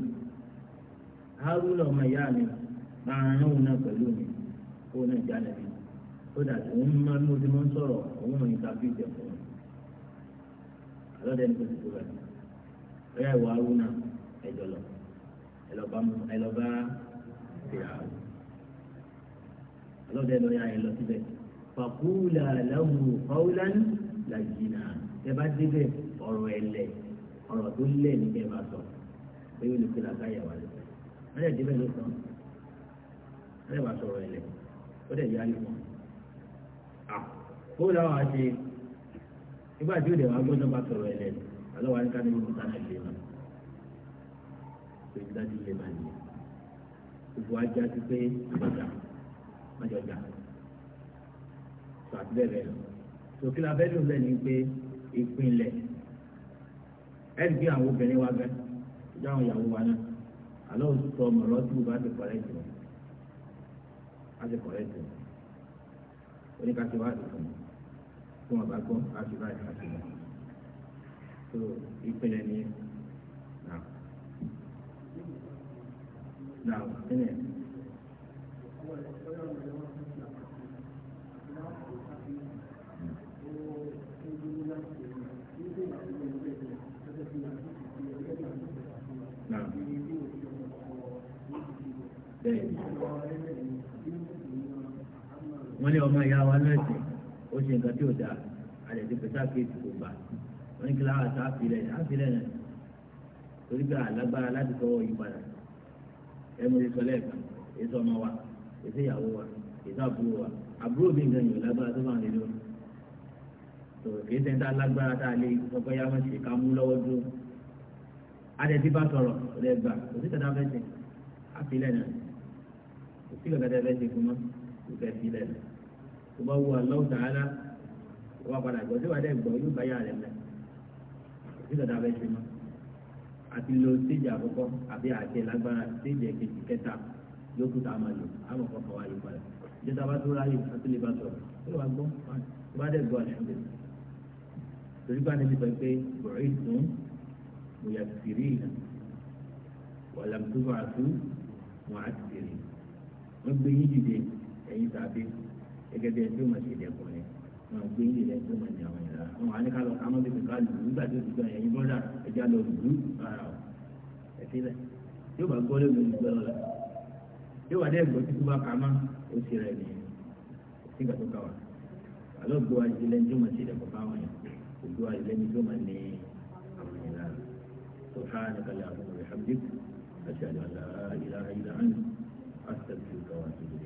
haruna ọmọ ìyá mi máa rán òun náà pẹ̀lú mi kó náà já lẹ́bi ó dà sí òun máa mú ti máa ń sọ̀rọ̀ òun ò ní ká fi jẹ̀ fún un. alọ́dẹ ní kò sì tó rẹ̀ ọ̀yà ìwà haruna ẹ̀jọ̀ lọ ẹ̀lọ́ba ẹ̀lọ́ba fìyàwó ọlọ́dẹ lọ́ọ́ yà ẹ lọ síbẹ̀ fàkúlà lẹ́hùn fáwọlán làjìnà ẹ bá débẹ̀ ọ̀rọ̀ ẹ̀lẹ̀ ọ̀rọ̀ tó lẹ̀ ní kẹ́ ẹ bá sọ pé ó lè fi làkà yà wà lẹ́sẹ̀ ẹ̀ débẹ̀ ló sàn ẹ̀ bá sọ̀rọ̀ ẹ̀lẹ̀ ó dẹ̀ yà lé wọn. kó làwọn àṣe nígbà tí ó dẹ̀ wá gbọ́dọ̀ bá sọ̀rọ̀ ẹ̀lẹ̀ alọ́ wa ní ká ní ìlú sánà ìlú náà pé dájú lè má nìyẹn gbogbo ajá ti pé àbàdà mẹ́jọ gbà tó àti bẹ́ẹ̀ bẹ́ẹ̀ lọ tó kí la bẹ́ẹ̀ lò lẹ́ni pé ìpínlẹ̀ ẹ̀rí bí àwọn obìnrin wa bẹ́ẹ̀ ìjọ àwọn ìyàwó wa náà àlọ́ òtútù ọmọ ọlọ́tí bó bá ti kọ̀rẹ́ jù á ti kọ̀rẹ́ jù oníkàtí wa ti fún un tí wọn bá gbọ́ láti báyìí láti lọ tó ìpínlẹ̀ ni náà náà ẹnìyẹn. wọ́n ní ọmọ ìyá wa lẹ́sẹ̀ ó ṣe nǹkan tí ò dáa àlẹ́ ti pèsè àkéèsì kò gbà wọ́n ní kí láwọn àti àfilẹ̀ àfilẹ̀ náà torí pé àlágbára láti tọwọ́ yí padà ẹnu ìsọ lẹ́ẹ̀kan èso ọmọ wa èso ìyàwó wa èso àbúrò wa àbúrò mi nǹkan yìí lágbára tó máa ń lélo tòrò kìí ṣe ń dá lágbára tá a lè sọ pé yàrá ṣe ká mú lọ́wọ́ dúró adẹ tí bá sọ̀rọ̀ tó bá wù Allah Ta'ala tó bá padà gbọ́ tí wàá dẹ̀ gbọ́ yóò bá yà rẹ̀ mẹ́ òsì dàda bẹ́ẹ̀ ṣe mọ́ àti lo stéèjì àkọ́kọ́ àbí àti lágbára stéèjì ẹ̀kejì kẹta yókù tá a máa lò á mọ̀ kọ́kọ́ wá yóò padà ìjọba bá tó ráyè àti lè bá sọ̀rọ̀ ó lè wá gbọ́ tó bá dẹ̀ torí bá níbi sọ pé bọ̀rí tún mo yà sírì iná wàlàmùtúbọ̀ àtú mo á sírì wọ́n gbé yín dìde ẹ̀yin tàbí gẹ́gẹ́ bí ẹni tó máa ṣe ìdẹ̀kùn rẹ̀ wọn gbé ní ilẹ̀ tó máa ní àwọn ìlà àwọn àníkàlọ́ àmọ́ tètè ká lù nígbà tó ti gbọ́ ẹ̀yin bọ́dà ẹja lọ lù ara ọ̀ ẹ̀sìn lẹ̀ yóò bá gbọ́ lónìí gbọ́ lọ́la yóò wà dẹ́gbọ́ títí bá ka má ó sì rẹ̀ nìyẹn sígbà tó ká wà àlọ́ gbọ́ ilẹ̀ tó máa ṣe ìdẹ̀kùn fáwọn yẹn kò gbọ́ ilẹ̀ tó máa ní àwọn ìlà سبحانك اللهم وبحمدك أشهد أن لا إله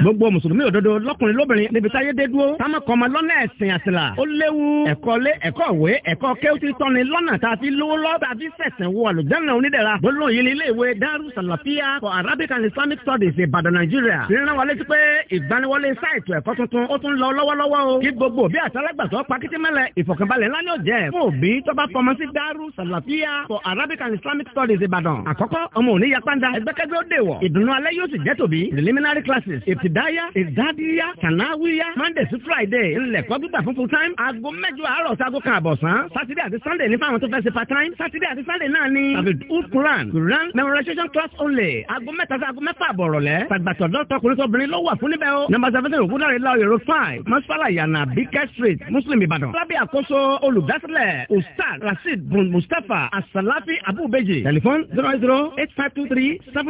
gbogbo mùsùlùmí òdodo lọkùnrin lóbìnrin níbi táyé dé dúró táwọn ọkọ ọmọ lọ́nà ẹ̀sìn àṣìlá ó léwu ẹ̀kọ́ lé ẹ̀kọ́ ìwé ẹ̀kọ́ kéwùtì tọ́ni lọ́nà tàbí lówó lọ́ba àbí sẹ̀sìn wo àlùjáná onídẹ̀ra gbólóhùn yìí ní ilé ìwé Daru Salafia for Arabic and Islamic Studies Ìbàdàn Nàìjíríà ìrìnà wọlé ti pé ìgbaniwọlé sáìtù ẹ̀kọ́ tuntun ó tún lọ lọ́wọ́lọ́wọ́ o kí gbogbo bí àtàlágbàtọ́ pakitimẹ́lẹ̀ ìfọ̀kànbalẹ̀ ńlá ni ó jẹ́ fún òbí tó bá Daru Salafia for Arabic and Islamic Studies Ìbàdàn àkọ́kọ́ ọmọ òní yapanda ẹgbẹ́ kẹgbẹ́ ó dè wọ̀. ìdùnnú alẹ́ yóò sì jẹ́ tòbí. preliminary classes ìtìdáyà ìdádíyà kànáwíyà monday sí friday ńlẹ̀kọ́ gbígbà fún full time. aago mẹ́jọ àárọ̀ sago kan àbọ̀sán. saturday àti sunday ní fáwọn tó fẹ́ ṣe part time. saturday àti sunday náà ni. david hood quran quran memorization class only. aago mẹ́ta sí aago mẹ́fà àbọ̀rọ̀ lẹ́. tàgbàtọ̀ dọ́tọ̀ kùnrin tóbìnrin ló wà fún níbẹ̀ o. number seventeen ògúnnáre láòyè road five masfala yana bikẹ́ street muslim ìbàdàn. lábẹ́ àkóso olùdásílẹ̀ ustaz rasheed bun mustapha asalafi abubeji. telephone zero zero eight five two three seven